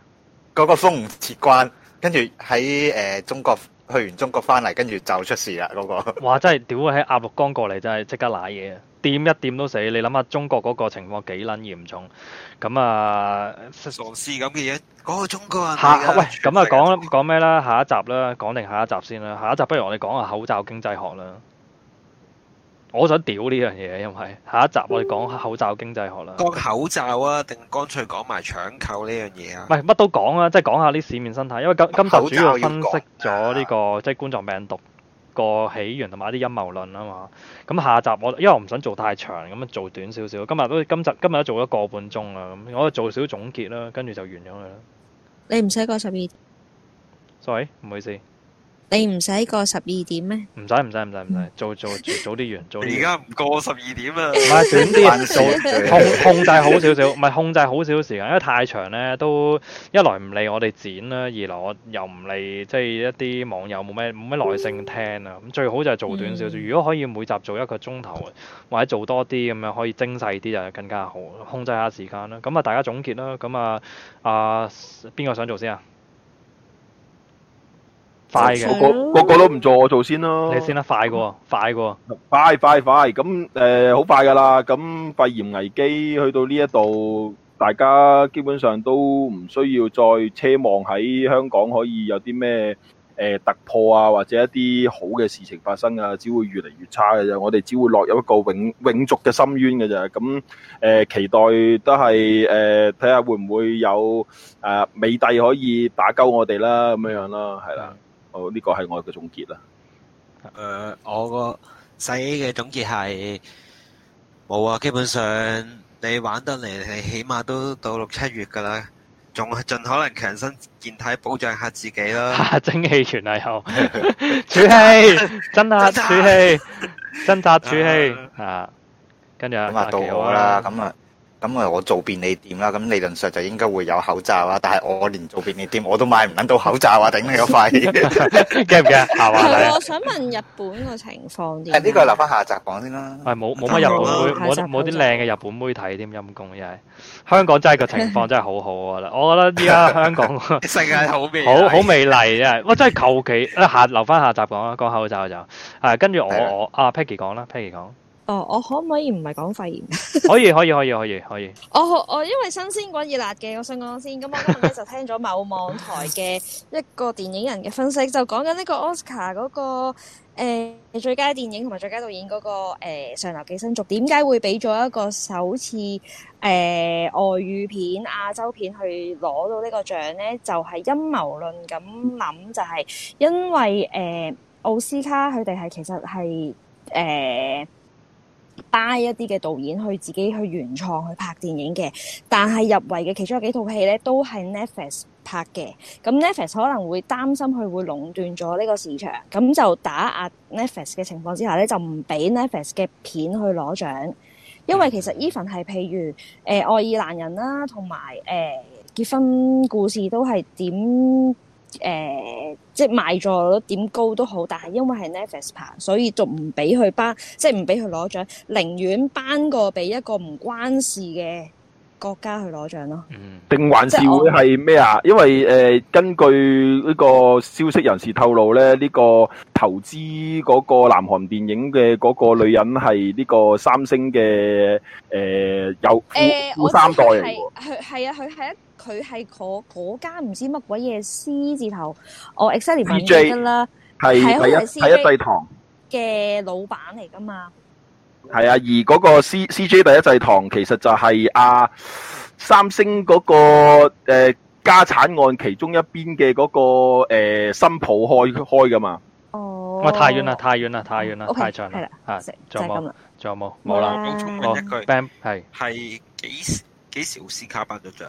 那個封唔切關，跟住喺誒中國去完中國翻嚟，跟住就出事啦嗰、那個。哇！真係屌喺鴨綠江過嚟真係即刻瀨嘢，掂一掂都死。你諗下中國嗰個情況幾撚嚴重？咁啊，傻事咁嘅嘢嗰個中國啊。吓喂，咁啊，講講咩啦？下一集啦，講定下一集先啦。下一集不如我哋講下口罩經濟學啦。我想屌呢樣嘢，因為下一集我哋講口罩經濟學啦。講口罩啊，定乾脆講埋搶購呢樣嘢啊？唔係乜都講啊，即係講下啲市面生態。因為今今集主要分析咗呢個，啊，即係冠狀病毒個起源同埋一啲陰謀論啊嘛。咁下一集我因為我唔想做太長，咁啊做短少少。今日都今集今日都做咗個半鐘啦，咁我做少總結啦，跟住就完咗佢啦。你唔使過十二。Sorry，唔好意思。你唔使過十二點咩？唔使唔使唔使唔使，做做，做早啲完。完 做而家唔過十二點啊！唔係短啲控控制好少少，唔係控制好少，少時間，因為太長咧都一來唔理我哋剪啦，二來我又唔理即係一啲網友冇咩冇咩耐性聽啊。咁、嗯、最好就係做短少少，如果可以每集做一個鐘頭、嗯、或者做多啲咁樣，可以精細啲就更加好，控制下時間啦。咁啊，大家總結啦。咁啊，啊，邊、呃、個、呃、想做先啊？快嘅，個，個個都唔做，我做先咯。你先得快過，快過，嗯、快，過快快快咁誒，好、呃、快噶啦！咁肺炎危機去到呢一度，大家基本上都唔需要再奢望喺香港可以有啲咩誒突破啊，或者一啲好嘅事情發生啊，只會越嚟越差嘅啫。我哋只會落入一個永永續嘅深淵嘅啫。咁誒、呃，期待都係誒，睇、呃、下會唔會有誒、呃、美帝可以打鳩我哋啦，咁樣樣啦，係啦。嗯我呢個係我嘅總結啦。誒，我個細嘅總結係冇啊，基本上你玩得嚟，你起碼都到六七月噶啦，仲盡可能強身健體，保障下自己囉。蒸氣全係後，儲氣，真打儲氣，真打儲氣啊！跟住咁啊，到我啦，咁啊。咁啊，我做便利店啦，咁理論上就應該會有口罩啊，但係我連做便利店我都買唔撚到口罩啊，頂你個肺，驚唔驚？下話？係啊，我想問日本個情況點？誒，呢個留翻下集講先啦。係，冇冇乜日本妹，冇冇啲靚嘅日本妹睇添，陰公又係。香港真係個情況真係好好啊！啦，我覺得而家香港世界好美，好好美麗啊！我真係求其一下，留翻下集講啦，講口罩就係跟住我，我阿 Peggy 講啦，Peggy 講。哦，我可唔可以唔係講肺炎？可以，可以，可以，可以，可以，哦。我我因為新鮮滾熱辣嘅，我想講先。咁、嗯、我今日呢就聽咗某網台嘅一個電影人嘅分析，就講緊呢個奧斯卡嗰個誒、呃、最佳電影同埋最佳導演嗰、那個誒、呃《上流寄生族》，點解會俾咗一個首次誒外、呃、語片亞洲片去攞到呢個獎呢？就係陰謀論咁諗，就係、是、因為誒奧、呃、斯卡佢哋係其實係誒。呃巴一啲嘅導演去自己去原創去拍電影嘅，但係入圍嘅其中有幾套戲咧都係 Netflix 拍嘅。咁 Netflix 可能會擔心佢會壟斷咗呢個市場，咁就打壓 Netflix 嘅情況之下咧，就唔俾 Netflix 嘅片去攞獎。因為其實呢份係譬如誒、呃、愛爾蘭人啦、啊，同埋誒結婚故事都係點。誒、呃，即係賣座率點高都好，但係因為係 Netflix 拍，所以就唔俾佢頒，即係唔俾佢攞獎，寧願頒過俾一個唔關事嘅國家去攞獎咯。定、嗯、還是會係咩啊？我因為誒、呃，根據呢個消息人士透露咧，呢、這個投資嗰個南韓電影嘅嗰個女人係呢個三星嘅誒、呃，有誒、呃，我係係啊，佢係一。佢係嗰嗰間唔知乜鬼嘢 C 字頭哦 e x c e 啦，係係啊，第一製糖嘅老闆嚟噶嘛？係啊，而嗰個 C C J 第一製糖，其實就係阿、啊、三星嗰個誒家產案其中一邊嘅嗰個誒新抱開開噶嘛？哦，太遠啦，太遠啦，太遠啦，嗯、okay, 太長啦，吓、okay, 是，仲有冇？仲有冇？冇啦。補充、嗯、一句，係係幾幾時奧斯卡頒獎？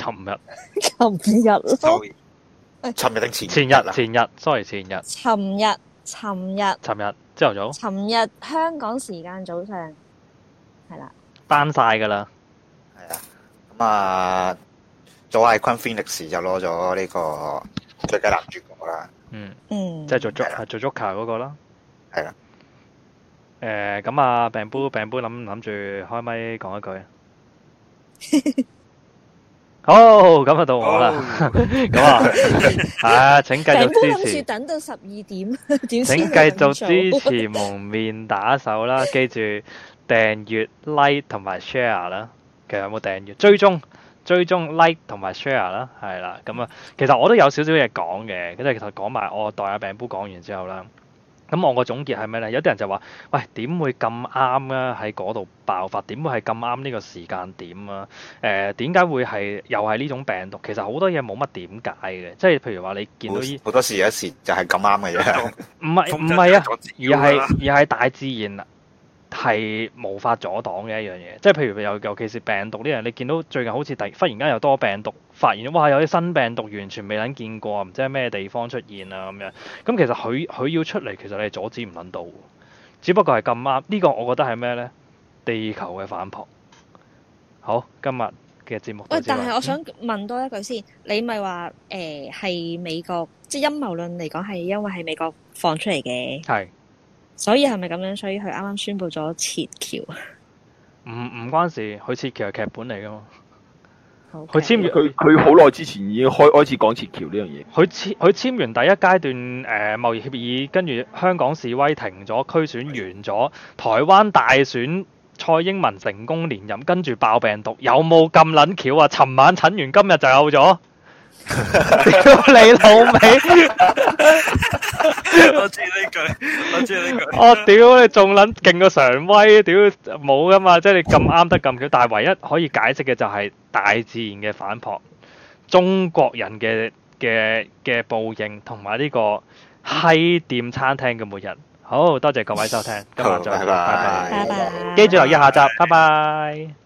尋日，尋日都，尋日定前前日啊，前日，sorry，前日，尋日，尋日，尋日朝頭早，尋日香港時間早上係啦，頒晒噶啦，係啊，咁啊，Joaquin Phoenix 就攞咗呢個最佳男主角啦，嗯嗯，即係做 Joker 做 Joker 嗰個咯，係啦，誒，咁啊，病杯病杯諗諗住開咪講一句。哦，咁啊到我啦，咁啊，啊，請繼續支持，等到十二點，點先？請繼續支持蒙面打手啦，記住訂閱、like 同埋 share 啦。其實有冇訂閱？追蹤、追蹤 like 同埋 share 啦，係啦，咁啊，其實我都有少少嘢講嘅，咁就其實講埋我代阿餅煲講完之後啦。咁我個總結係咩咧？有啲人就話，喂，點會咁啱啊？喺嗰度爆發，點會係咁啱呢個時間點啊？誒、呃，點解會係又係呢種病毒？其實好多嘢冇乜點解嘅，即係譬如話你見到好多時有時就係咁啱嘅嘢，唔係唔係啊，而係而係大自然係無法阻擋嘅一樣嘢，即係譬如由尤其是病毒呢樣，你見到最近好似突忽然間又多病毒發現，哇！有啲新病毒完全未能見過啊，唔知係咩地方出現啊咁樣。咁其實佢佢要出嚟，其實你係阻止唔到，只不過係咁啱呢個，我覺得係咩呢？地球嘅反撲。好，今日嘅節目。喂，但係我想問多一句先，嗯、你咪話誒係美國即係陰謀論嚟講，係因為係美國放出嚟嘅。係。所以係咪咁樣？所以佢啱啱宣布咗撤僑？唔唔關事，佢撤僑係劇本嚟㗎嘛？佢簽完，佢佢好耐之前已經開開始講撤僑呢樣嘢。佢簽佢簽完第一階段誒貿易協議，跟住香港示威停咗，區選完咗，是的 台灣大選蔡英文成功連任，跟住爆病毒，有冇咁撚巧啊？尋晚診完，今日就有咗。屌 你老味美笑！ 我知呢句，我知呢句。我屌你仲撚勁過常威，屌冇㗎嘛！即係你咁啱得咁巧，但係唯一可以解釋嘅就係大自然嘅反撲，中國人嘅嘅嘅報應，同埋呢個嘿店餐廳嘅末日。好多謝各位收聽，今日再見，拜拜，拜拜，記住留意下集，拜拜。拜拜。